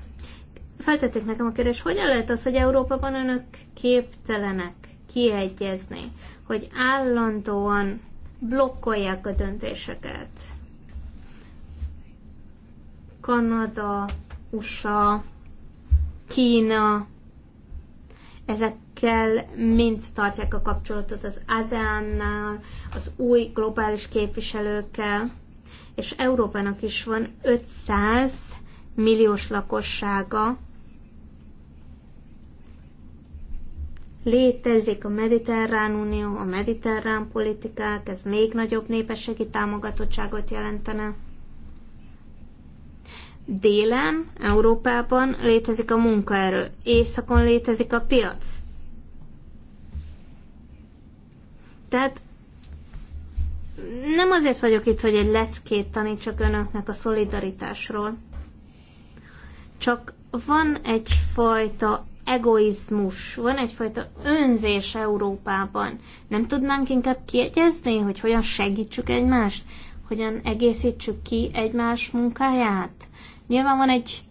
Feltették nekem a kérdést, hogyan lehet az, hogy Európában önök képtelenek kiegyezni, hogy állandóan blokkolják a döntéseket. Kanada, USA, Kína, Ezekkel mind tartják a kapcsolatot az ASEAN-nál, az új globális képviselőkkel, és Európának is van 500 milliós lakossága. Létezik a Mediterrán Unió, a mediterrán politikák, ez még nagyobb népességi támogatottságot jelentene. Délen, Európában létezik a munkaerő, északon létezik a piac. Tehát nem azért vagyok itt, hogy egy leckét tanítsak önöknek a szolidaritásról, csak van egyfajta egoizmus, van egyfajta önzés Európában. Nem tudnánk inkább kiegyezni, hogy hogyan segítsük egymást, hogyan egészítsük ki egymás munkáját? Nyilván van egy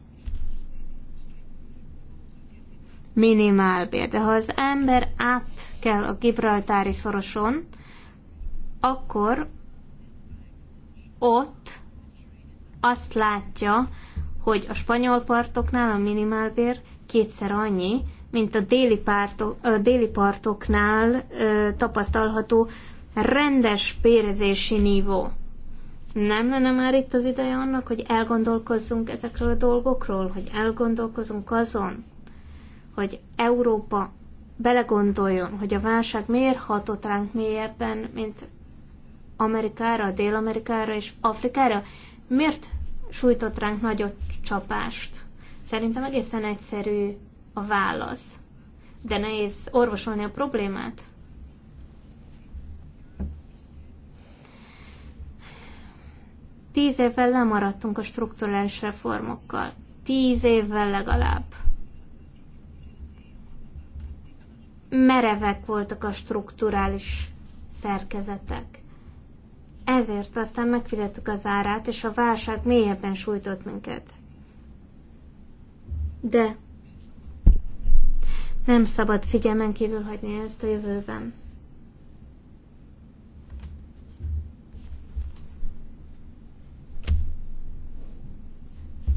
bér, de ha az ember át kell a Gibraltári szoroson, akkor ott azt látja, hogy a spanyol partoknál a minimálbér kétszer annyi, mint a déli, pártok, a déli partoknál ö, tapasztalható rendes bérezési nívó nem lenne már itt az ideje annak, hogy elgondolkozzunk ezekről a dolgokról, hogy elgondolkozunk azon, hogy Európa belegondoljon, hogy a válság miért hatott ránk mélyebben, mint Amerikára, Dél-Amerikára és Afrikára, miért sújtott ránk nagyot csapást? Szerintem egészen egyszerű a válasz, de nehéz orvosolni a problémát. Tíz évvel lemaradtunk a strukturális reformokkal. Tíz évvel legalább. Merevek voltak a strukturális szerkezetek. Ezért aztán megfizettük az árát, és a válság mélyebben sújtott minket. De nem szabad figyelmen kívül hagyni ezt a jövőben.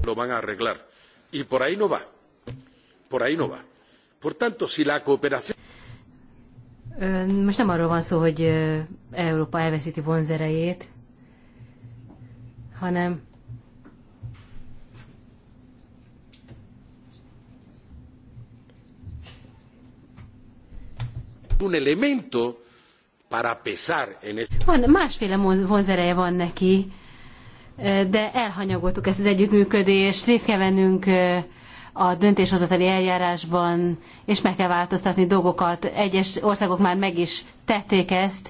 lo van a arreglar. Y por ahí no va. Por ahí no va. Por tanto, si la cooperación. Most nem arról van szó, hogy Európa elveszíti vonzerejét, hanem un elemento para pesar en Van, másféle vonzereje van neki, de elhanyagoltuk ezt az együttműködést, részt kell vennünk a döntéshozatali eljárásban, és meg kell változtatni dolgokat. Egyes országok már meg is tették ezt.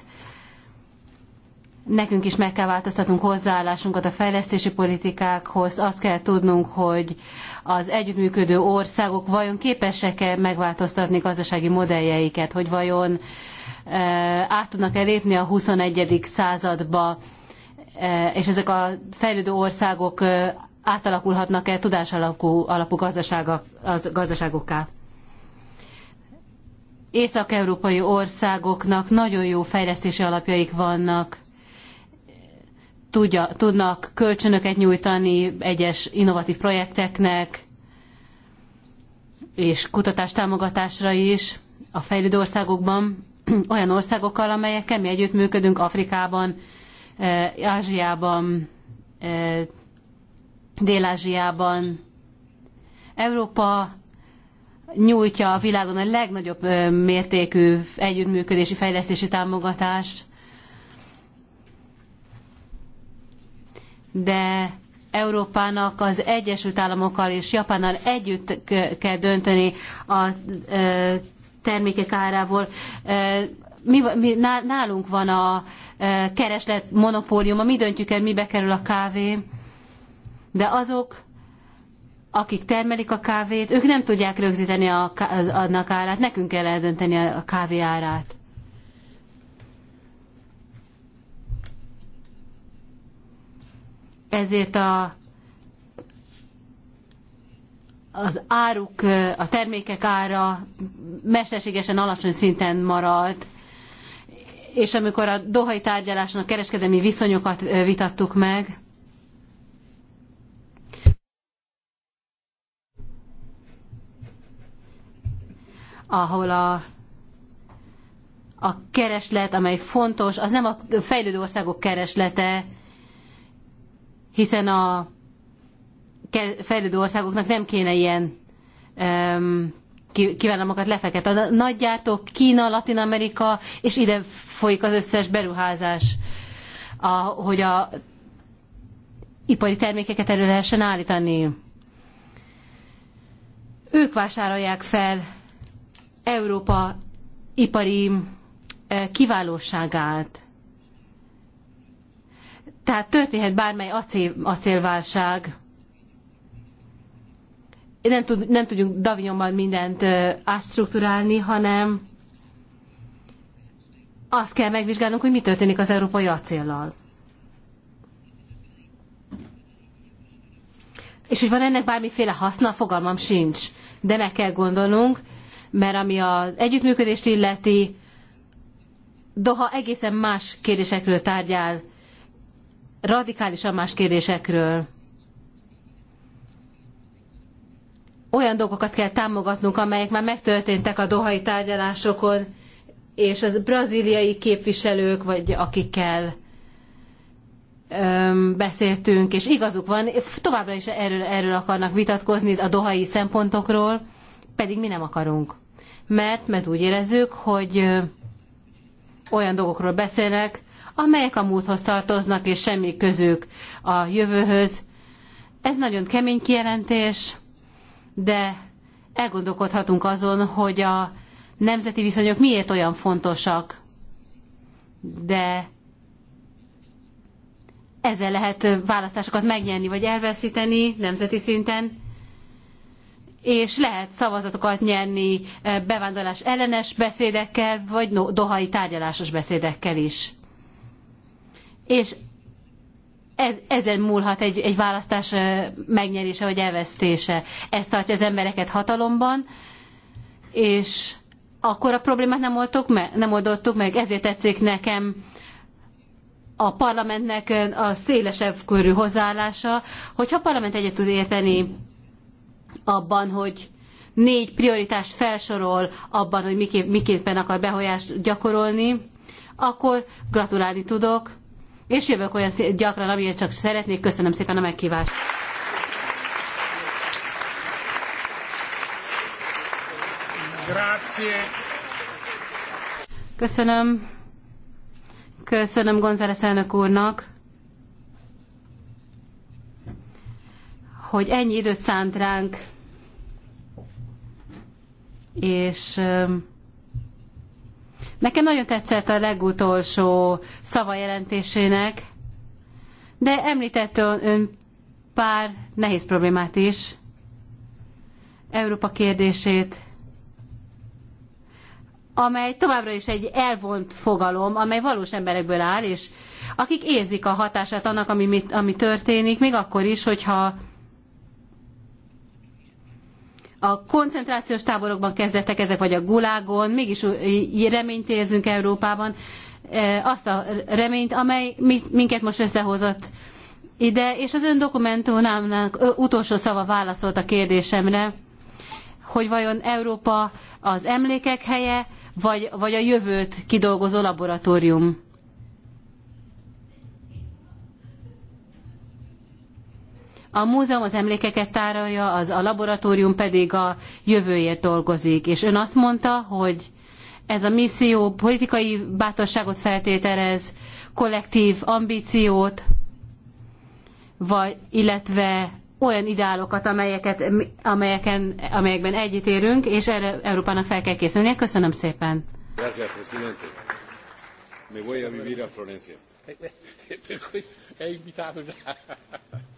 Nekünk is meg kell változtatnunk hozzáállásunkat a fejlesztési politikákhoz. Azt kell tudnunk, hogy az együttműködő országok vajon képesek-e megváltoztatni gazdasági modelljeiket, hogy vajon át tudnak-e lépni a 21. századba E, és ezek a fejlődő országok e, átalakulhatnak-e tudás alapú, alapú gazdaságokká. Észak-európai országoknak nagyon jó fejlesztési alapjaik vannak, tudja, tudnak kölcsönöket nyújtani egyes innovatív projekteknek, és kutatástámogatásra is a fejlődő országokban, [CLEARS THROAT] olyan országokkal, amelyekkel mi együttműködünk Afrikában, Eh, Ázsiában, eh, Dél-Ázsiában. Európa nyújtja a világon a legnagyobb eh, mértékű együttműködési fejlesztési támogatást, de Európának az Egyesült Államokkal és Japánnal együtt kell dönteni a termékek árából mi, mi, nálunk van a e, kereslet monopóliuma, mi döntjük el, mibe kerül a kávé, de azok, akik termelik a kávét, ők nem tudják rögzíteni a, az, adnak árát, nekünk kell eldönteni a, a kávé árát. Ezért a, az áruk, e, a termékek ára mesterségesen alacsony szinten maradt, és amikor a dohai tárgyaláson a kereskedelmi viszonyokat vitattuk meg, ahol a, a kereslet, amely fontos, az nem a fejlődő országok kereslete, hiszen a fejlődő országoknak nem kéne ilyen um, kívánom magat lefeket. A nagygyártók Kína, Latin Amerika, és ide folyik az összes beruházás, a, hogy a ipari termékeket elő lehessen állítani. Ők vásárolják fel Európa ipari eh, kiválóságát. Tehát történhet bármely acél, acélválság, nem, tud, nem tudjuk Davignonban mindent átstruktúrálni, hanem azt kell megvizsgálnunk, hogy mi történik az európai acéllal. És hogy van ennek bármiféle haszna, fogalmam sincs. De meg kell gondolnunk, mert ami az együttműködést illeti, Doha egészen más kérdésekről tárgyál, radikálisan más kérdésekről. olyan dolgokat kell támogatnunk, amelyek már megtörténtek a dohai tárgyalásokon, és az braziliai képviselők, vagy akikkel öm, beszéltünk, és igazuk van, továbbra is erről, erről akarnak vitatkozni a dohai szempontokról, pedig mi nem akarunk. Mert, mert úgy érezzük, hogy olyan dolgokról beszélnek, amelyek a múlthoz tartoznak, és semmi közük a jövőhöz. Ez nagyon kemény kijelentés, de elgondolkodhatunk azon, hogy a nemzeti viszonyok miért olyan fontosak, de ezzel lehet választásokat megnyerni vagy elveszíteni nemzeti szinten, és lehet szavazatokat nyerni eh, bevándorlás ellenes beszédekkel, vagy dohai tárgyalásos beszédekkel is. És ez, ezen múlhat egy, egy választás megnyerése vagy elvesztése. Ez tartja az embereket hatalomban, és akkor a problémát nem, oldtuk meg, nem oldottuk meg. Ezért tetszik nekem a parlamentnek a szélesebb körű hozzáállása, hogyha a parlament egyet tud érteni abban, hogy négy prioritást felsorol abban, hogy miképpen akar behajást gyakorolni, akkor gratulálni tudok és jövök olyan gyakran, amiért csak szeretnék. Köszönöm szépen a meghívást. Grazie. Köszönöm. Köszönöm González elnök úrnak, hogy ennyi időt szánt ránk, és Nekem nagyon tetszett a legutolsó szava jelentésének, de említett ön pár nehéz problémát is. Európa kérdését, amely továbbra is egy elvont fogalom, amely valós emberekből áll, és akik érzik a hatását annak, ami, ami történik, még akkor is, hogyha a koncentrációs táborokban kezdettek ezek, vagy a gulágon, mégis reményt érzünk Európában, e, azt a reményt, amely minket most összehozott ide, és az ön dokumentumának utolsó szava válaszolt a kérdésemre, hogy vajon Európa az emlékek helye, vagy, vagy a jövőt kidolgozó laboratórium. A múzeum az emlékeket tárolja, az, a laboratórium pedig a jövőért dolgozik. És ön azt mondta, hogy ez a misszió politikai bátorságot feltételez, kollektív ambíciót, vagy, illetve olyan ideálokat, amelyeket, amelyeken, amelyekben együttérünk, és erre Európának fel kell készülnie. Köszönöm szépen! Gracias, presidente. Me voy a vivir a Florencia. [LAUGHS]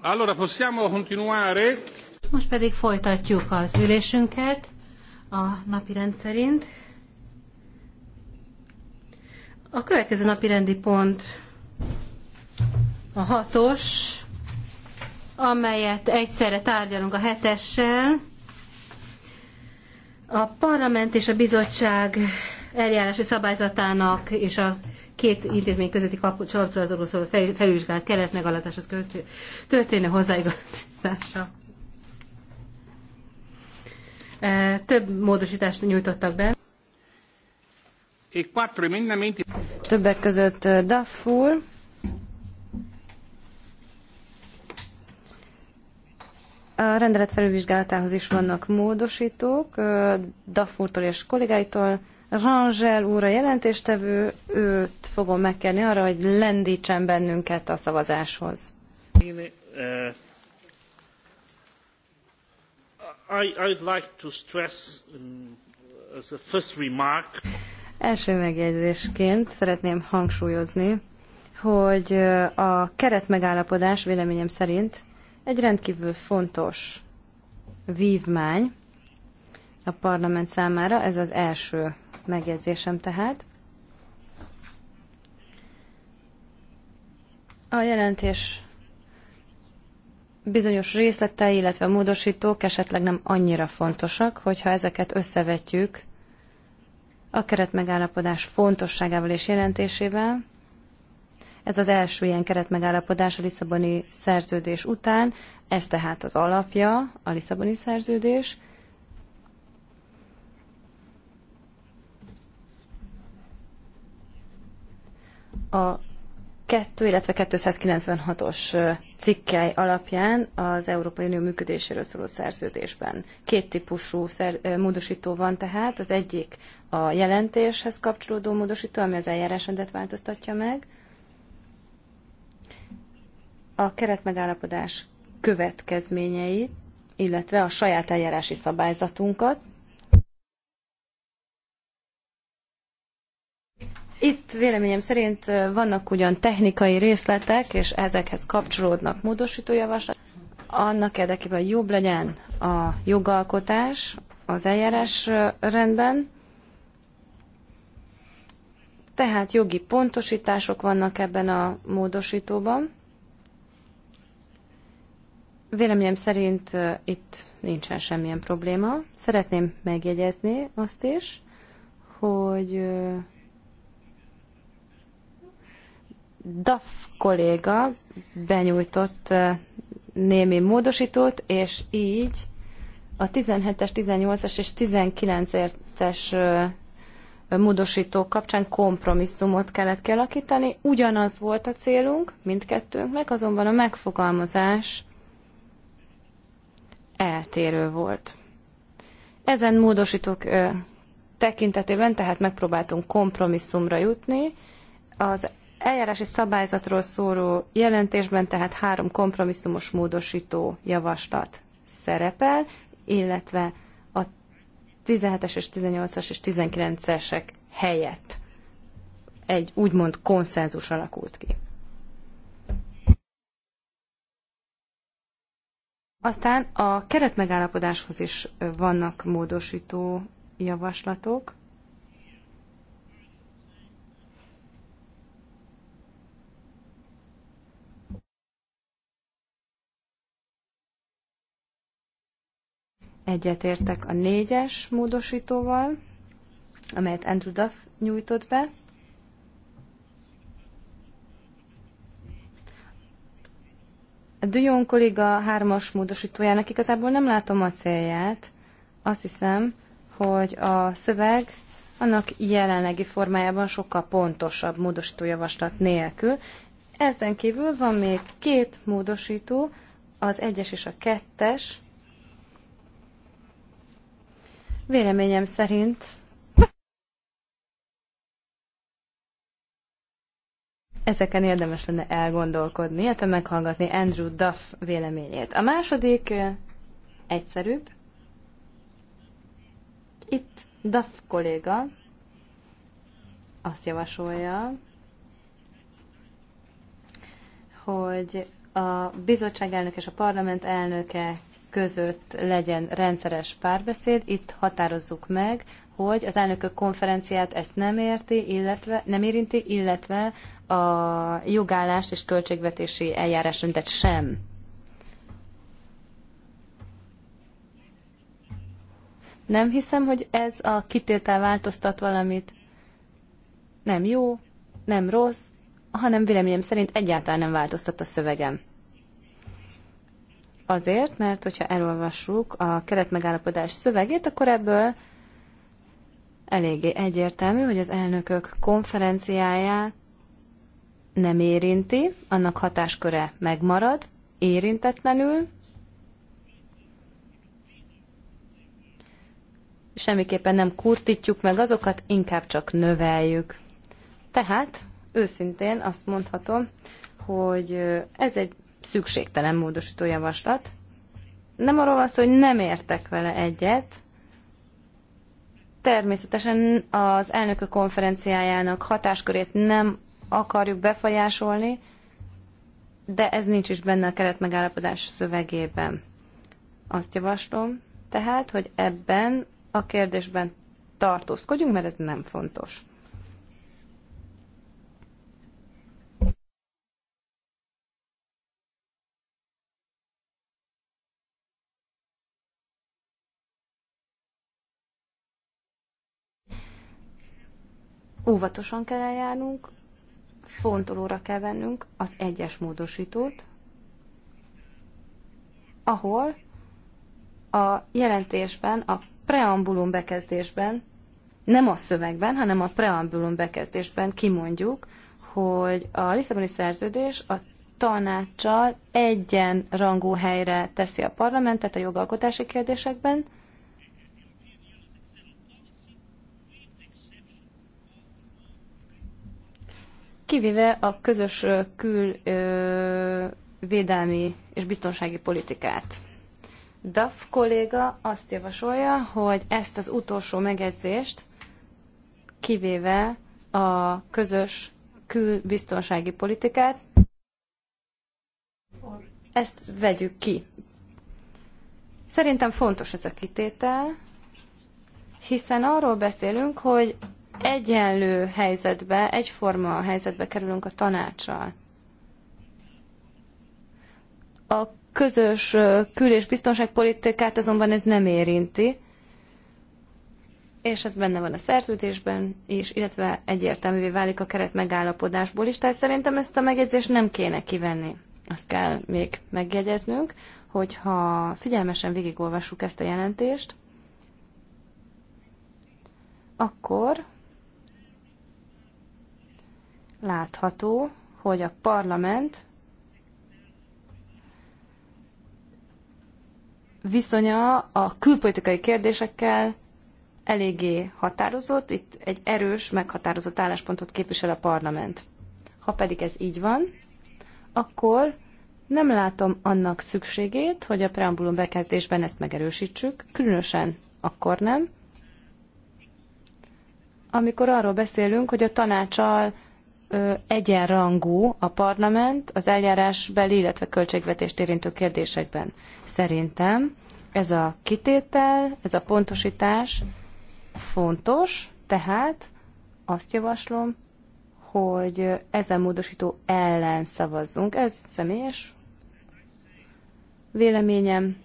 Allora possiamo continuare. Most pedig folytatjuk az ülésünket a napi rendszerint. A következő napi rendi pont a hatos, amelyet egyszerre tárgyalunk a hetessel. A parlament és a bizottság eljárási szabályzatának és a két intézmény közötti kapcsolatról szóló felvizsgált kellett megalatáshoz történő hozzáigazítása. E, több módosítást nyújtottak be. E Többek között e, Daffur, A rendelet felülvizsgálatához is vannak módosítók, Daffurtól és kollégáitól, Rangel úr a jelentéstevő, őt fogom megkérni arra, hogy lendítsen bennünket a szavazáshoz. Én, uh... I, I'd like to stress um, as a first remark. Első megjegyzésként szeretném hangsúlyozni, hogy eh, a keretmegállapodás véleményem szerint egy rendkívül fontos vívmány, a parlament számára. Ez az első megjegyzésem tehát. A jelentés bizonyos részletei, illetve a módosítók esetleg nem annyira fontosak, hogyha ezeket összevetjük a keretmegállapodás fontosságával és jelentésével. Ez az első ilyen keretmegállapodás a Lisszaboni szerződés után, ez tehát az alapja a Lisszaboni szerződés, a 2, illetve 296-os cikkely alapján az Európai Unió működéséről szóló szerződésben. Két típusú szer- módosító van tehát, az egyik a jelentéshez kapcsolódó módosító, ami az eljárásrendet változtatja meg, a keretmegállapodás következményei, illetve a saját eljárási szabályzatunkat, Itt véleményem szerint vannak ugyan technikai részletek, és ezekhez kapcsolódnak módosítójavaslat. Annak érdekében, hogy jobb legyen a jogalkotás az eljárás rendben, tehát jogi pontosítások vannak ebben a módosítóban. Véleményem szerint itt nincsen semmilyen probléma. Szeretném megjegyezni azt is, hogy DAF kolléga benyújtott némi módosítót, és így a 17-es, 18-es és 19-es módosító kapcsán kompromisszumot kellett kialakítani. Ugyanaz volt a célunk mindkettőnknek, azonban a megfogalmazás eltérő volt. Ezen módosítók tekintetében tehát megpróbáltunk kompromisszumra jutni, az eljárási szabályzatról szóló jelentésben tehát három kompromisszumos módosító javaslat szerepel, illetve a 17-es és 18-as és 19-esek helyett egy úgymond konszenzus alakult ki. Aztán a keretmegállapodáshoz is vannak módosító javaslatok. Egyetértek a négyes módosítóval, amelyet Andrew Duff nyújtott be. A Dujon kolléga hármas módosítójának igazából nem látom a célját. Azt hiszem, hogy a szöveg annak jelenlegi formájában sokkal pontosabb módosítójavaslat nélkül. Ezen kívül van még két módosító, az egyes és a kettes, Véleményem szerint ezeken érdemes lenne elgondolkodni, illetve meghallgatni Andrew Duff véleményét. A második eh, egyszerűbb. Itt Duff kolléga azt javasolja, hogy a bizottság elnök és a parlament elnöke között legyen rendszeres párbeszéd. Itt határozzuk meg, hogy az elnökök konferenciát ezt nem érti, illetve nem érinti, illetve a jogállás és költségvetési rendet sem. Nem hiszem, hogy ez a kitétel változtat valamit. Nem jó, nem rossz, hanem véleményem szerint egyáltalán nem változtat a szövegem azért, mert hogyha elolvassuk a keretmegállapodás szövegét, akkor ebből eléggé egyértelmű, hogy az elnökök konferenciáját nem érinti, annak hatásköre megmarad, érintetlenül, semmiképpen nem kurtítjuk meg azokat, inkább csak növeljük. Tehát őszintén azt mondhatom, hogy ez egy szükségtelen módosító javaslat. Nem arról van szó, hogy nem értek vele egyet. Természetesen az elnökök konferenciájának hatáskörét nem akarjuk befolyásolni, de ez nincs is benne a keretmegállapodás szövegében. Azt javaslom tehát, hogy ebben a kérdésben tartózkodjunk, mert ez nem fontos. Óvatosan kell eljárnunk, fontolóra kell vennünk az egyes módosítót, ahol a jelentésben, a preambulum bekezdésben, nem a szövegben, hanem a preambulum bekezdésben kimondjuk, hogy a Lisszaboni szerződés a tanácssal egyenrangú helyre teszi a parlamentet a jogalkotási kérdésekben, kivéve a közös külvédelmi és biztonsági politikát. DAF kolléga azt javasolja, hogy ezt az utolsó megjegyzést, kivéve a közös külbiztonsági politikát, ezt vegyük ki. Szerintem fontos ez a kitétel, hiszen arról beszélünk, hogy egyenlő helyzetbe, egyforma helyzetbe kerülünk a tanácsal. A közös kül- és biztonságpolitikát azonban ez nem érinti, és ez benne van a szerződésben is, illetve egyértelművé válik a keret megállapodásból is, tehát szerintem ezt a megjegyzést nem kéne kivenni. Azt kell még megjegyeznünk, hogyha figyelmesen végigolvassuk ezt a jelentést, akkor látható, hogy a parlament viszonya a külpolitikai kérdésekkel eléggé határozott, itt egy erős, meghatározott álláspontot képvisel a parlament. Ha pedig ez így van, akkor nem látom annak szükségét, hogy a preambulum bekezdésben ezt megerősítsük, különösen akkor nem, amikor arról beszélünk, hogy a tanácsal egyenrangú a parlament az eljárásbeli, illetve költségvetést érintő kérdésekben. Szerintem ez a kitétel, ez a pontosítás fontos, tehát azt javaslom, hogy ezen módosító ellen szavazzunk. Ez személyes véleményem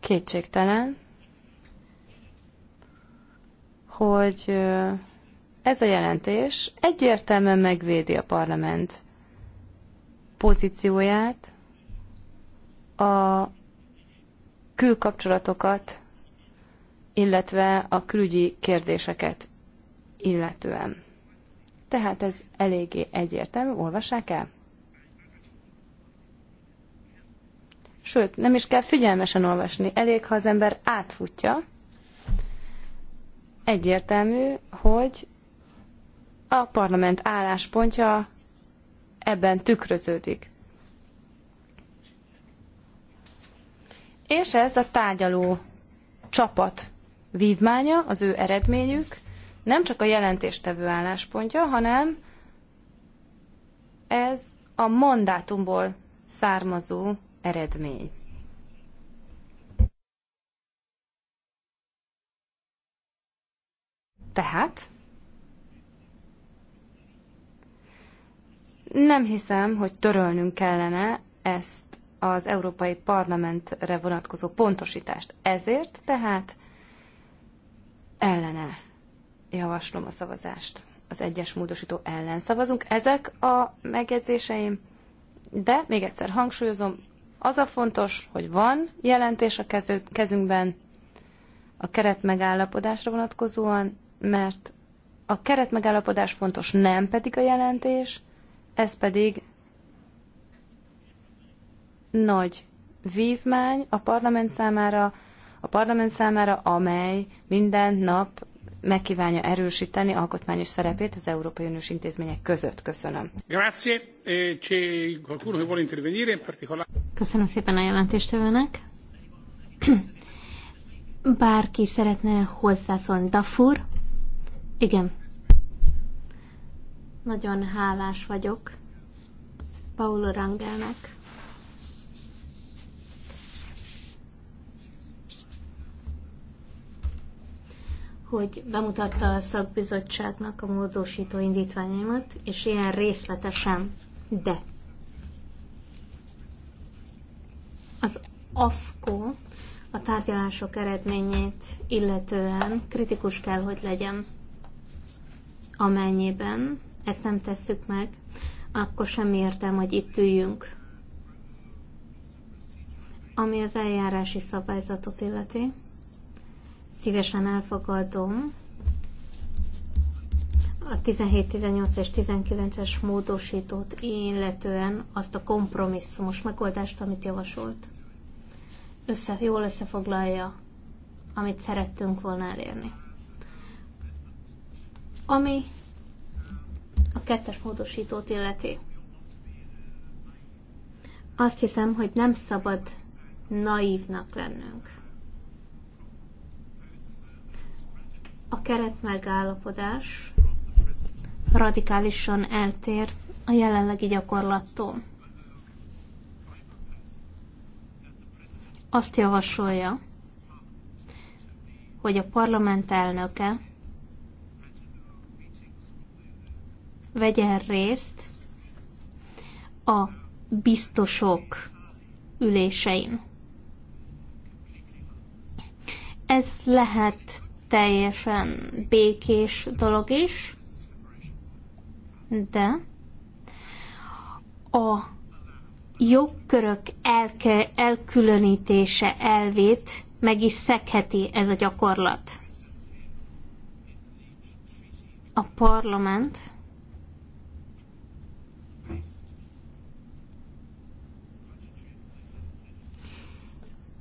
kétségtelen, hogy ez a jelentés egyértelműen megvédi a parlament pozícióját, a külkapcsolatokat, illetve a külügyi kérdéseket illetően. Tehát ez eléggé egyértelmű, olvassák el? Sőt, nem is kell figyelmesen olvasni, elég, ha az ember átfutja. Egyértelmű, hogy a parlament álláspontja ebben tükröződik. És ez a tárgyaló csapat vívmánya, az ő eredményük, nem csak a jelentéstevő álláspontja, hanem ez a mandátumból származó eredmény. Tehát Nem hiszem, hogy törölnünk kellene ezt az Európai Parlamentre vonatkozó pontosítást. Ezért tehát ellene javaslom a szavazást. Az egyes módosító ellen szavazunk. Ezek a megjegyzéseim, de még egyszer hangsúlyozom, az a fontos, hogy van jelentés a kezünkben a keretmegállapodásra vonatkozóan, mert a keretmegállapodás fontos, nem pedig a jelentés, ez pedig nagy vívmány a parlament számára, a parlament számára, amely minden nap megkívánja erősíteni alkotmányos szerepét az Európai Uniós intézmények között. Köszönöm. Grazie. E, Köszönöm szépen a jelentéstevőnek. Bárki szeretne hozzászólni. Dafur? Igen. Nagyon hálás vagyok Paulo Rangelnek. hogy bemutatta a szakbizottságnak a módosító indítványaimat, és ilyen részletesen. De az AFKO a tárgyalások eredményét illetően kritikus kell, hogy legyen, amennyiben ezt nem tesszük meg, akkor sem értem, hogy itt üljünk. Ami az eljárási szabályzatot illeti, szívesen elfogadom a 17, 18 és 19-es módosítót illetően azt a kompromisszumos megoldást, amit javasolt. Össze, jól összefoglalja, amit szerettünk volna elérni. Ami a kettes módosítót illeti. Azt hiszem, hogy nem szabad naívnak lennünk. A keret megállapodás radikálisan eltér a jelenlegi gyakorlattól. Azt javasolja, hogy a parlament elnöke vegyen részt a biztosok ülésein. Ez lehet teljesen békés dolog is, de a jogkörök elke, elkülönítése elvét meg is szekheti ez a gyakorlat. A parlament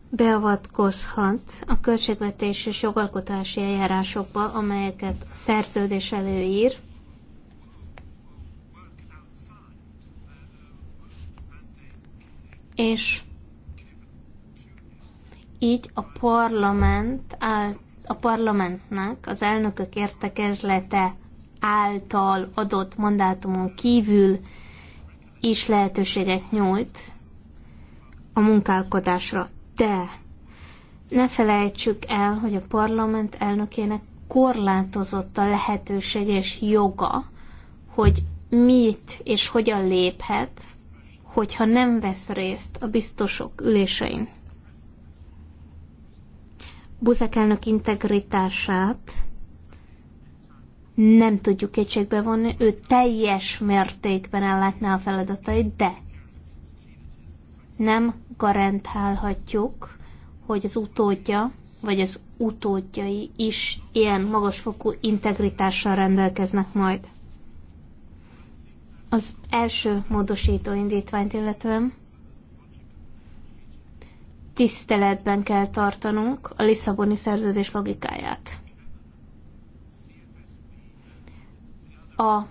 beavatkozhat a költségvetés és jogalkotási eljárásokba, amelyeket a szerződés előír, és így a parlament áll, a parlamentnek az elnökök értekezlete által adott mandátumon kívül is lehetőséget nyújt a munkálkodásra de ne felejtsük el, hogy a parlament elnökének korlátozott a lehetőség és joga, hogy mit és hogyan léphet, hogyha nem vesz részt a biztosok ülésein. Buzek elnök integritását nem tudjuk kétségbe vonni, ő teljes mértékben ellátná a feladatait, de nem garantálhatjuk, hogy az utódja, vagy az utódjai is ilyen magasfokú integritással rendelkeznek majd. Az első módosító indítványt illetően tiszteletben kell tartanunk a Lisszaboni szerződés logikáját. A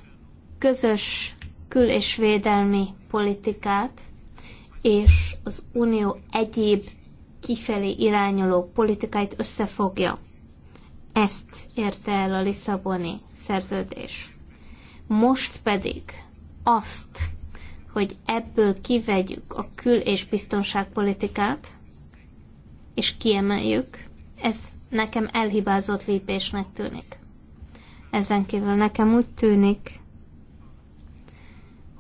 közös kül- és védelmi politikát és az unió egyéb kifelé irányuló politikáit összefogja. Ezt érte el a Lisszaboni szerződés. Most pedig azt, hogy ebből kivegyük a kül- és biztonságpolitikát, és kiemeljük, ez nekem elhibázott lépésnek tűnik. Ezen kívül nekem úgy tűnik,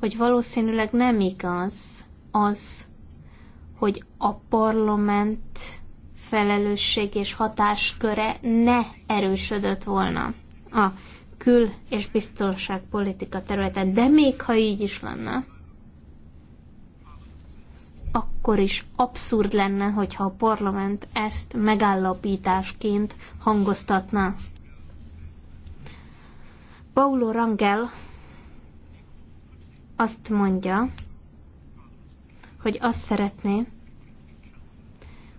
hogy valószínűleg nem igaz, az, hogy a parlament felelősség és hatásköre ne erősödött volna a kül- és biztonságpolitika területen. De még ha így is lenne, akkor is abszurd lenne, hogyha a parlament ezt megállapításként hangoztatná. Paulo Rangel azt mondja, hogy azt szeretné,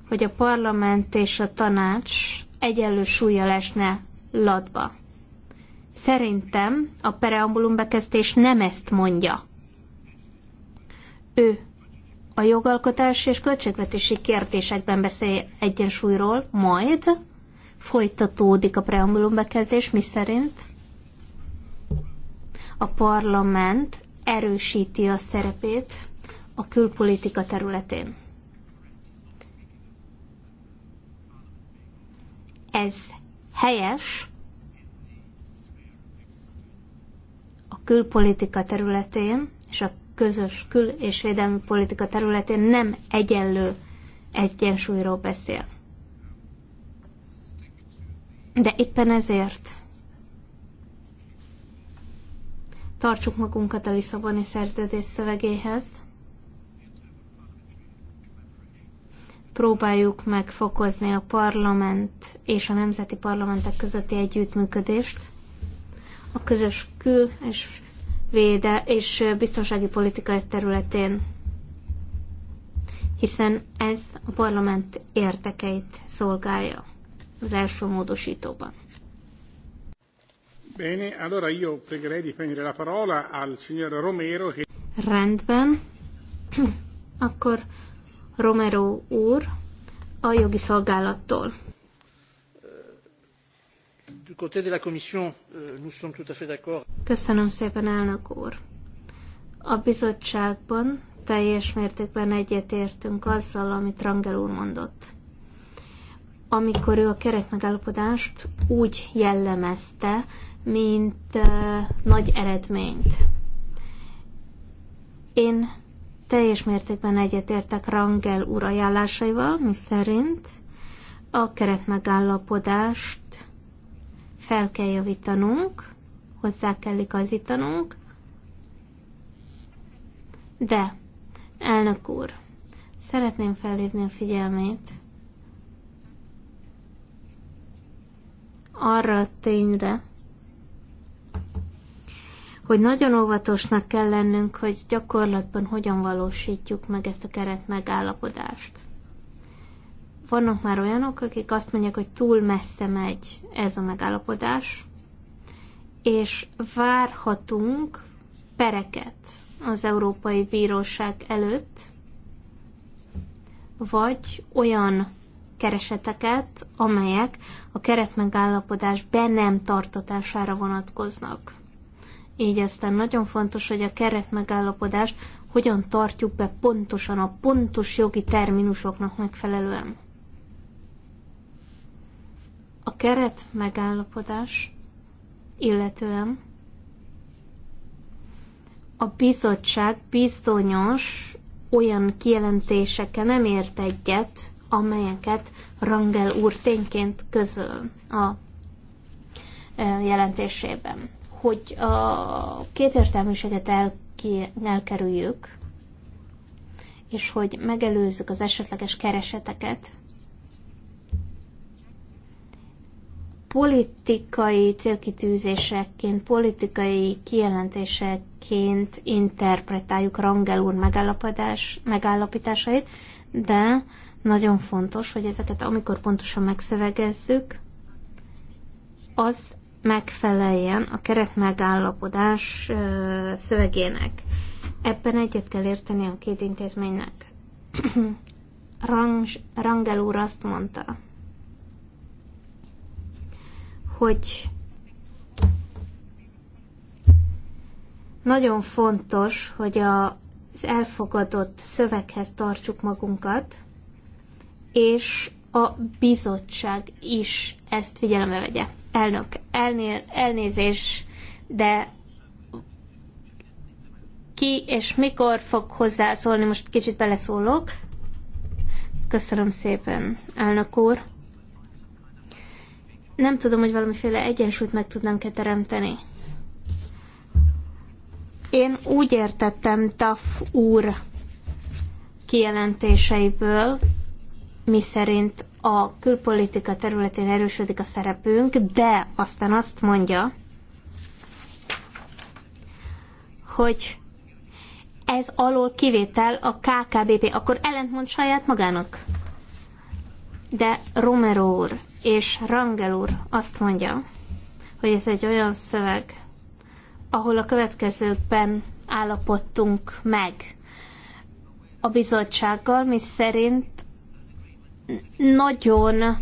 hogy a parlament és a tanács egyenlő súlya lesne latba. Szerintem a preambulum bekezdés nem ezt mondja. Ő a jogalkotás és költségvetési kérdésekben beszél egyensúlyról, majd folytatódik a preambulum bekezdés, mi szerint? a parlament erősíti a szerepét a külpolitika területén. Ez helyes a külpolitika területén és a közös kül- és védelmi politika területén nem egyenlő egyensúlyról beszél. De éppen ezért tartsuk magunkat a Lisszaboni szerződés szövegéhez, próbáljuk meg fokozni a parlament és a nemzeti parlamentek közötti együttműködést, a közös kül- és, véde- és biztonsági politika területén, hiszen ez a parlament értekeit szolgálja az első módosítóban. Bene, allora io pregherei di prendere la parola al signor Romero. Che... Rendben. Akkor Romero úr a jogi szolgálattól. Euh, Köszönöm szépen, elnök úr. A bizottságban teljes mértékben egyetértünk azzal, amit Rangel úr mondott. Amikor ő a keretmegállapodást úgy jellemezte, mint uh, nagy eredményt. Én teljes mértékben egyetértek Rangel úr ajánlásaival, szerint? a keretmegállapodást fel kell javítanunk, hozzá kell igazítanunk, de, elnök úr, szeretném felhívni a figyelmét arra a tényre, hogy nagyon óvatosnak kell lennünk, hogy gyakorlatban hogyan valósítjuk meg ezt a keret megállapodást. Vannak már olyanok, akik azt mondják, hogy túl messze megy ez a megállapodás, és várhatunk pereket az Európai Bíróság előtt, vagy olyan kereseteket, amelyek a keretmegállapodás be nem tartatására vonatkoznak. Így aztán nagyon fontos, hogy a keretmegállapodást hogyan tartjuk be pontosan a pontos jogi terminusoknak megfelelően. A keret megállapodás illetően a bizottság bizonyos olyan kijelentéseke nem ért egyet, amelyeket Rangel úr tényként közöl a jelentésében hogy a kétértelműséget el, elkerüljük, és hogy megelőzzük az esetleges kereseteket, politikai célkitűzésekként, politikai kijelentéseként interpretáljuk Rangel úr megállapodás, megállapításait, de nagyon fontos, hogy ezeket amikor pontosan megszövegezzük, az megfeleljen a keretmegállapodás szövegének. Ebben egyet kell érteni a két intézménynek. [CLEARS THROAT] Rang, Rangel úr azt mondta, hogy nagyon fontos, hogy a, az elfogadott szöveghez tartsuk magunkat, és a bizottság is ezt figyelembe vegye. Elnök, elnél, elnézés, de ki és mikor fog hozzászólni, most kicsit beleszólok. Köszönöm szépen, elnök úr. Nem tudom, hogy valamiféle egyensúlyt meg tudnánk-e teremteni. Én úgy értettem Taf úr kijelentéseiből, miszerint a külpolitika területén erősödik a szerepünk, de aztán azt mondja, hogy ez alól kivétel a KKBP, akkor ellentmond saját magának. De Romero úr és Rangel úr azt mondja, hogy ez egy olyan szöveg, ahol a következőkben állapodtunk meg a bizottsággal, mi szerint nagyon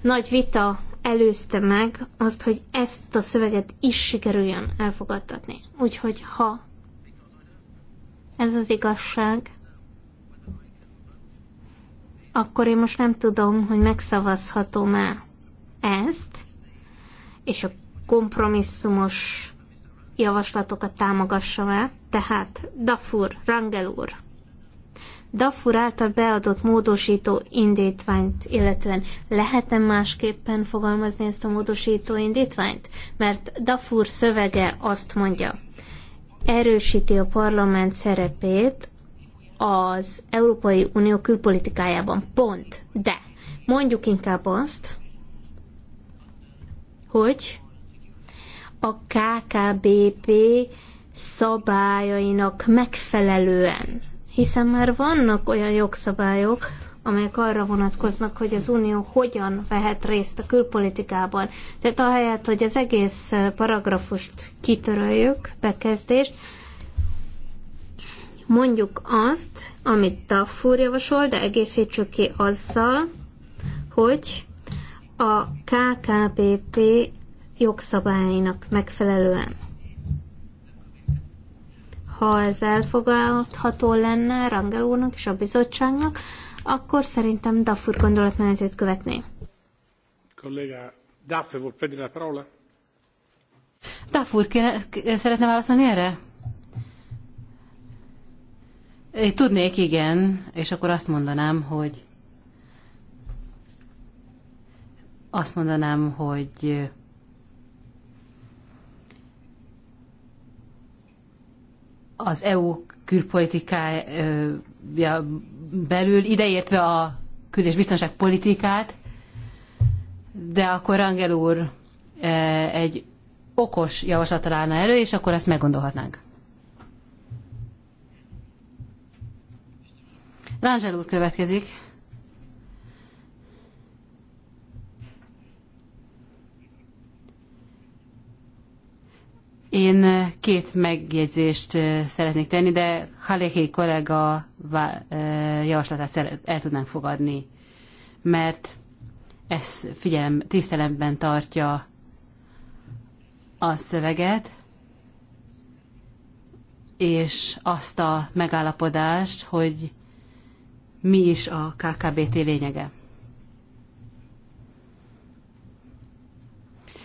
nagy vita előzte meg azt, hogy ezt a szöveget is sikerüljön elfogadtatni. Úgyhogy ha ez az igazság, akkor én most nem tudom, hogy megszavazhatom-e ezt, és a kompromisszumos javaslatokat támogassam-e. Tehát Dafur, Rangel úr, Dafur által beadott módosító indítványt, illetően lehetne másképpen fogalmazni ezt a módosító indítványt? Mert Dafur szövege azt mondja, erősíti a parlament szerepét az Európai Unió külpolitikájában. Pont. De mondjuk inkább azt, hogy a KKBP szabályainak megfelelően hiszen már vannak olyan jogszabályok, amelyek arra vonatkoznak, hogy az Unió hogyan vehet részt a külpolitikában. Tehát ahelyett, hogy az egész paragrafust kitöröljük, bekezdést, mondjuk azt, amit Taffur javasol, de egészítsük ki azzal, hogy a KKBP jogszabályainak megfelelően ha ez elfogadható lenne Rangel úrnak és a bizottságnak, akkor szerintem Dafur gondolatmenetét követné. Kollega Daffur vuol prendere la parola? Daffur, szeretne válaszolni erre? Tudnék, igen, és akkor azt mondanám, hogy azt mondanám, hogy az EU külpolitikája belül, ideértve a kül- és biztonságpolitikát, de akkor Rangel úr e, egy okos javaslat találna elő, és akkor ezt meggondolhatnánk. Rangel úr következik. Én két megjegyzést szeretnék tenni, de Haléhé kollega javaslatát el tudnám fogadni, mert ez figyelem, tisztelemben tartja a szöveget, és azt a megállapodást, hogy mi is a KKBT lényege.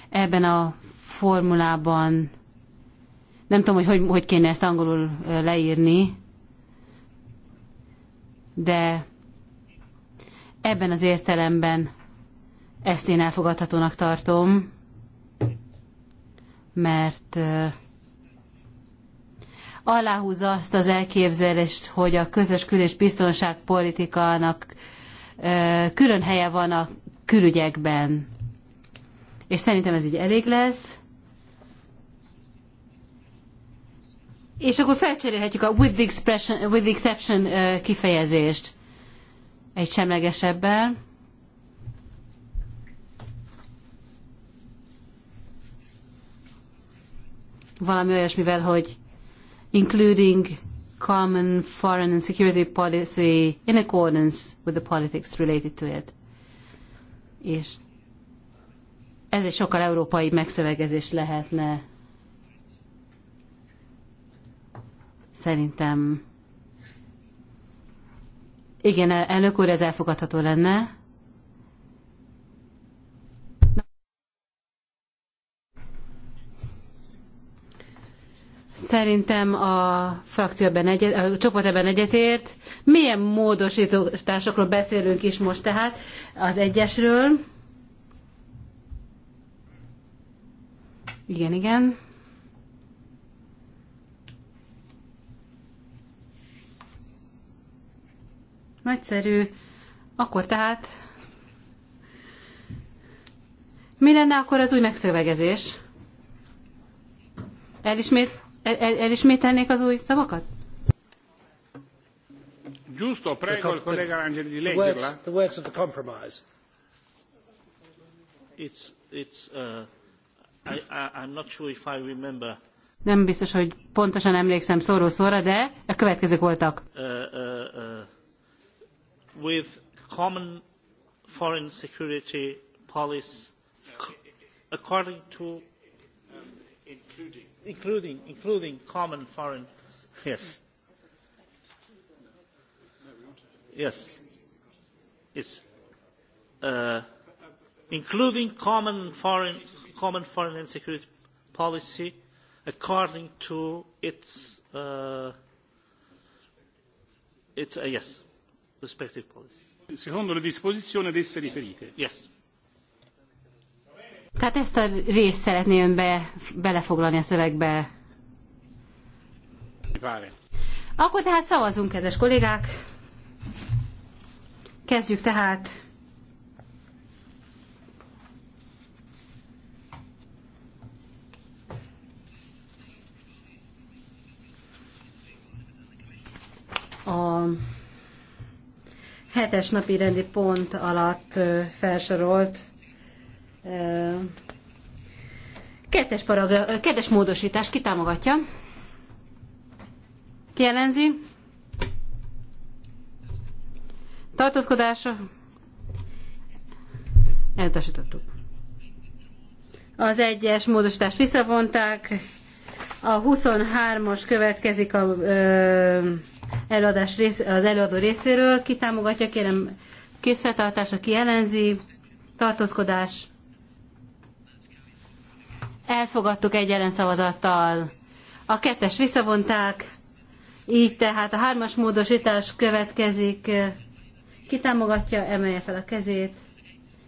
Ebben a formulában nem tudom, hogy, hogy hogy kéne ezt angolul leírni, de ebben az értelemben ezt én elfogadhatónak tartom, mert aláhúzza azt az elképzelést, hogy a közös kül- és biztonságpolitikának külön helye van a külügyekben. És szerintem ez így elég lesz. és akkor felcserélhetjük a with the, expression, with the exception kifejezést egy semlegesebbel. Valami olyasmivel, hogy including common foreign and security policy in accordance with the politics related to it. És ez egy sokkal európai megszövegezés lehetne Szerintem igen, elnök úr, ez elfogadható lenne. Szerintem a frakció ebben egyet, a csoport ebben egyetért. Milyen módosításokról beszélünk is most tehát? Az egyesről. Igen, igen. Nagyszerű. Akkor tehát mi lenne akkor az új megszövegezés? Elismét, el, el, elismételnék az új szavakat? Giusto, prego the, collega Angeli di leggerla. The words of the compromise. It's, it's, uh, I, I, I'm not sure if I remember. Nem biztos, hogy pontosan emlékszem szóról szóra, de a következők voltak. Uh, uh, uh with common foreign security policy according to um, including including including common foreign yes yes it's uh, including common foreign common foreign and security policy according to its uh, its a uh, yes respective policies. Secondo le disposizioni ad esse riferite. Yes. Tehát ezt a részt szeretné ön be, belefoglalni a szövegbe. Várj. Akkor tehát szavazunk, kedves kollégák. Kezdjük tehát. A hetes napi rendi pont alatt felsorolt kettes, paragra, kettes módosítás kitámogatja. Ki ellenzi? Tartózkodása? Elutasítottuk. Az egyes módosítást visszavonták, a 23-as következik a, rész, az előadó részéről. Ki támogatja, kérem készfeltartása, ki ellenzi, tartózkodás. Elfogadtuk egy ellenszavazattal. A kettes visszavonták, így tehát a hármas módosítás következik. Ki támogatja, emelje fel a kezét.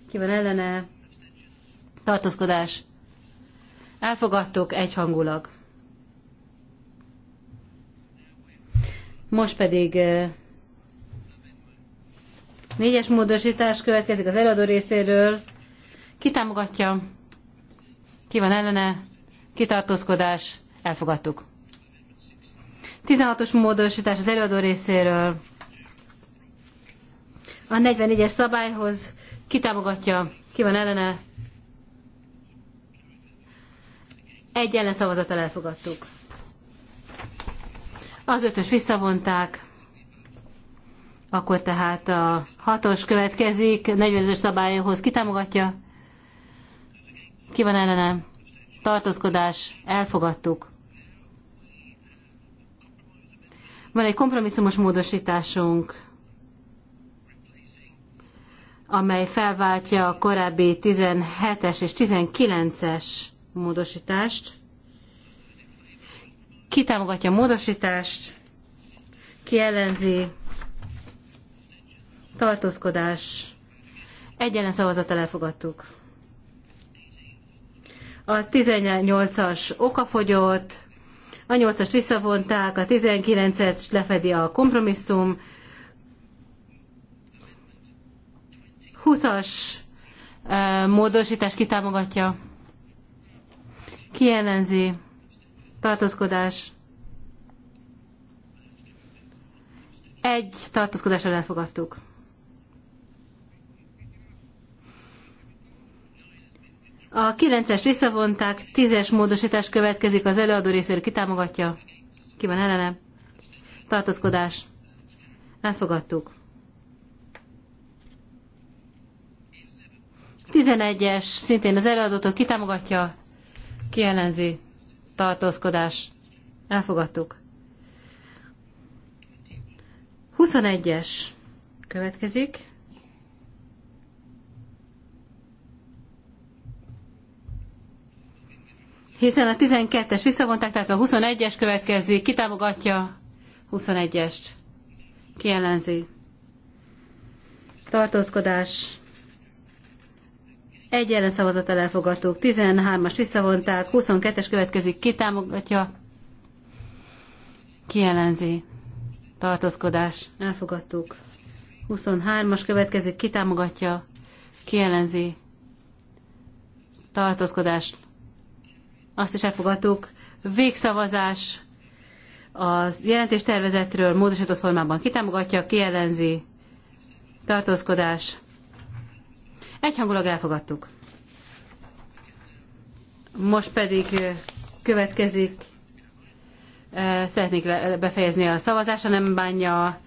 Ki van ellene? Tartózkodás. Elfogadtuk egyhangulag. Most pedig négyes módosítás következik az eladó részéről. Ki támogatja? Ki van ellene? Kitartózkodás? Elfogadtuk. 16-os módosítás az előadó részéről. A 44-es szabályhoz ki támogatja? Ki van ellene? Egy ellenszavazattal elfogadtuk. Az ötös visszavonták, akkor tehát a hatos következik, 45-ös szabályhoz kitámogatja. Ki van ellene? Tartózkodás, elfogadtuk. Van egy kompromisszumos módosításunk, amely felváltja a korábbi 17-es és 19-es módosítást. Ki támogatja a módosítást? Ki ellenzi? Tartózkodás. Egyelen szavazattal elfogadtuk. A 18-as okafogyott, a 8-ast visszavonták, a 19-et lefedi a kompromisszum, 20-as eh, módosítás kitámogatja, kijelenzi, tartózkodás. Egy tartózkodásra elfogadtuk. A 9-es visszavonták, 10-es módosítás következik, az előadó részéről kitámogatja. Ki van ellene? Tartózkodás. Elfogadtuk. 11-es, szintén az előadótól kitámogatja, kiellenzi tartózkodás, elfogadtuk. 21-es következik. Hiszen a 12-es visszavonták, tehát a 21-es következik. Ki támogatja 21-est? Ki ellenzi? Tartózkodás egy ellen szavazattal elfogadtuk, 13-as visszavonták, 22-es következik, ki támogatja? Ki ellenzi? Tartózkodás. Elfogadtuk. 23-as következik, ki támogatja? Ki ellenzi? Tartózkodás. Azt is elfogadtuk. Végszavazás az jelentés tervezetről módosított formában kitámogatja, ki ellenzi, tartózkodás, Egyhangulag elfogadtuk. Most pedig következik, szeretnék befejezni a szavazást, nem bánja.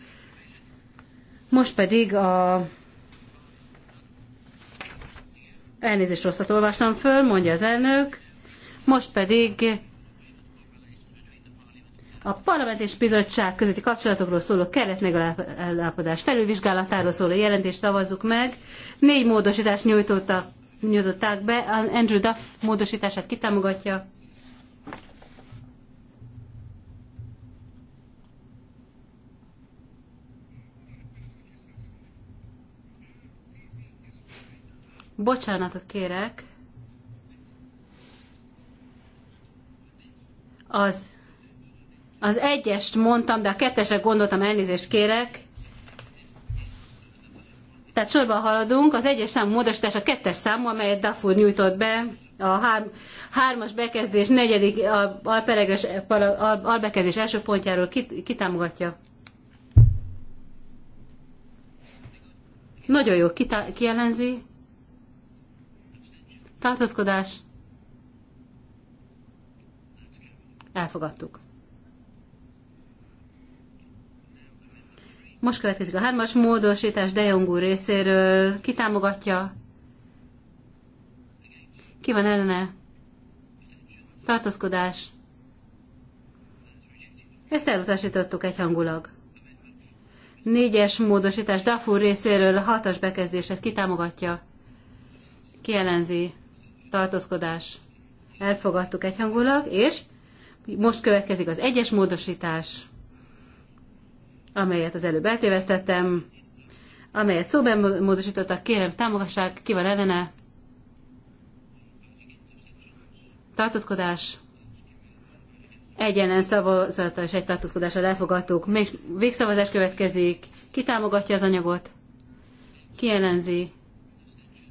Most pedig a elnézést rosszat olvastam föl, mondja az elnök. Most pedig a parlament és bizottság közötti kapcsolatokról szóló keretmegállapodás felülvizsgálatáról szóló jelentést szavazzuk meg. Négy módosítást nyújtottak, nyújtották be. Andrew Duff módosítását kitámogatja. Bocsánatot kérek. Az az egyest mondtam, de a kettesre gondoltam, elnézést kérek. Tehát sorban haladunk, az egyes számú módosítás a kettes számú, amelyet Dafur nyújtott be, a hár, hármas bekezdés negyedik alperegres al, albekezdés első pontjáról ki, támogatja? Nagyon jó, ki, ki ellenzi? Tartózkodás? Elfogadtuk. Most következik a hármas módosítás Jong úr részéről. Ki támogatja? Ki van ellene? Tartózkodás. Ezt elutasítottuk egyhangulag. Négyes módosítás Dafu részéről hatas bekezdéset kitámogatja. Kielenzi. Tartózkodás. Elfogadtuk egyhangulag, és most következik az egyes módosítás amelyet az előbb eltévesztettem, amelyet szóban módosítottak, kérem támogassák, ki van ellene. Tartózkodás. Egy ellen szavazata és egy tartózkodással elfogadtuk. Még végszavazás következik. Ki támogatja az anyagot? Ki ellenzi?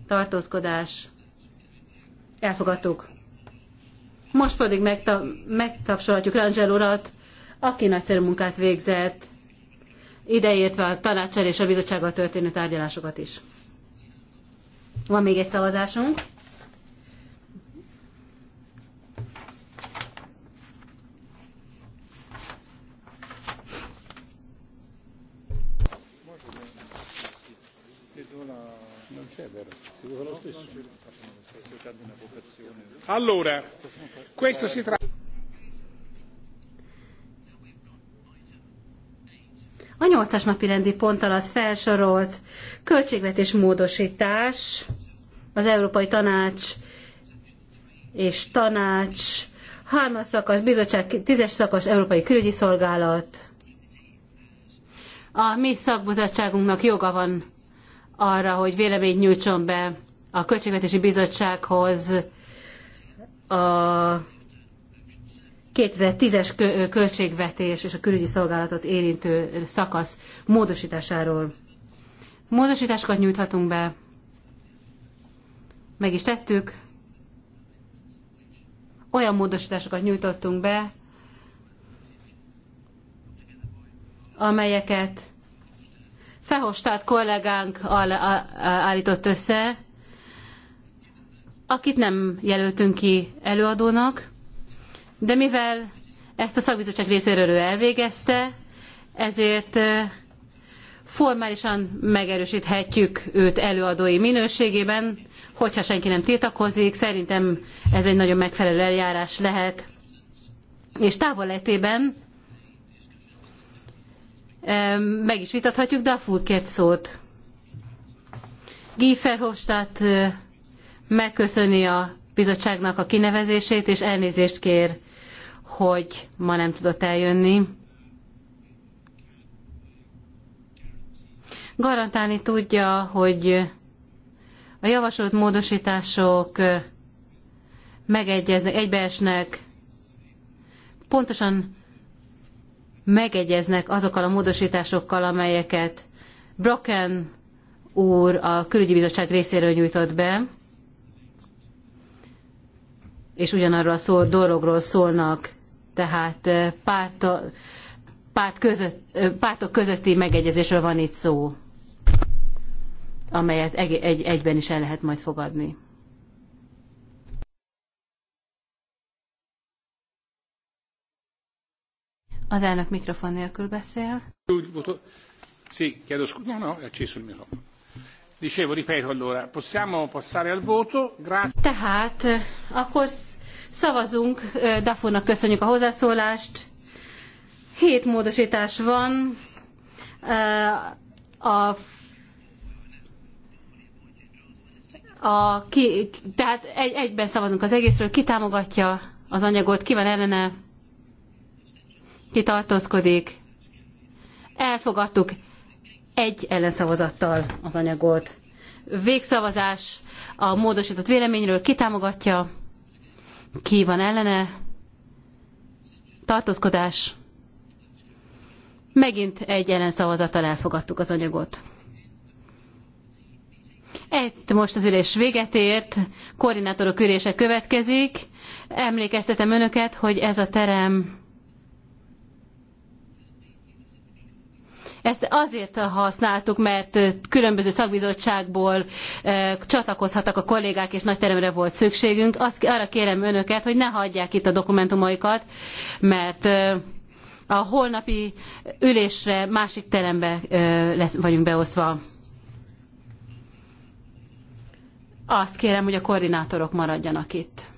Tartózkodás. Elfogadtuk. Most pedig megta- megtapsolhatjuk Rangel urat, aki nagyszerű munkát végzett ideértve a tanácsal és a bizottsággal történő tárgyalásokat is. Van még egy szavazásunk. Allora, questo si tratta. A nyolcas napi rendi pont alatt felsorolt költségvetés módosítás, az Európai Tanács és Tanács, hármas szakasz, bizottság, tízes szakasz, Európai Külügyi Szolgálat. A mi szakbizottságunknak joga van arra, hogy véleményt nyújtson be a Költségvetési Bizottsághoz a 2010-es költségvetés és a külügyi szolgálatot érintő szakasz módosításáról. Módosításokat nyújthatunk be, meg is tettük, olyan módosításokat nyújtottunk be, amelyeket Fehostát kollégánk állított össze, akit nem jelöltünk ki előadónak, de mivel ezt a szakbizottság részéről ő elvégezte, ezért formálisan megerősíthetjük őt előadói minőségében, hogyha senki nem tiltakozik. Szerintem ez egy nagyon megfelelő eljárás lehet. És távoletében meg is vitathatjuk, Dafur kért szót. Guy Verhofstadt megköszöni a bizottságnak a kinevezését, és elnézést kér hogy ma nem tudott eljönni. Garantálni tudja, hogy a javasolt módosítások megegyeznek, egybeesnek, pontosan megegyeznek azokkal a módosításokkal, amelyeket Brocken úr a külügyi bizottság részéről nyújtott be, és ugyanarról a szó, dologról szólnak tehát eh, párt, eh, párt között, eh, pártok közötti megegyezésről van itt szó, amelyet egy, egy, egyben is el lehet majd fogadni. Az elnök mikrofon nélkül beszél. Sì, chiedo scusa, no, no, è acceso il microfono. Dicevo, ripeto allora, possiamo passare al voto. Grazie. Tehát akkor Szavazunk, Dafónak köszönjük a hozzászólást. Hét módosítás van. A a ki, tehát egy, egyben szavazunk az egészről, ki támogatja az anyagot, ki van ellene, ki tartózkodik. Elfogadtuk egy ellenszavazattal az anyagot. Végszavazás a módosított véleményről, ki támogatja, ki van ellene? Tartózkodás. Megint egy ellenszavazattal elfogadtuk az anyagot. Egy, most az ülés véget ért, koordinátorok ülése következik. Emlékeztetem önöket, hogy ez a terem Ezt azért használtuk, mert különböző szakbizottságból csatlakozhattak a kollégák, és nagy teremre volt szükségünk. Azt, arra kérem önöket, hogy ne hagyják itt a dokumentumaikat, mert a holnapi ülésre másik terembe lesz, vagyunk beosztva. Azt kérem, hogy a koordinátorok maradjanak itt.